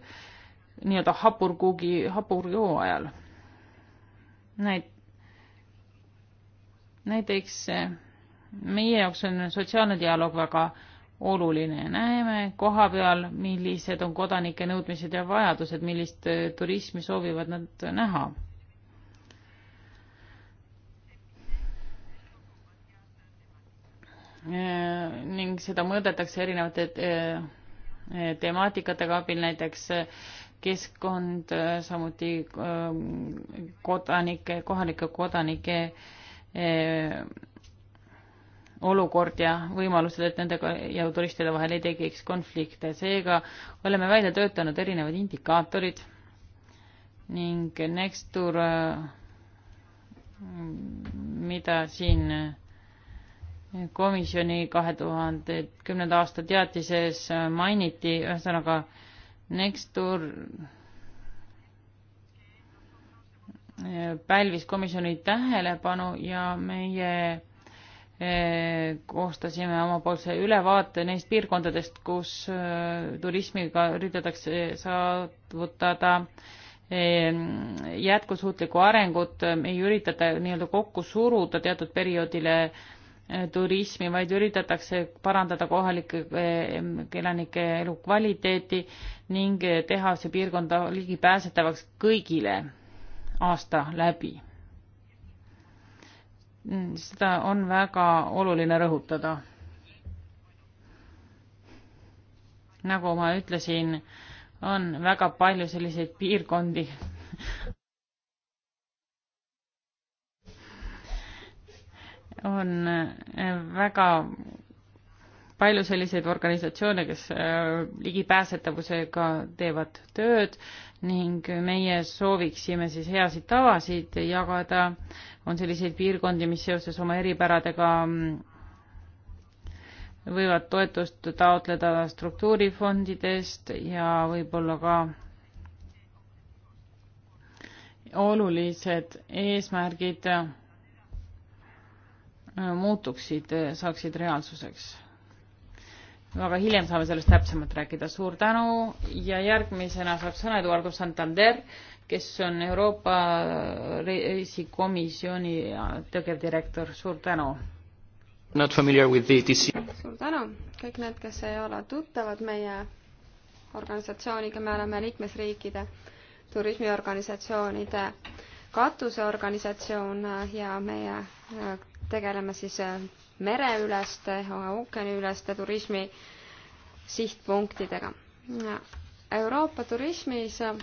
nii-öelda hapurkuugi, hapurjoo ajal. näit-, näiteks äh, meie jaoks on sotsiaalne dialoog väga oluline, näeme koha peal, millised on kodanike nõudmised ja vajadused, millist turismi soovivad nad näha ning seda mõõdetakse erinevate eh, eh, temaatikatega abil, näiteks eh, keskkond, samuti kodanike, kohalike kodanike olukord ja võimalused, et nendega ja turistide vahel ei tekiks konflikte. seega oleme välja töötanud erinevad indikaatorid ning Nextur, mida siin komisjoni kahe tuhande kümnenda aasta teatises mainiti, ühesõnaga Nextur pälvis komisjoni tähelepanu ja meie e, koostasime omapoolse ülevaate neist piirkondadest, kus e, turismiga üritatakse saavutada e, jätkusuutlikku arengut, ei üritata nii-öelda kokku suruda teatud perioodile äh, turismi, vaid üritatakse parandada kohalike elanike elukvaliteeti ning teha see piirkond ligipääsetavaks kõigile aasta läbi. seda on väga oluline rõhutada. nagu ma ütlesin, on väga palju selliseid piirkondi on äh, väga palju selliseid organisatsioone, kes äh, ligipääsetavusega teevad tööd ning meie sooviksime siis heasid tavasid jagada. on selliseid piirkondi, mis seoses oma eripäradega mm, võivad toetust taotleda struktuurifondidest ja võib-olla ka olulised eesmärgid Äh, muutuksid, äh, saaksid reaalsuseks. aga hiljem saame sellest täpsemalt rääkida. suur tänu ja järgmisena saab sõna Eduardo Santander, kes on Euroopa reisikomisjoni tegevdirektor. suur tänu. Not familiar with the DC. suur tänu. kõik need, kes ei ole tuttavad meie organisatsiooniga, me oleme liikmesriikide turismiorganisatsioonide katuseorganisatsioon ja meie tegeleme siis äh, mereüleste, ookeaniüleste turismi sihtpunktidega. Euroopa turismis äh,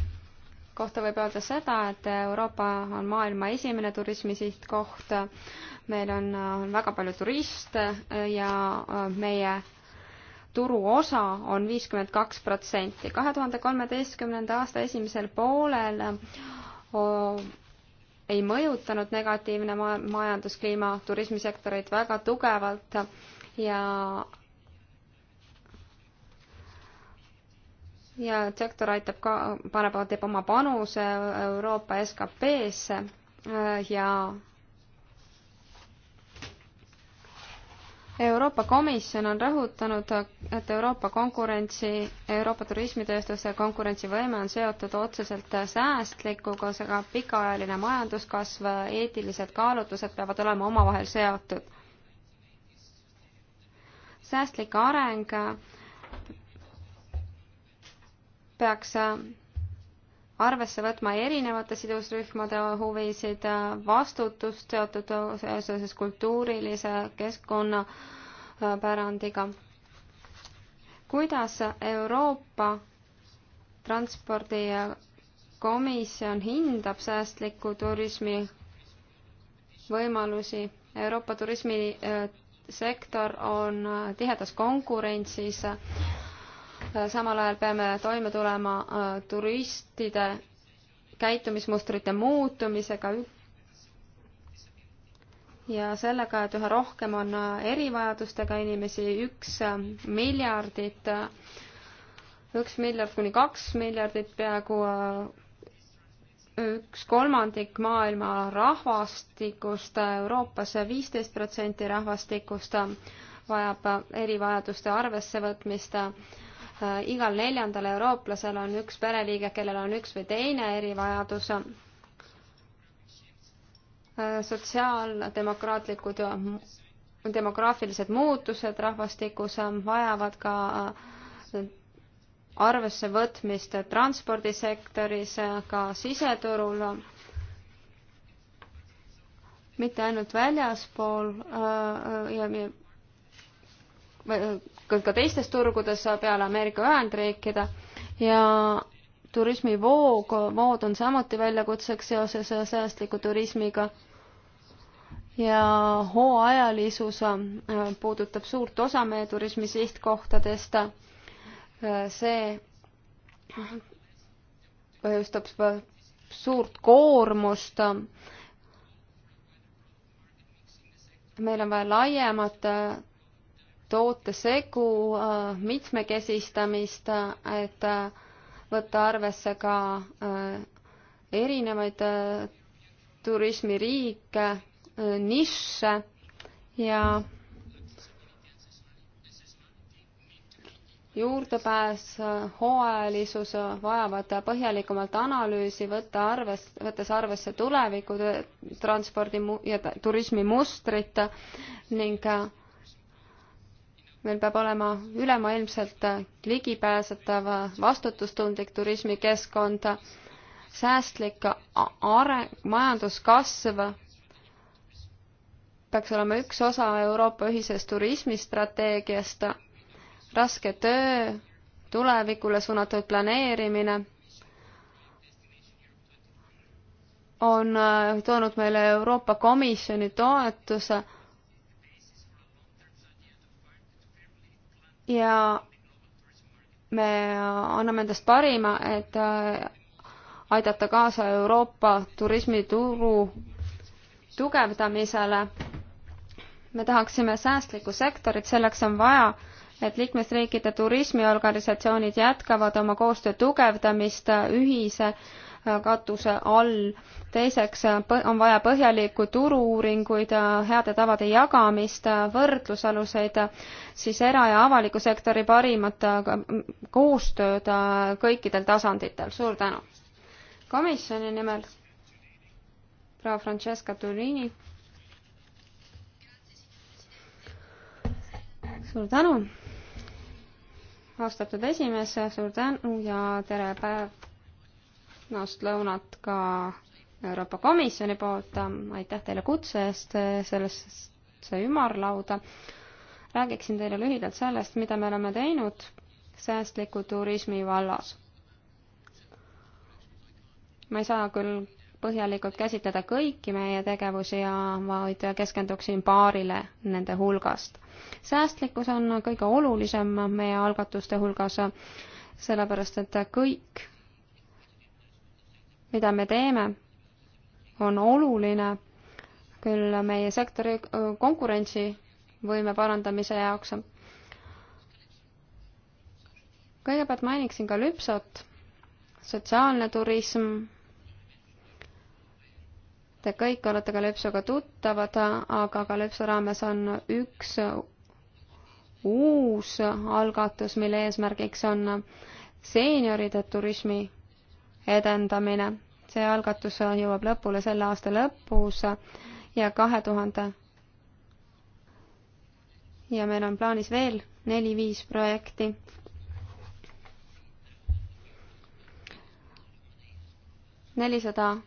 kohta võib öelda seda, et Euroopa on maailma esimene turismisihtkoht, meil äh, on väga palju turiste ja meie turuosa on viiskümmend kaks protsenti. kahe tuhande kolmeteistkümnenda aasta esimesel poolel ei mõjutanud negatiivne ma majanduskliima turismisektorit väga tugevalt ja ja sektor aitab ka, paneb, teeb oma panuse Euroopa SKP-sse äh, ja Euroopa Komisjon on rõhutanud, et Euroopa konkurentsi, Euroopa turismitööstuse konkurentsivõime on seotud otseselt säästlikuga, seega pikaajaline majanduskasv, eetilised kaalutlused peavad olema omavahel seotud. säästlik areng peaks arvesse võtma erinevate sidusrühmade huvisid, vastutust seotud seoses kultuurilise keskkonnapärandiga. kuidas Euroopa transpordikomisjon hindab säästliku turismi võimalusi? Euroopa turismisektor on tihedas konkurentsis samal ajal peame toime tulema äh, turistide käitumismustrite muutumisega ja sellega, et üha rohkem on äh, erivajadustega inimesi, üks äh, miljardit, üks miljard kuni kaks miljardit peaaegu üks kolmandik maailma rahvastikust, Euroopas viisteist protsenti rahvastikust vajab erivajaduste arvessevõtmist Äh, igal neljandal eurooplasel on üks pereliige, kellel on üks või teine erivajadus. Äh, sotsiaaldemokraatlikud äh, demograafilised muutused rahvastikus vajavad ka arvesse võtmist transpordisektoris, ka siseturul, mitte ainult väljaspool ja või kui ka teistes turgudes peale Ameerika Ühendriikide ja turismivoog, vood on samuti väljakutseks seoses säästliku turismiga ja hooajalisus äh, puudutab suurt osa meie turismi sihtkohtadest. Äh, see põhjustab suurt koormust. meil on vaja laiemat äh, tootesegu äh, mitmekesistamist, äh, et äh, võtta arvesse ka erinevaid turismiriike, nišše ja juurdepääs, hooajalisus vajavad põhjalikumalt analüüsi, võtta arves, võttes arvesse tuleviku transpordi ja turismi mustrit ning meil peab olema ülemaailmselt ligipääsetav vastutustundlik turismikeskkond, säästlik areng, majanduskasv peaks olema üks osa Euroopa ühisest turismistrateegiast, raske töö, tulevikule suunatud planeerimine on äh, toonud meile Euroopa Komisjoni toetuse ja me anname endast parima, et äh, aidata kaasa Euroopa turismituru tugevdamisele. me tahaksime säästlikku sektorit, selleks on vaja, et liikmesriikide turismiorganisatsioonid jätkavad oma koostöö tugevdamist ühise katuse all. teiseks on vaja põhjalikku turu-uuringuid, heade tavade jagamist, võrdlusaluseid, siis era- ja avaliku sektori parimat koostööd kõikidel tasanditel. suur tänu! komisjoni nimel proua Francesca Turini. suur tänu, austatud esimees, suur tänu ja tere päev pärastlõunat ka Euroopa Komisjoni poolt, aitäh teile kutse eest sellesse ümarlauda. räägiksin teile lühidalt sellest, mida me oleme teinud säästliku turismi vallas. ma ei saa küll põhjalikult käsitleda kõiki meie tegevusi ja vaid keskenduksin paarile nende hulgast. säästlikkus on kõige olulisem meie algatuste hulgas, sellepärast et kõik mida me teeme, on oluline küll meie sektori äh, konkurentsivõime parandamise jaoks. kõigepealt mainiksin ka lüpsot, sotsiaalne turism. Te kõik olete ka lüpsuga tuttavad, aga ka lüpsu raames on üks uus algatus, mille eesmärgiks on seenioride turismi edendamine. see algatus jõuab lõpule selle aasta lõpus ja kahe tuhande ja meil on plaanis veel neli-viis projekti. nelisada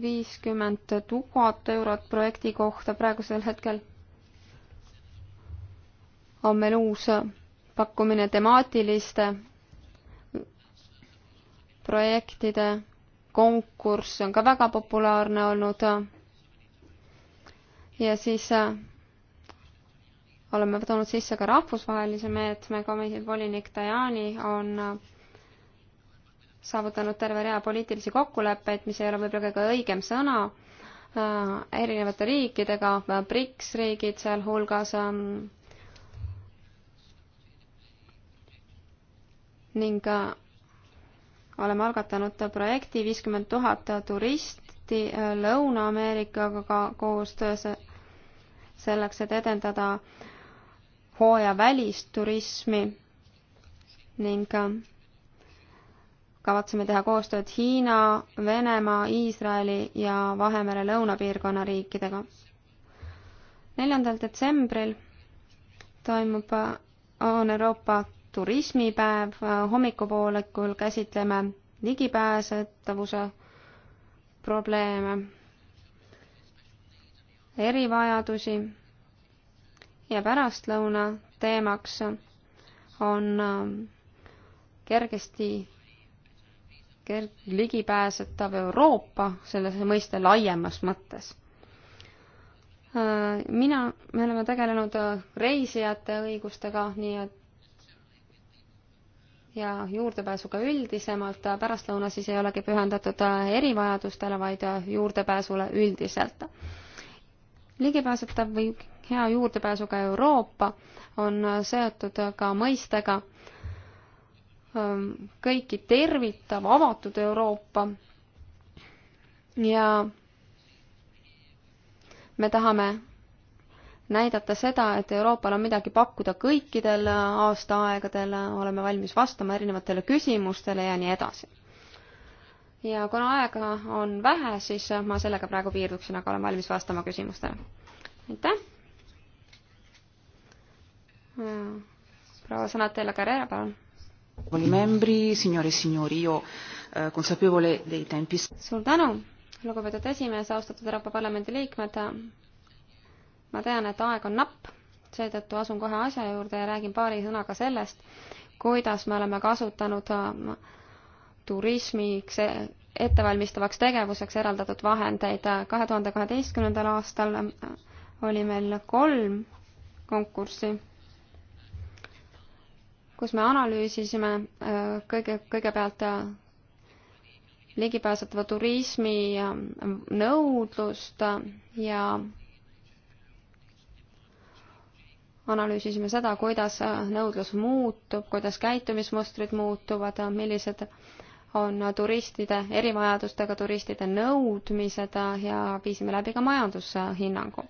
viiskümmend tuhat eurot projekti kohta praegusel hetkel on meil uus pakkumine temaatiliste projektide konkurss on ka väga populaarne olnud. ja siis äh, oleme toonud sisse ka rahvusvahelise meetme, komisjoni volinik Dajani on äh, saavutanud terve rea poliitilisi kokkuleppeid, mis ei ole võib-olla kõige õigem sõna, äh, erinevate riikidega, BRICS riigid sealhulgas ähm, ning oleme algatanud projekti viiskümmend tuhat turisti äh, Lõuna-Ameerikaga ka koostöös selleks, et edendada hooajavälist turismi ning äh, kavatseme teha koostööd Hiina, Venemaa, Iisraeli ja Vahemere lõunapiirkonna riikidega. neljandal detsembril toimub, äh, on Euroopa turismipäev, äh, hommikupoolikul käsitleme ligipääsetavuse probleeme, erivajadusi ja pärastlõuna teemaks on äh, kergesti kerg-, ligipääsetav Euroopa selle mõiste laiemas mõttes. Äh, mina, me oleme tegelenud reisijate õigustega, nii et ja juurdepääsu ka üldisemalt, pärastlõuna siis ei olegi pühendatud erivajadustele, vaid juurdepääsule üldiselt. ligipääsetav või hea juurdepääsuga Euroopa on seotud ka mõistega ähm, kõiki tervitav, avatud Euroopa ja me tahame näidata seda, et Euroopal on midagi pakkuda kõikidel aastaaegadel, oleme valmis vastama erinevatele küsimustele ja nii edasi. ja kuna aega on vähe, siis ma sellega praegu piirduksin, aga olen valmis vastama küsimustele. aitäh! proua Sanatella Carrera, palun! membri, signore, e signori, io eh, consapevole dei tempi. suur tänu, lugupeetud esimees, austatud Euroopa Parlamendi liikmed ma tean, et aeg on napp, seetõttu asun kohe asja juurde ja räägin paari sõnaga sellest, kuidas me oleme kasutanud äh, turismiks e-, ettevalmistavaks tegevuseks eraldatud vahendeid. kahe tuhande kaheteistkümnendal aastal äh, oli meil kolm konkurssi, kus me analüüsisime äh, kõige, kõigepealt ligipääsetava turismi nõudlust ja analüüsisime seda, kuidas nõudlus muutub, kuidas käitumismustrid muutuvad, millised on turistide, erivajadustega turistide nõudmised ja viisime läbi ka majandushinnangu.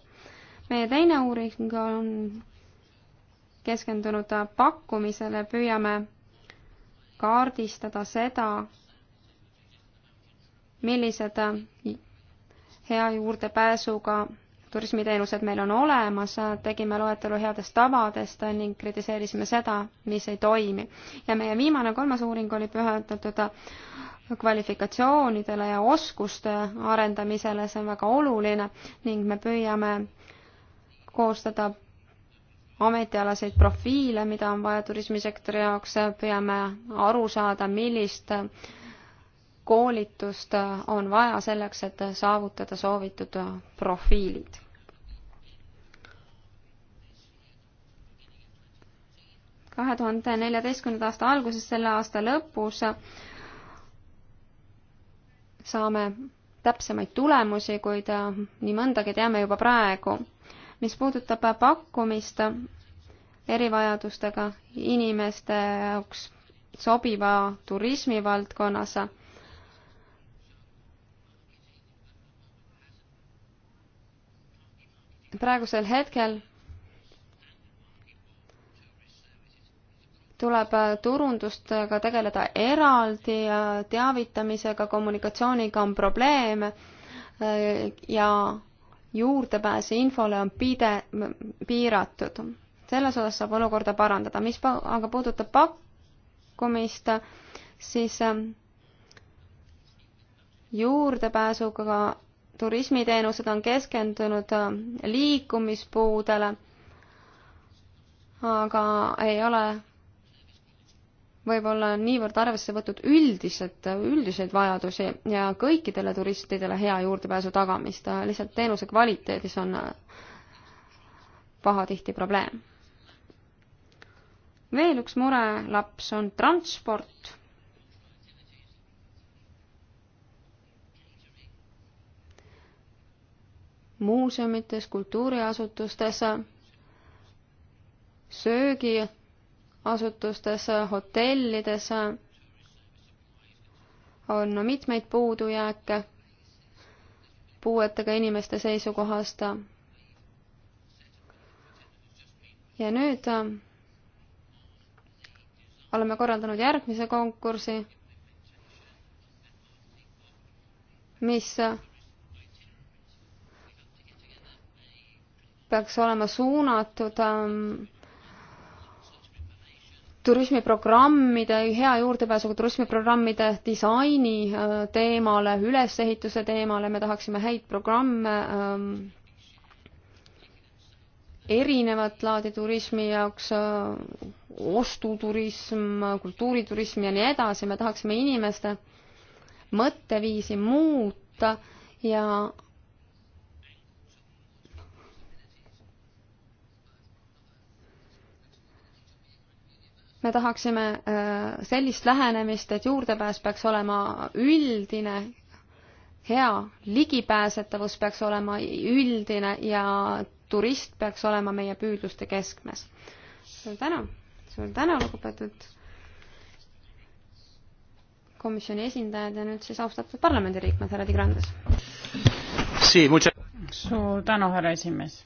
meie teine uuring on keskendunud pakkumisele, püüame kaardistada seda, millised hea juurdepääsuga turismiteenused meil on olemas, tegime loetelu headest tavadest ning kritiseerisime seda, mis ei toimi. ja meie viimane, kolmas uuring oli pühendatud kvalifikatsioonidele ja oskuste arendamisele, see on väga oluline ning me püüame koostada ametialaseid profiile, mida on vaja turismisektori jaoks, püüame aru saada, millist koolitust on vaja selleks, et saavutada soovitud profiilid. kahe tuhande neljateistkümnenda aasta alguses, selle aasta lõpus saame täpsemaid tulemusi, kuid äh, nii mõndagi teame juba praegu. mis puudutab pakkumist erivajadustega inimeste jaoks sobiva turismi valdkonnas, praegusel hetkel tuleb äh, turundustega tegeleda eraldi ja teavitamisega, kommunikatsiooniga on probleeme äh, ja juurdepääs infole on pide-, piiratud. selles osas saab olukorda parandada, mis aga puudutab pakkumist, siis äh, juurdepääsuga turismiteenused on keskendunud liikumispuudele, aga ei ole võib-olla niivõrd arvesse võtnud üldised, üldiseid vajadusi ja kõikidele turistidele hea juurdepääsu tagamist, lihtsalt teenuse kvaliteedis on äh, pahatihti probleem. veel üks murelaps on transport. muuseumites, kultuuriasutustes söögi asutustes, hotellides on mitmeid puudujääke puuetega inimeste seisukohast. ja nüüd oleme korraldanud järgmise konkursi, mis peaks olema suunatud ähm, turismiprogrammide, hea juurdepääsuga turismiprogrammide disaini äh, teemale, ülesehituse teemale, me tahaksime häid programme ähm, erinevat laadi turismi jaoks äh,, ostuturism, kultuuriturism ja nii edasi, me tahaksime inimeste mõtteviisi muuta ja me tahaksime äh, sellist lähenemist, et juurdepääs peaks olema üldine, hea ligipääsetavus peaks olema üldine ja turist peaks olema meie püüdluste keskmes. suur tänu, suur tänu, lugupeetud komisjoni esindajad ja nüüd siis austatud parlamendiliikmed, härra Tigrandes. suur tänu, härra esimees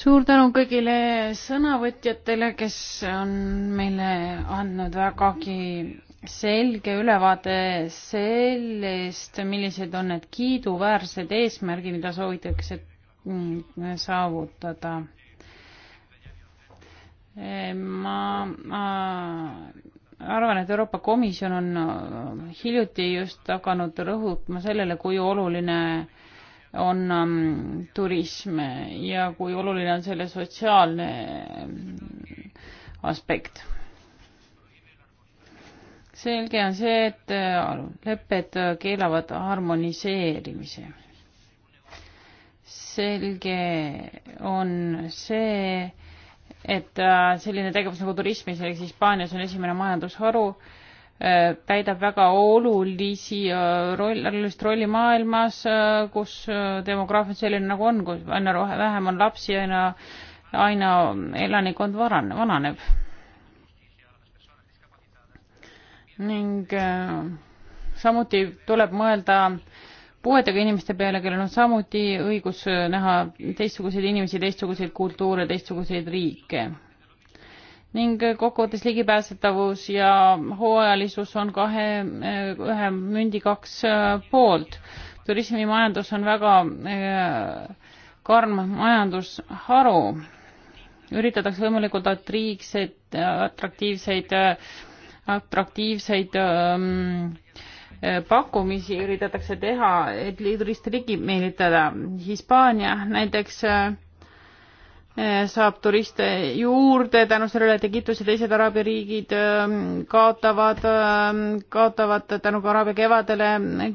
suur tänu kõigile sõnavõtjatele, kes on meile andnud vägagi selge ülevaade sellest, millised on need kiiduväärsed eesmärgid, mida soovitakse mm, saavutada. ma, ma arvan, et Euroopa Komisjon on hiljuti just hakanud rõhutama sellele, kui oluline on ähm, turism ja kui oluline on selle sotsiaalne ähm, aspekt. selge on see, et äh, lepped äh, keelavad harmoniseerimise. selge on see, et äh, selline tegevus nagu turismis, ehk Hispaanias on esimene majandusharu, Äh, täidab väga olulisi äh, roll, olulist rolli maailmas, äh, kus demograafia on selline nagu on, kus aina vähem on lapsi, aina, aina elanikkond varan-, vananeb. ning samuti tuleb mõelda puuetega inimeste peale, kellel on samuti õigus näha teistsuguseid inimesi, teistsuguseid kultuure, teistsuguseid riike ning kokkuvõttes ligipääsetavus ja hooajalisus on kahe, ühe mündi kaks äh, poolt. turismimajandus on väga äh, karm majandusharu. üritatakse võimalikult atriigseid, äh, atraktiivseid, atraktiivseid ähm, pakkumisi üritatakse teha, et turiste ligi meelitada. Hispaania näiteks äh, Eh, saab turiste juurde tänu sellele, et Egiptus ja teised araabia riigid ehm, kaotavad, ehm, kaotavad tänu ka araabia kevadele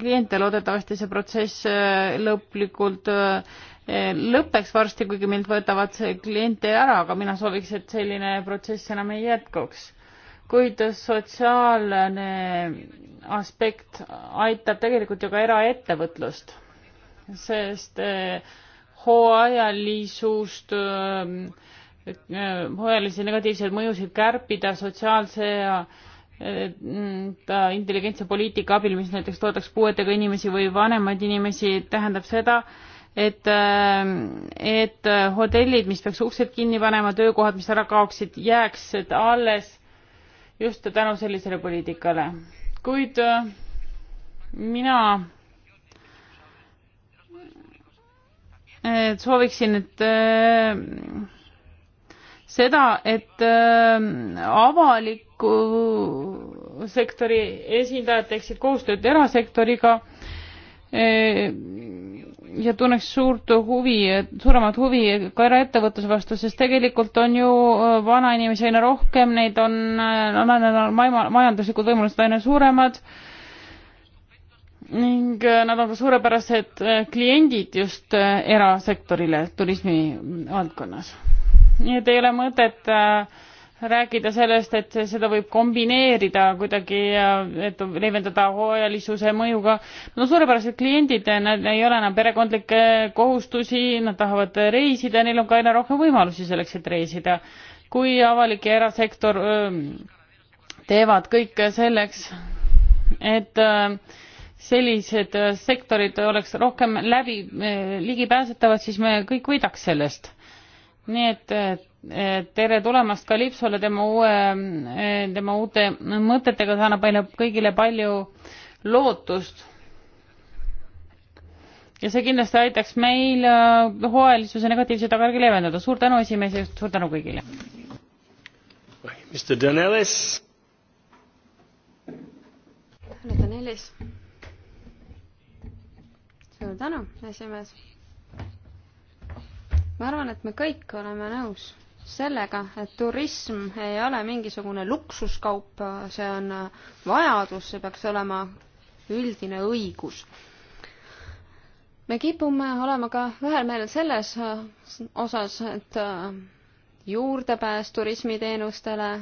kliente, loodetavasti see protsess eh, lõplikult eh, lõpeks varsti, kuigi meilt võtavad see kliente ära, aga mina sooviks, et selline protsess enam ei jätkuks. kuid sotsiaalne aspekt aitab tegelikult ju ka eraettevõtlust, sest äh, hooajalisust, hooajalisi negatiivseid mõjusid kärpida sotsiaalse ja intelligentse poliitika abil, mis näiteks toetaks puuetega inimesi või vanemaid inimesi, tähendab seda, et, et hotellid, mis peaks uksed kinni panema, töökohad, mis ära kaoksid, jääksid alles just tänu sellisele poliitikale. kuid mina et sooviksin, et äh, seda, et äh, avaliku sektori esindajad teeksid koostööd erasektoriga äh, ja tunneks suurt huvi, suuremat huvi ka eraettevõtluse vastu, sest tegelikult on ju vanainimesi aina rohkem, neid on, on aina majanduslikud võimalused aina suuremad ning äh, nad on ka suurepärased äh, kliendid just äh, erasektorile turismi valdkonnas. nii et ei ole mõtet rääkida sellest, et seda võib kombineerida kuidagi, et leevendada hooajalisuse mõjuga. Nad on suurepärased kliendid, nad ei ole enam perekondlikke kohustusi, nad tahavad reisida, neil on ka aina rohkem võimalusi selleks, et reisida. kui avalik ja erasektor teevad kõik selleks, et äh, sellised äh, sektorid oleks rohkem läbi äh, ligipääsetavad, siis me kõik võidaks sellest. nii et äh, tere tulemast ka Lipsole tema uue, tema uute mõtetega, see annab meile kõigile palju lootust. ja see kindlasti aitaks meil hooajalisuse negatiivseid tagajärgi leevendada. suur tänu esimees ja suur tänu kõigile. Mr Danelis. härra Danelis suur tänu, esimees. ma arvan, et me kõik oleme nõus sellega, et turism ei ole mingisugune luksuskaup, see on vajadus, see peaks olema üldine õigus. me kipume olema ka ühel meelel selles osas, et juurdepääs turismiteenustele, äh,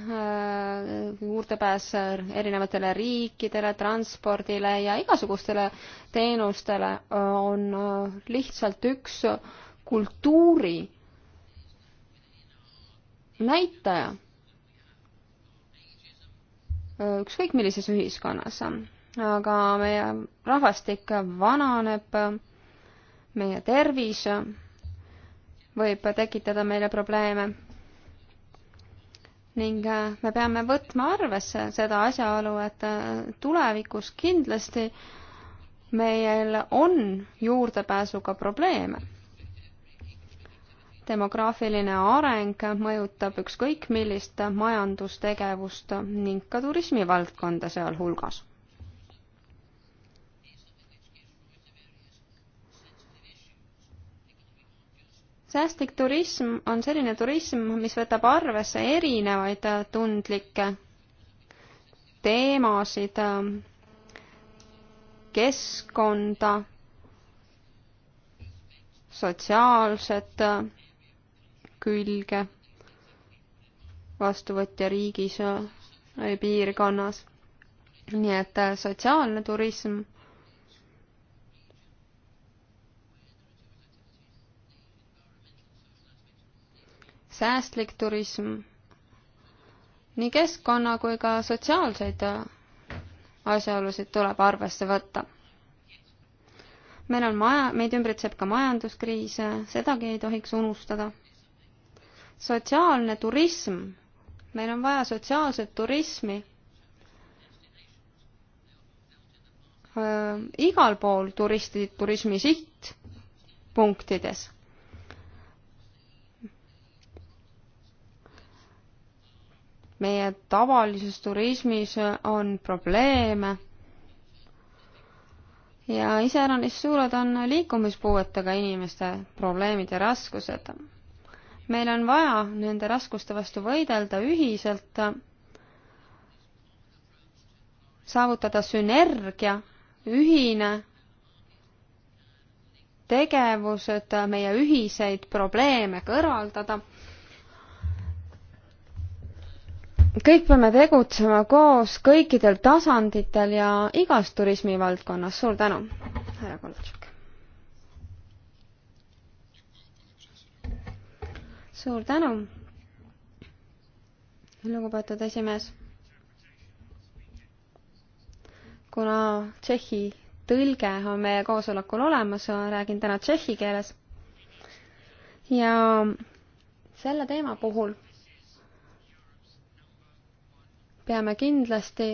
juurdepääs erinevatele riikidele, transpordile ja igasugustele teenustele on äh, lihtsalt üks kultuuri näitaja. Äh, ükskõik millises ühiskonnas, aga meie rahvastik vananeb, meie tervis võib tekitada meile probleeme ning äh, me peame võtma arvesse seda asjaolu, et äh, tulevikus kindlasti meil on juurdepääsuga probleeme. demograafiline areng mõjutab ükskõik millist majandustegevust ning ka turismivaldkonda sealhulgas säästlik turism on selline turism, mis võtab arvesse erinevaid äh, tundlikke teemasid, äh, keskkonda, sotsiaalset äh, külge vastuvõtja riigis või piirkonnas. nii et sotsiaalne turism säästlik turism, nii keskkonna kui ka sotsiaalseid äh, asjaolusid tuleb arvesse võtta. meil on maja, meid ümbritseb ka majanduskriis, äh, sedagi ei tohiks unustada. sotsiaalne turism, meil on vaja sotsiaalset turismi äh, igal pool turistid turismi sihtpunktides. meie tavalises turismis on probleeme. ja iseäranis suured on liikumispuuetega inimeste probleemid ja raskused. meil on vaja nende raskuste vastu võidelda ühiselt, saavutada sünergia, ühine tegevused, meie ühiseid probleeme kõrvaldada kõik peame tegutsema koos kõikidel tasanditel ja igas turismivaldkonnas. suur tänu, härra Koltšuk. suur tänu, lugupeetud esimees. kuna Tšehhi tõlge on meie koosolekul olemas, räägin täna tšehhi keeles. ja selle teema puhul peame kindlasti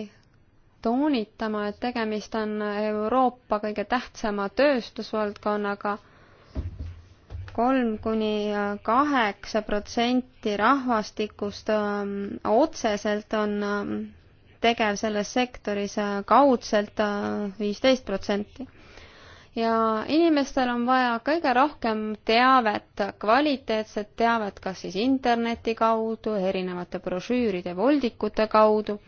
toonitama, et tegemist on Euroopa kõige tähtsama tööstusvaldkonnaga. kolm kuni kaheksa protsenti rahvastikust ähm, otseselt on ähm, tegev selles sektoris, äh, kaudselt äh, viisteist protsenti ja inimestel on vaja kõige rohkem teavet, kvaliteetset teavet, kas siis interneti kaudu, erinevate brošüüride, voldikute kaudu.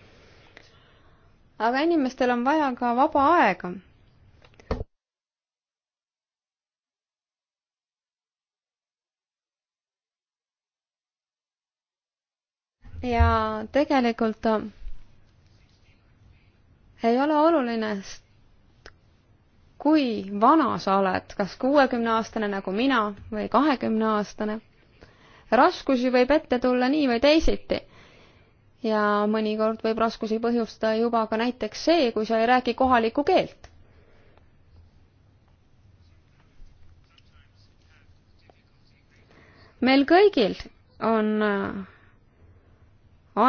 aga inimestel on vaja ka vaba aega. ja tegelikult ei ole oluline kui vana sa oled, kas kuuekümneaastane nagu mina või kahekümneaastane. raskusi võib ette tulla nii või teisiti. ja mõnikord võib raskusi põhjustada juba ka näiteks see, kui sa ei räägi kohalikku keelt. meil kõigil on äh,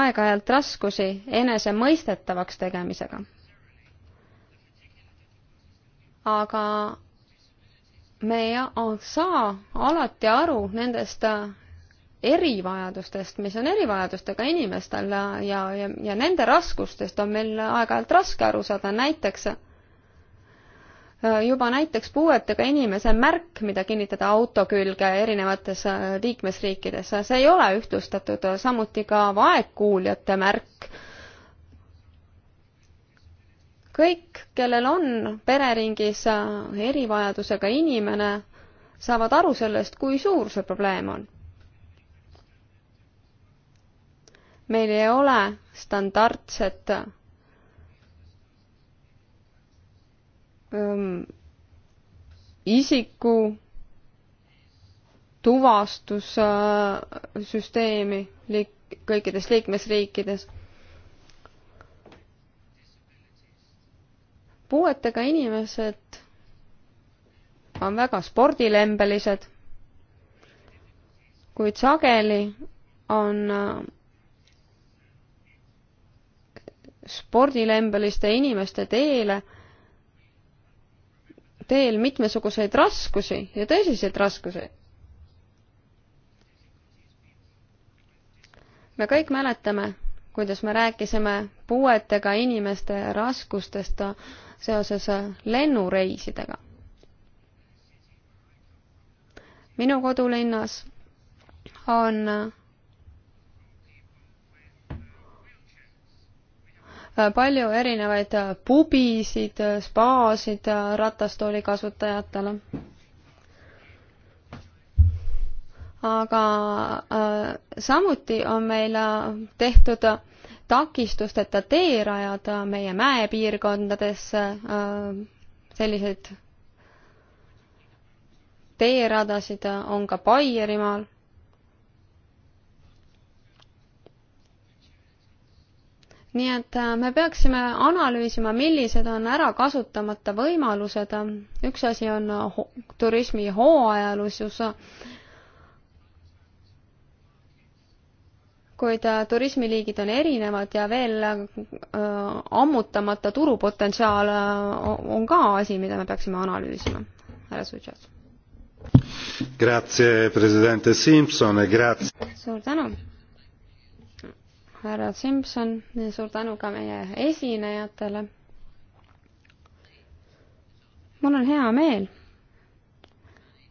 aeg-ajalt raskusi enese mõistetavaks tegemisega aga me ei saa alati aru nendest äh, erivajadustest, mis on erivajadustega inimestel äh, ja, ja, ja nende raskustest on meil aeg-ajalt raske aru saada, näiteks äh, juba näiteks puuetega inimese märk, mida kinnitada auto külge erinevates liikmesriikides, see ei ole ühtlustatud, samuti ka vaegkuuljate märk kõik, kellel on pereringis äh, erivajadusega inimene, saavad aru sellest, kui suur see probleem on. meil ei ole standardset ähm, isiku tuvastussüsteemi äh, liik-, kõikides liikmesriikides puuetega inimesed on väga spordilembelised, kuid sageli on äh, spordilembeliste inimeste teele, teel mitmesuguseid raskusi ja tõsiseid raskusi. me kõik mäletame, kuidas me rääkisime puuetega inimeste raskustest seoses äh, lennureisidega. minu kodulinnas on äh, palju erinevaid äh, pubisid, spaasid ratastooli kasutajatele. aga samuti on meil tehtud takistusteta teerajad äh, meie mäepiirkondadesse, äh, selliseid teeradasid äh, on ka Baierimaal. nii et me peaksime analüüsima, millised on ära kasutamata võimalused. üks asi on turismi hooajalisus kuid äh, turismiliigid on erinevad ja veel äh, ammutamata turupotentsiaal äh, on ka asi, mida me peaksime analüüsima. härra Sutšas. Grazie, president Simson, e grazie. suur tänu, härra Simson, suur tänu ka meie esinejatele. mul on hea meel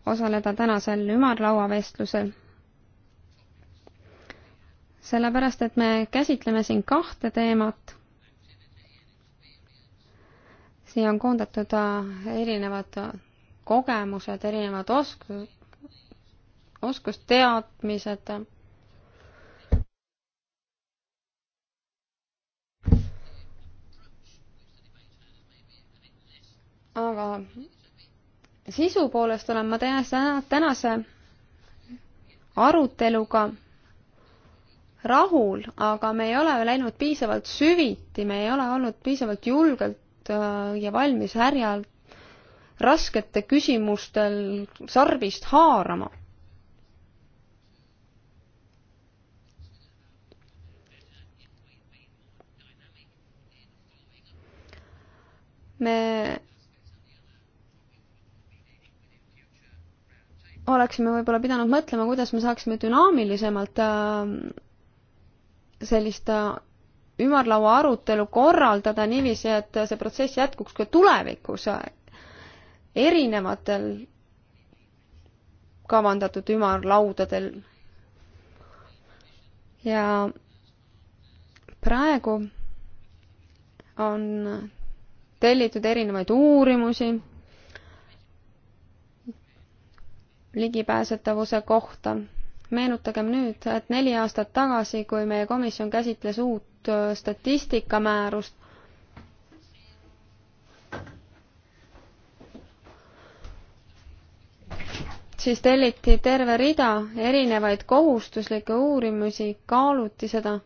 osaleda tänasel ümarlauavestlusel sellepärast et me käsitleme siin kahte teemat. siia on koondatud äh, erinevad kogemused, erinevad oskus, oskusteadmised. aga sisu poolest olen ma tänase, tänase aruteluga rahul, aga me ei ole läinud piisavalt süviti, me ei ole olnud piisavalt julgelt äh, ja valmis härjal raskete küsimustel sarvist haarama. me oleksime võib-olla pidanud mõtlema, kuidas me saaksime dünaamilisemalt äh, sellist äh, ümarlaua arutelu korraldada niiviisi, et see protsess jätkuks ka tulevikus erinevatel kavandatud ümarlaudadel. ja praegu on tellitud erinevaid uurimusi ligipääsetavuse kohta meenutagem nüüd, et neli aastat tagasi, kui meie komisjon käsitles uut statistikamäärust, siis telliti terve rida erinevaid kohustuslikke uurimusi, kaaluti seda.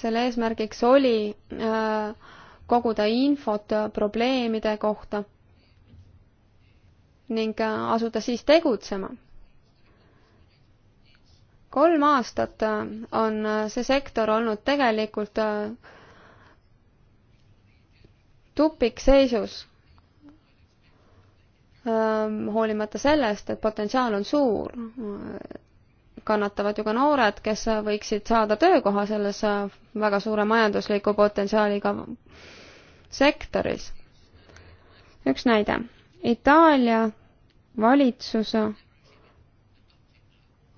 selle eesmärgiks oli äh, koguda infot probleemide kohta ning äh, asuda siis tegutsema. kolm aastat äh, on äh, see sektor olnud tegelikult tupikseisus, ähm, hoolimata sellest, et potentsiaal on suur. kannatavad ju ka noored, kes võiksid saada töökoha selles väga suure majandusliku potentsiaaliga sektoris. üks näide Itaalia valitsus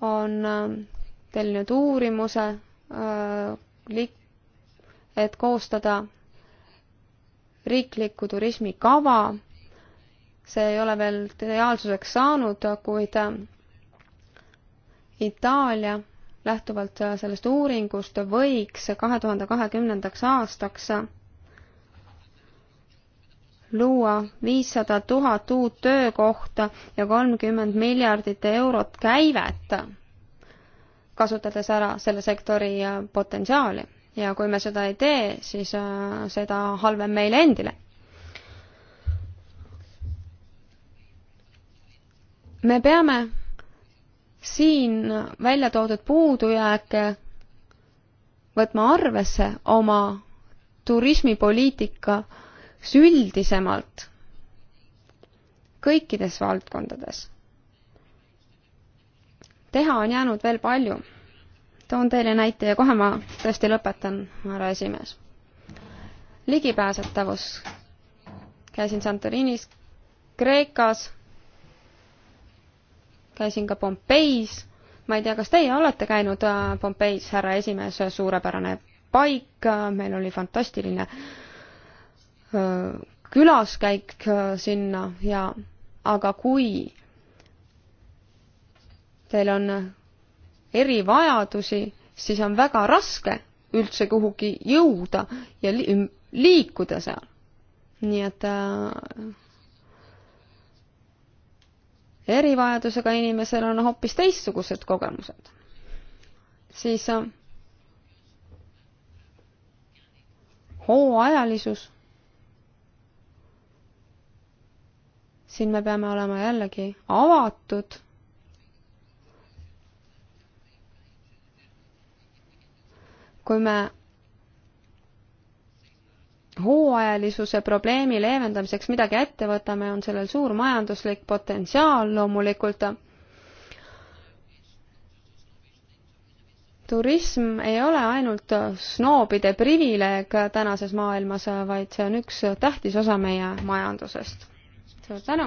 on äh, tellinud uurimuse, äh, et koostada riiklikku turismikava. see ei ole veel reaalsuseks saanud, kuid äh, Itaalia lähtuvalt sellest uuringust võiks kahe tuhande kahekümnendaks aastaks luua viissada tuhat uut töökohta ja kolmkümmend miljardit eurot käivet, kasutades ära selle sektori äh, potentsiaali. ja kui me seda ei tee, siis äh, seda halvem meile endile. me peame siin välja toodud puudujääke võtma arvesse oma turismipoliitika äh, kas üldisemalt kõikides valdkondades teha on jäänud veel palju. toon teile näite ja kohe ma tõesti lõpetan, härra esimees. ligipääsetavus. käisin Santorinis, Kreekas, käisin ka Pompeis. ma ei tea, kas teie olete käinud äh, Pompeis, härra esimees, suurepärane paik, meil oli fantastiline äh, külaskäik äh, sinna ja aga kui teil on erivajadusi, siis on väga raske üldse kuhugi jõuda ja liikuda seal. nii et äh, erivajadusega inimesel on hoopis teistsugused kogemused. siis äh, hooajalisus siin me peame olema jällegi avatud. kui me hooajalisuse probleemi leevendamiseks midagi ette võtame, on sellel suur majanduslik potentsiaal loomulikult. turism ei ole ainult snoobide privileeg tänases maailmas, vaid see on üks tähtis osa meie majandusest suur tänu.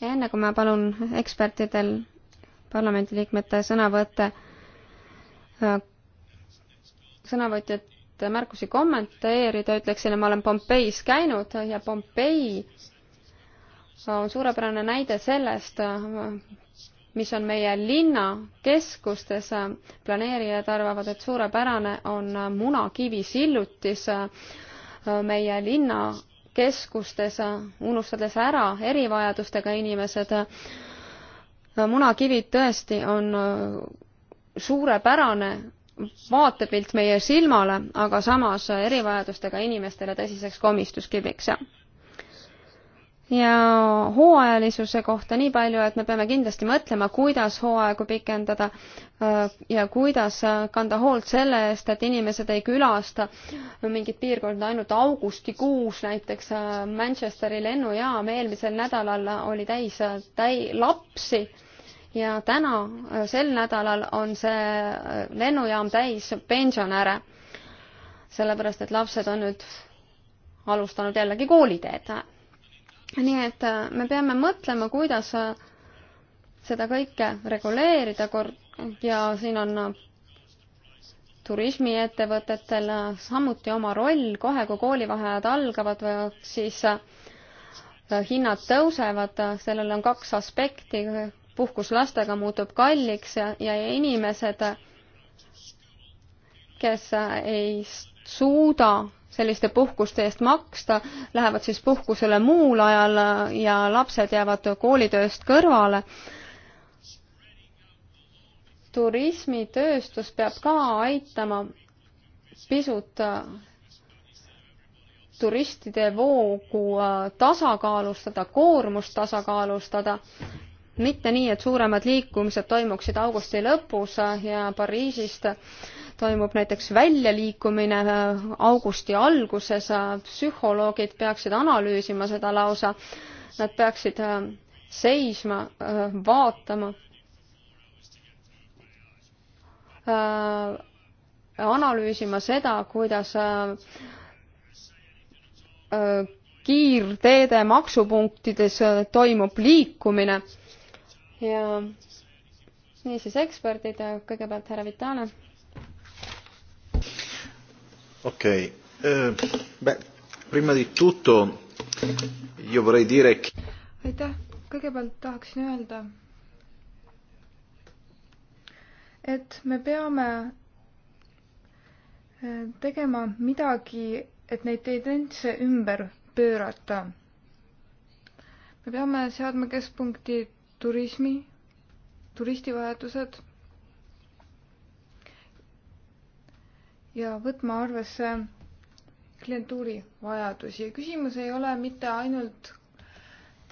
ja enne kui ma palun ekspertidel, parlamendiliikmete sõnavõtte, äh, sõnavõtjate märkusi kommenteerida, ütleksin, et ma olen Pompeis käinud ja Pompei on suurepärane näide sellest, äh, mis on meie linnakeskustes. planeerijad arvavad, et suurepärane on munakivisillutis äh, meie linna keskustes, unustades ära erivajadustega inimesed. munakivid tõesti on suurepärane vaatepilt meie silmale, aga samas erivajadustega inimestele tõsiseks komistuskiviks ja hooajalisuse kohta nii palju, et me peame kindlasti mõtlema, kuidas hooaegu pikendada äh, ja kuidas äh, kanda hoolt selle eest, et inimesed ei külasta mingit piirkonda ainult augustikuus, näiteks äh, Manchesteri lennujaam eelmisel nädalal oli täis täi-, lapsi ja täna, sel nädalal on see lennujaam täis pensionäre. sellepärast, et lapsed on nüüd alustanud jällegi kooliteed nii et äh, me peame mõtlema, kuidas äh, seda kõike reguleerida ja siin on äh, turismiettevõtetel samuti oma roll, kohe kui koolivaheajad algavad, siis hinnad tõusevad, sellel on kaks aspekti, puhkus lastega muutub kalliks ja, ja inimesed, kes ei suuda selliste puhkuste eest maksta, lähevad siis puhkusele muul ajal ja lapsed jäävad koolitööst kõrvale. turismitööstus peab ka aitama pisut turistide voogu tasakaalustada, koormust tasakaalustada, mitte nii, et suuremad liikumised toimuksid augusti lõpus ja Pariisist toimub näiteks väljaliikumine äh, augusti alguses, äh, psühholoogid peaksid analüüsima seda lausa, nad peaksid äh, seisma, vaatama, analüüsima seda, kuidas kiirteede maksupunktides toimub liikumine ja niisiis eksperdid, kõigepealt härra Vitale okei okay., eh, beh, prima di tutto io vorrei dire che aitäh, kõigepealt tahaksin öelda, et me peame eh, tegema midagi, et neid tendentse ümber pöörata. me peame seadma keskpunkti turismi, turistivahetused ja võtma arvesse klientuuri vajadusi. küsimus ei ole mitte ainult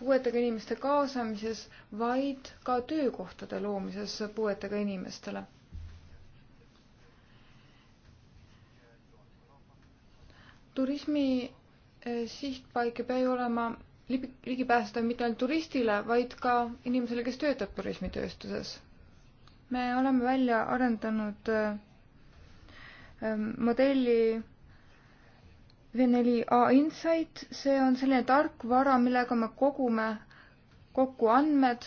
puuetega inimeste kaasamises, vaid ka töökohtade loomises puuetega inimestele. turismi eh, sihtpaik ei pea ju olema ligipääsetav mitte ainult turistile, vaid ka inimesele, kes töötab turismitööstuses. me oleme välja arendanud äh, Ähm, modelli V4A Insight, see on selline tarkvara, millega me kogume kokku andmed,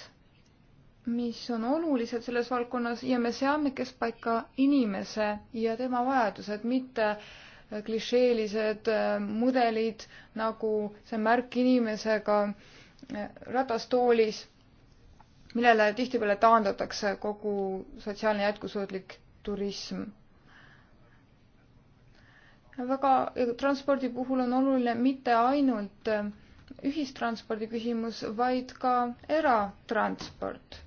mis on olulised selles valdkonnas ja me seame keskpaika inimese ja tema vajadused, mitte äh, klišeelised äh, mudelid nagu see märk inimesega äh, ratastoolis, millele tihtipeale taandatakse kogu sotsiaalne jätkusuutlik turism väga, transpordi puhul on oluline mitte ainult äh, ühistranspordi küsimus, vaid ka eratransport.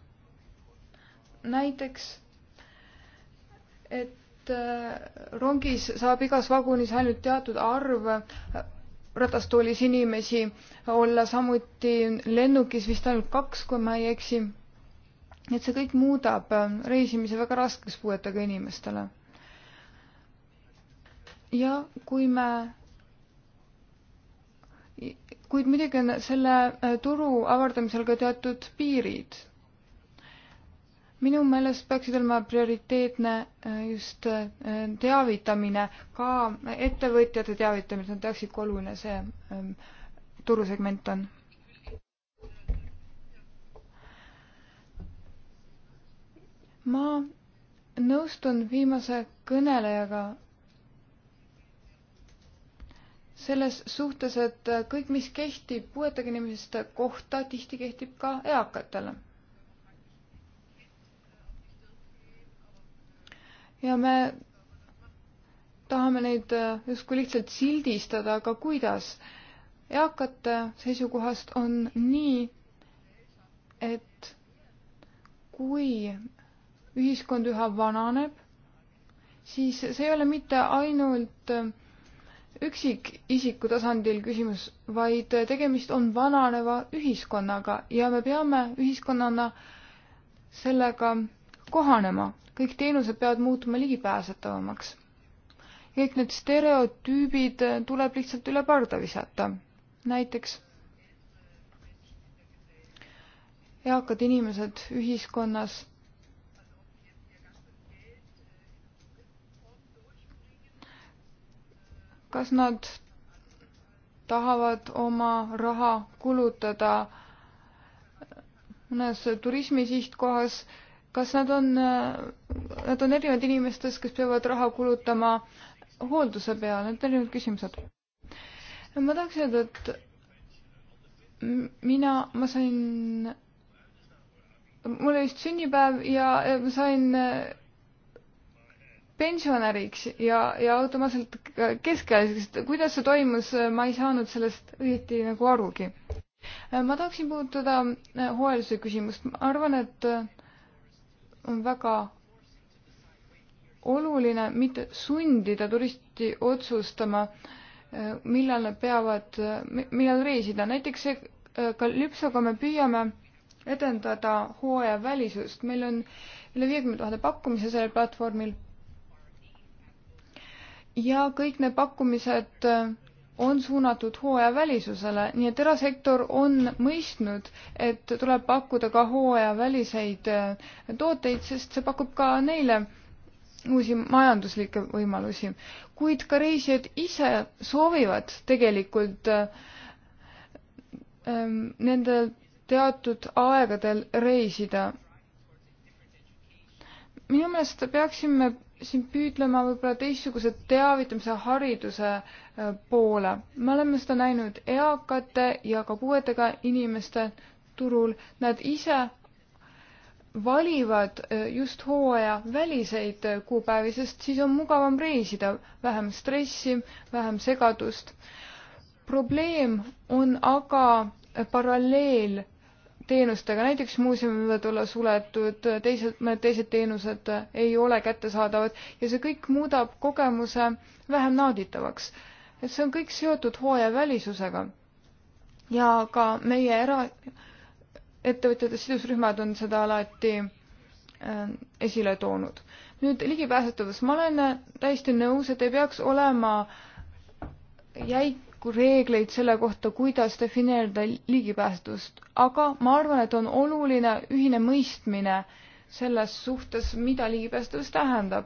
näiteks, et äh, rongis saab igas vagunis ainult teatud arv äh, ratastoolis inimesi olla, samuti lennukis vist ainult kaks, kui ma ei eksi. et see kõik muudab reisimise väga raskeks puuetega inimestele ja kui me, kuid muidugi on selle äh, turu avardamisel ka teatud piirid. minu meelest peaksid olema prioriteetne äh, just äh, teavitamine, ka ettevõtjate teavitamine, nad teaksid, kui oluline see ähm, turusegment on. ma nõustun viimase kõnelejaga selles suhtes, et kõik, mis kehtib puuetega inimeste kohta, tihti kehtib ka eakatele. ja me tahame neid justkui lihtsalt sildistada, aga kuidas? eakate seisukohast on nii, et kui ühiskond üha vananeb, siis see ei ole mitte ainult äh, üksikisiku tasandil küsimus, vaid tegemist on vananeva ühiskonnaga ja me peame ühiskonnana sellega kohanema. kõik teenused peavad muutuma ligipääsetavamaks. kõik need stereotüübid tuleb lihtsalt üle parda visata. näiteks eakad inimesed ühiskonnas kas nad tahavad oma raha kulutada mõnes turismisihtkohas, kas nad on, nad on erinevad inimestest, kes peavad raha kulutama hoolduse peale, need on erinevad küsimused. ma tahaks öelda, et mina, ma sain, mul oli vist sünnipäev ja ma sain pensionäriks ja, ja automaatselt keskealiseks, et kuidas see toimus, ma ei saanud sellest õieti nagu arugi. ma tahaksin puudutada äh, hooajalisuse küsimust, ma arvan, et äh, on väga oluline mitte sundida turisti otsustama, äh, millal nad peavad, millal reisida, näiteks see kalüpsoga me püüame edendada hooajavälisust, meil on üle viiekümne tuhande pakkumise sellel platvormil ja kõik need pakkumised äh, on suunatud hooajavälisusele, nii et erasektor on mõistnud, et tuleb pakkuda ka hooajaväliseid äh, tooteid, sest see pakub ka neile uusi majanduslikke võimalusi. kuid ka reisijad ise soovivad tegelikult äh, ähm, nendel teatud aegadel reisida. minu meelest peaksime siin püüdlema võib-olla teistsuguse teavitamise hariduse äh, poole. me oleme seda näinud eakate ja ka puuetega inimeste turul, nad ise valivad äh, just hooaja väliseid äh, kuupäevi, sest siis on mugavam reisida, vähem stressi, vähem segadust. probleem on aga paralleel teenustega, näiteks muuseumid võivad olla suletud, teised, mõned teised teenused ei ole kättesaadavad ja see kõik muudab kogemuse vähem nauditavaks. et see on kõik seotud hooajavälisusega. ja ka meie eraettevõtjate sidusrühmad on seda alati äh, esile toonud. nüüd ligipääsetavus, ma olen äh, täiesti nõus, et ei peaks olema jäik reegleid selle kohta, kuidas defineerida ligipääsetust, aga ma arvan, et on oluline ühine mõistmine selles suhtes, mida ligipääsetavus tähendab.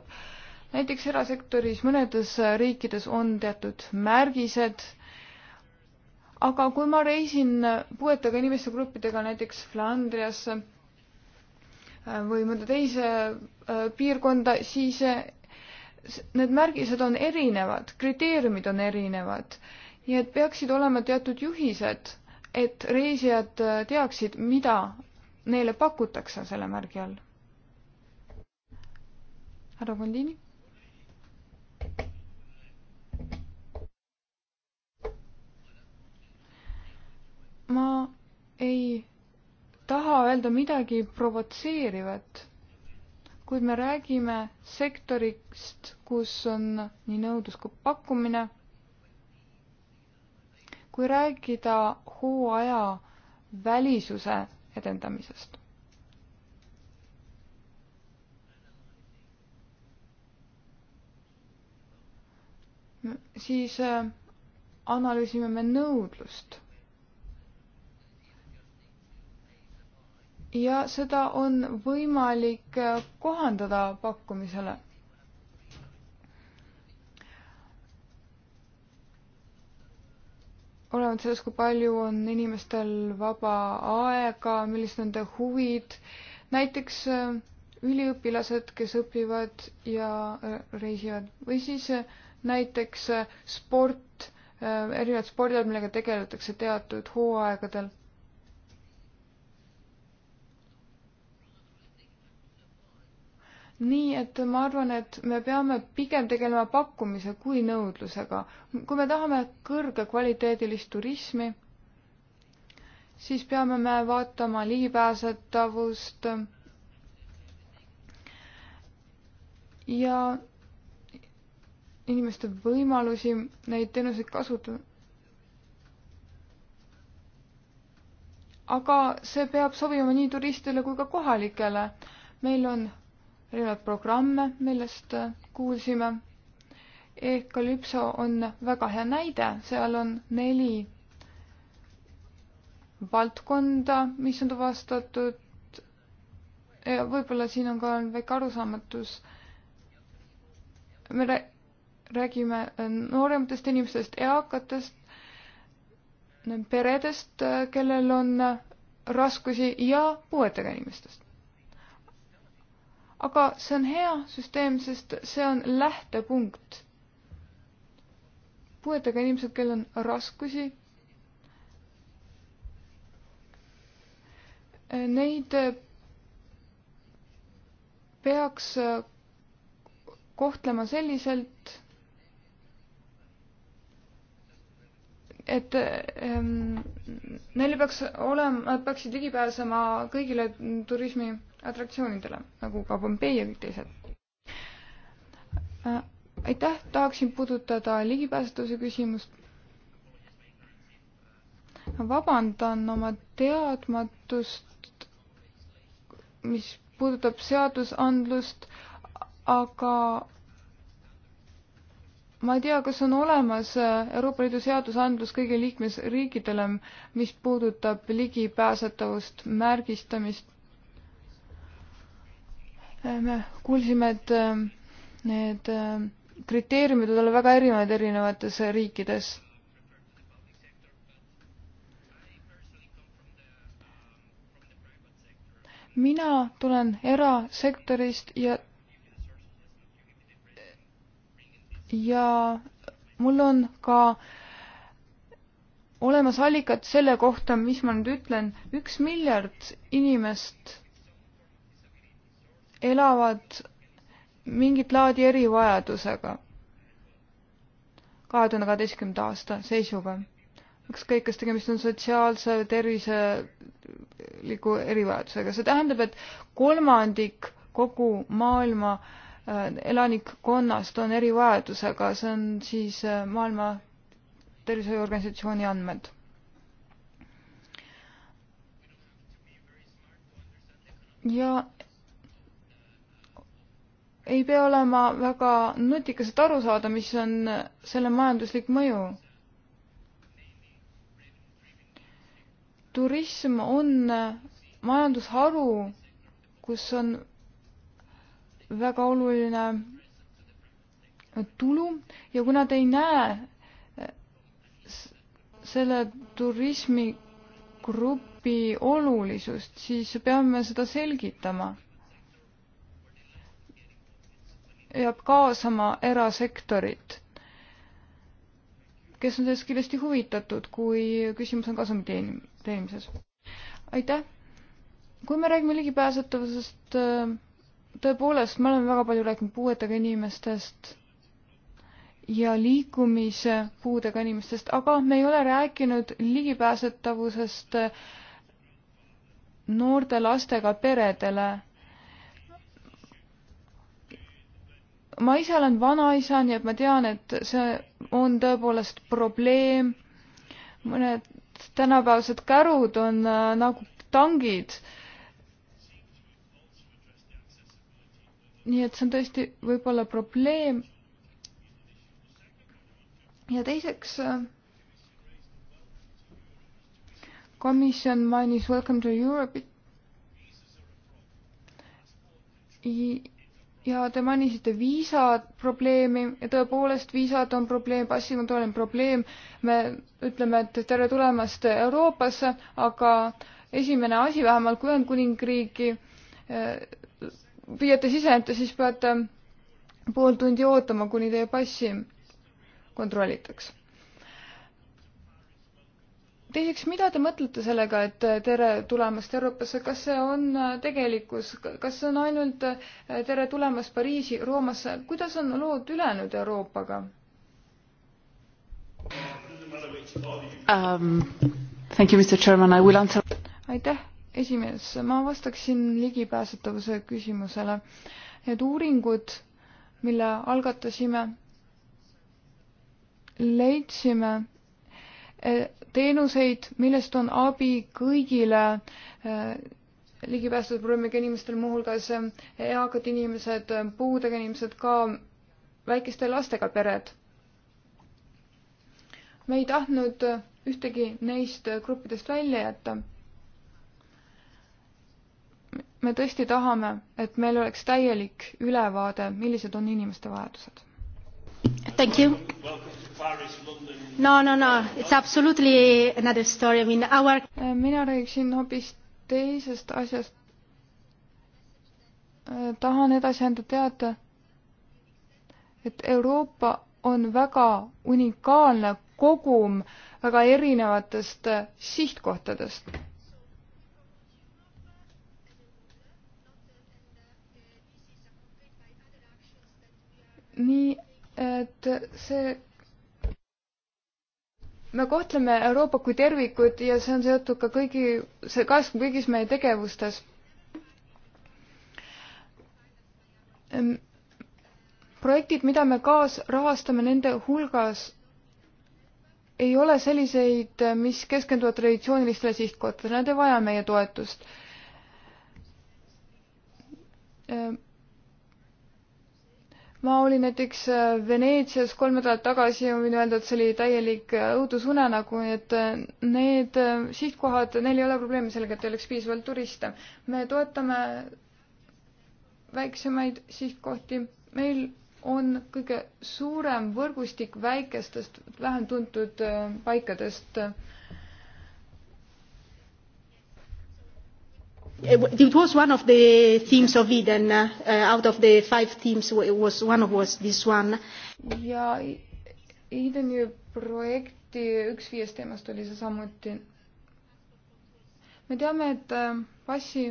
näiteks erasektoris mõnedes riikides on teatud märgised, aga kui ma reisin puuetega inimeste gruppidega näiteks Flandriasse äh, või mõnda teise äh, piirkonda, siis äh, need märgised on erinevad, kriteeriumid on erinevad nii et peaksid olema teatud juhised, et reisijad äh, teaksid, mida neile pakutakse selle märgi all. härra Kondini. ma ei taha öelda midagi provotseerivat, kuid me räägime sektorist, kus on nii nõudlus kui pakkumine kui rääkida hooaja välisuse edendamisest. siis äh, analüüsime me nõudlust. ja seda on võimalik äh, kohandada pakkumisele olenevalt sellest, kui palju on inimestel vaba aega, millised on nende huvid, näiteks äh, üliõpilased, kes õpivad ja äh, reisivad või siis äh, näiteks sport, erinevad spordialad, millega tegeletakse teatud hooaegadel. nii et ma arvan, et me peame pigem tegelema pakkumise kui nõudlusega. kui me tahame kõrgekvaliteedilist turismi, siis peame me vaatama ligipääsetavust ja inimeste võimalusi neid teenuseid kasutada. aga see peab sobima nii turistidele kui ka kohalikele. meil on erinevaid programme, millest äh, kuulsime. Ekalüpso on väga hea näide, seal on neli valdkonda, mis on tuvastatud. võib-olla siin on ka väike arusaamatus. me räägime äh, noorematest inimestest, eakatest, peredest, äh, kellel on raskusi ja puuetega inimestest aga see on hea süsteem, sest see on lähtepunkt. puuetega inimesed, kellel on raskusi, neid peaks kohtlema selliselt, et ähm, neil peaks olema, nad peaksid ligi pääsema kõigile turismi atraktsioonidele, nagu ka Pompei ja kõik teised. Äh, aitäh, tahaksin puudutada ligipääsetavuse küsimust. vabandan oma teadmatust, mis puudutab seadusandlust, aga ma ei tea, kas on olemas äh, Euroopa Liidu seadusandlus kõigile liikmesriikidele, mis puudutab ligipääsetavust, märgistamist me kuulsime, et äh, need äh, kriteeriumid võivad olla väga erinevad erinevates riikides. mina tulen erasektorist ja ja mul on ka olemas allikad selle kohta, mis ma nüüd ütlen, üks miljard inimest elavad mingit laadi erivajadusega kahe tuhande kaheteistkümnenda aasta seisuga. ükskõik, kas tegemist on sotsiaalse, terviseliku erivajadusega, see tähendab, et kolmandik kogu maailma äh, elanikkonnast on erivajadusega, see on siis äh, Maailma Tervishoiuorganisatsiooni andmed. ja ei pea olema väga nutikas, et aru saada, mis on selle majanduslik mõju. turism on majandusharu, kus on väga oluline tulu ja kui nad ei näe selle turismigrupi olulisust, siis peame seda selgitama peab kaasama erasektorit, kes on sellest kindlasti huvitatud, kui küsimus on kasumi teenim-, teenimises. aitäh! kui me räägime ligipääsetavusest, tõepoolest, me oleme väga palju rääkinud puuetega inimestest ja liikumise puudega inimestest, aga me ei ole rääkinud ligipääsetavusest noorte lastega peredele ma ise olen vanaisa, nii et ma tean, et see on tõepoolest probleem. mõned tänapäevased kärud on äh, nagu tangid. nii et see on tõesti võib-olla probleem. ja teiseks äh, komisjon mainis Welcome to Europe'it ja te mainisite viisaprobleemi ja tõepoolest viisad on probleem, passikontroll on probleem. me ütleme, et tere tulemast Euroopasse, aga esimene asi vähemalt, kui Ühendkuningriiki eh, püüate siseneda, siis peate pool tundi ootama, kuni teie passi kontrollitakse teiseks, mida te mõtlete sellega, et tere tulemast Euroopasse, kas see on äh, tegelikkus, kas see on ainult äh, tere tulemast Pariisi, Roomasse, kuidas on lood ülejäänud Euroopaga um,? aitäh, esimees, ma vastaksin ligipääsetavuse küsimusele. Need uuringud, mille algatasime, leidsime Eh, teenuseid, millest on abi kõigile eh, ligipääsuprobleemiga inimestel, muuhulgas eh, eakad inimesed, puudega inimesed, ka väikeste lastega pered. me ei tahtnud ühtegi neist gruppidest välja jätta. me tõesti tahame, et meil oleks täielik ülevaade, millised on inimeste vajadused. Thank you. Paris, London... no, no, no, it's absolutely another story, I mean our. Eh, mina räägiksin hoopis teisest asjast. Eh, tahan edasi anda teada, et Euroopa on väga unikaalne kogum väga erinevatest eh, sihtkohtadest. nii et see me kohtleme Euroopat kui tervikut ja see on seotud ka kõigi, see kajastub kõigis meie tegevustes. projektid, mida me kaasrahastame, nende hulgas ei ole selliseid, mis keskenduvad traditsioonilistele sihtkohtadele, nad ei vaja meie toetust ma olin näiteks äh, Veneetsias kolm nädalat tagasi ja võin öelda, et see oli täielik äh, õudusunenägu, nagu, et äh, need sihtkohad, neil ei ole probleemi sellega, et ei oleks piisavalt turiste. me toetame väiksemaid sihtkohti, meil on kõige suurem võrgustik väikestest, vähem tuntud paikadest äh, it was one of the themes of Eden. Uh, out of the five themes, was one was this one. ja Edeni projekti üks viiest teemast oli see samuti. me teame, et äh, passi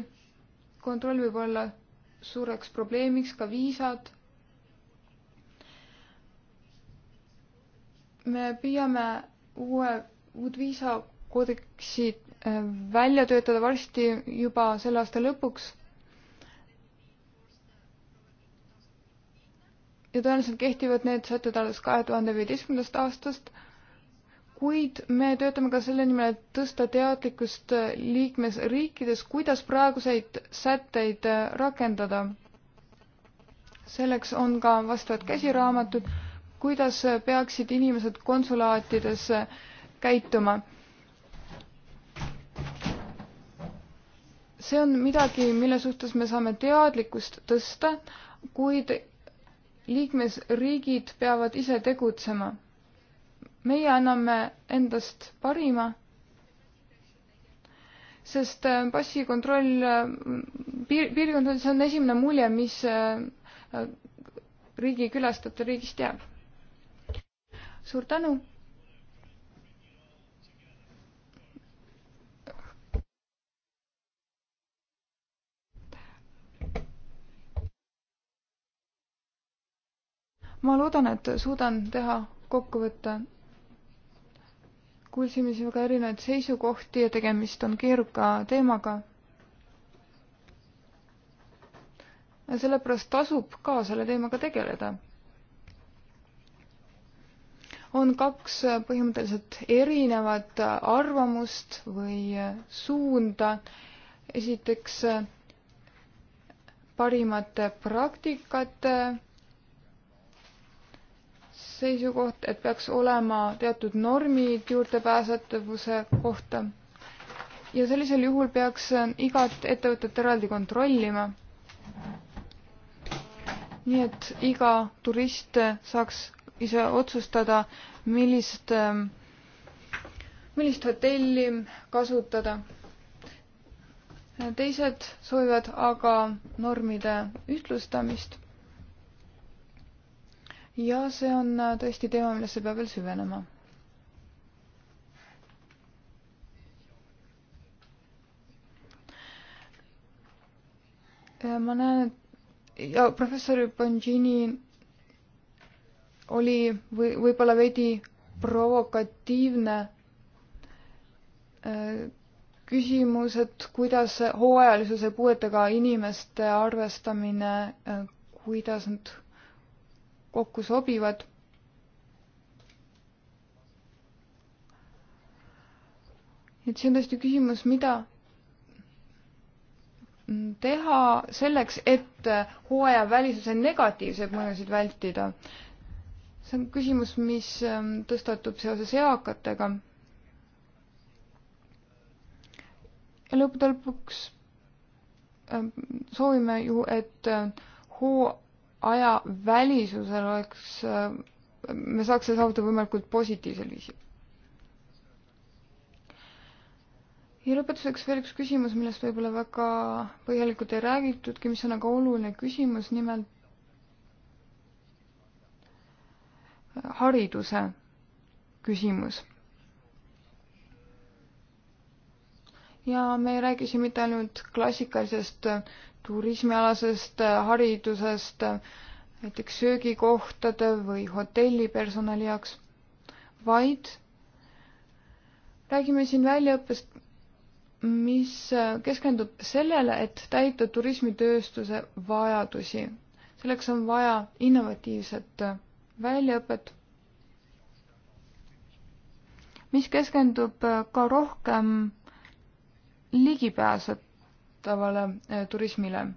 kontroll võib olla suureks probleemiks, ka viisad. me püüame uue, uut viisakoodeksit Äh, välja töötada varsti juba selle aasta lõpuks. ja tõenäoliselt kehtivad need sätted alles kahe tuhande viieteistkümnendast aastast. kuid me töötame ka selle nimel, et tõsta teadlikkust liikmesriikides, kuidas praeguseid sätteid äh, rakendada. selleks on ka vastavad käsiraamatud, kuidas äh, peaksid inimesed konsulaatides käituma see on midagi, mille suhtes me saame teadlikkust tõsta, kuid liikmesriigid peavad ise tegutsema. meie anname endast parima, sest äh, passikontroll, äh, piir, piirikontroll, see on esimene mulje, mis äh, riigi külastajate riigist jääb. suur tänu ma loodan, et suudan teha kokkuvõtte. kuulsime siin väga erinevaid seisukohti ja tegemist on keeruka teemaga. ja sellepärast tasub ka selle teemaga tegeleda. on kaks põhimõtteliselt erinevat arvamust või suunda. esiteks parimate praktikate seisukoht, et peaks olema teatud normid juurdepääsetavuse kohta. ja sellisel juhul peaks igat ettevõtet eraldi kontrollima. nii et iga turist saaks ise otsustada, millist, millist hotelli kasutada. teised soovivad aga normide ühtlustamist ja see on äh, tõesti teema, millesse peab veel süvenema. Äh, ma näen, et ja professor Pangini oli või võib-olla veidi provokatiivne äh, küsimus, et kuidas hooajalisuse puuetega inimeste arvestamine, kuidas nad kokku sobivad. et see on tõesti küsimus, mida teha selleks, et hooajavälisuse negatiivseid mõjusid vältida. see on küsimus, mis ähm, tõstatub seoses eakatega. ja lõppude lõpuks ähm, soovime ju, et äh, hoo-, aja välisusel oleks, me saaks seda saavutada võimalikult positiivsel viisil. ja lõpetuseks veel üks küsimus, millest võib-olla väga põhjalikult ei räägitudki, mis on aga oluline küsimus, nimelt hariduse küsimus. ja me ei räägi siin mitte ainult klassikalisest turismialasest äh, haridusest, äh, näiteks söögikohtade või hotellipersonali jaoks, vaid räägime siin väljaõppest, mis äh, keskendub sellele, et täita turismitööstuse vajadusi. selleks on vaja innovatiivset väljaõpet, mis keskendub ka rohkem ligipääset toetavale eh, turismile.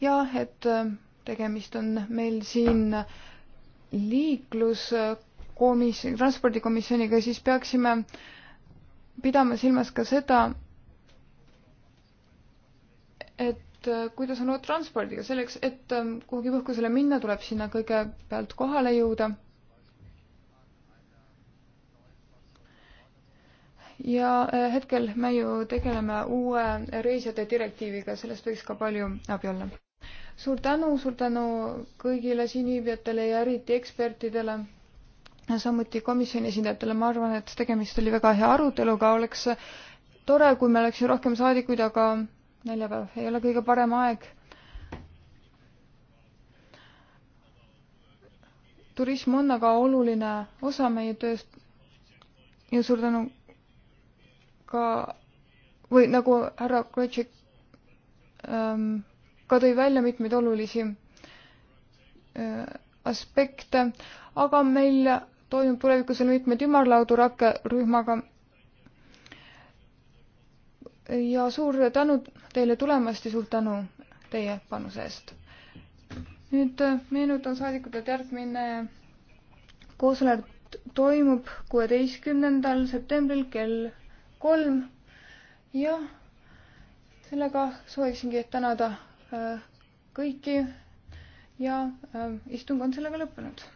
ja et eh, tegemist on meil siin liikluskomisjoni, transpordikomisjoniga, siis peaksime pidama silmas ka seda, et eh, kuidas on lood transpordiga, selleks, et kuhugi põhkusele minna, tuleb sinna kõigepealt kohale jõuda ja eh, hetkel me ju tegeleme uue reisijate direktiiviga, sellest võiks ka palju abi olla. suur tänu, suur tänu kõigile siinviibijatele ja eriti ekspertidele, samuti komisjoni esindajatele, ma arvan, et tegemist oli väga hea aruteluga, oleks tore, kui meil oleks ju rohkem saadikuid, aga neljapäev ei ole kõige parem aeg turism on aga oluline osa meie tööst ja suur tänu ka või nagu härra Krutšik ähm, ka tõi välja mitmeid olulisi äh, aspekte, aga meil toimub tulevikus veel mitmeid ümarlaudu rakkerühmaga. ja suur tänu teile tulemast ja suur tänu teie panuse eest. nüüd äh, meenutan saadikutelt järgmine koosolek toimub kuueteistkümnendal septembril kell kolm ja sellega sooviksingi tänada äh, kõiki ja äh, istung on sellega lõppenud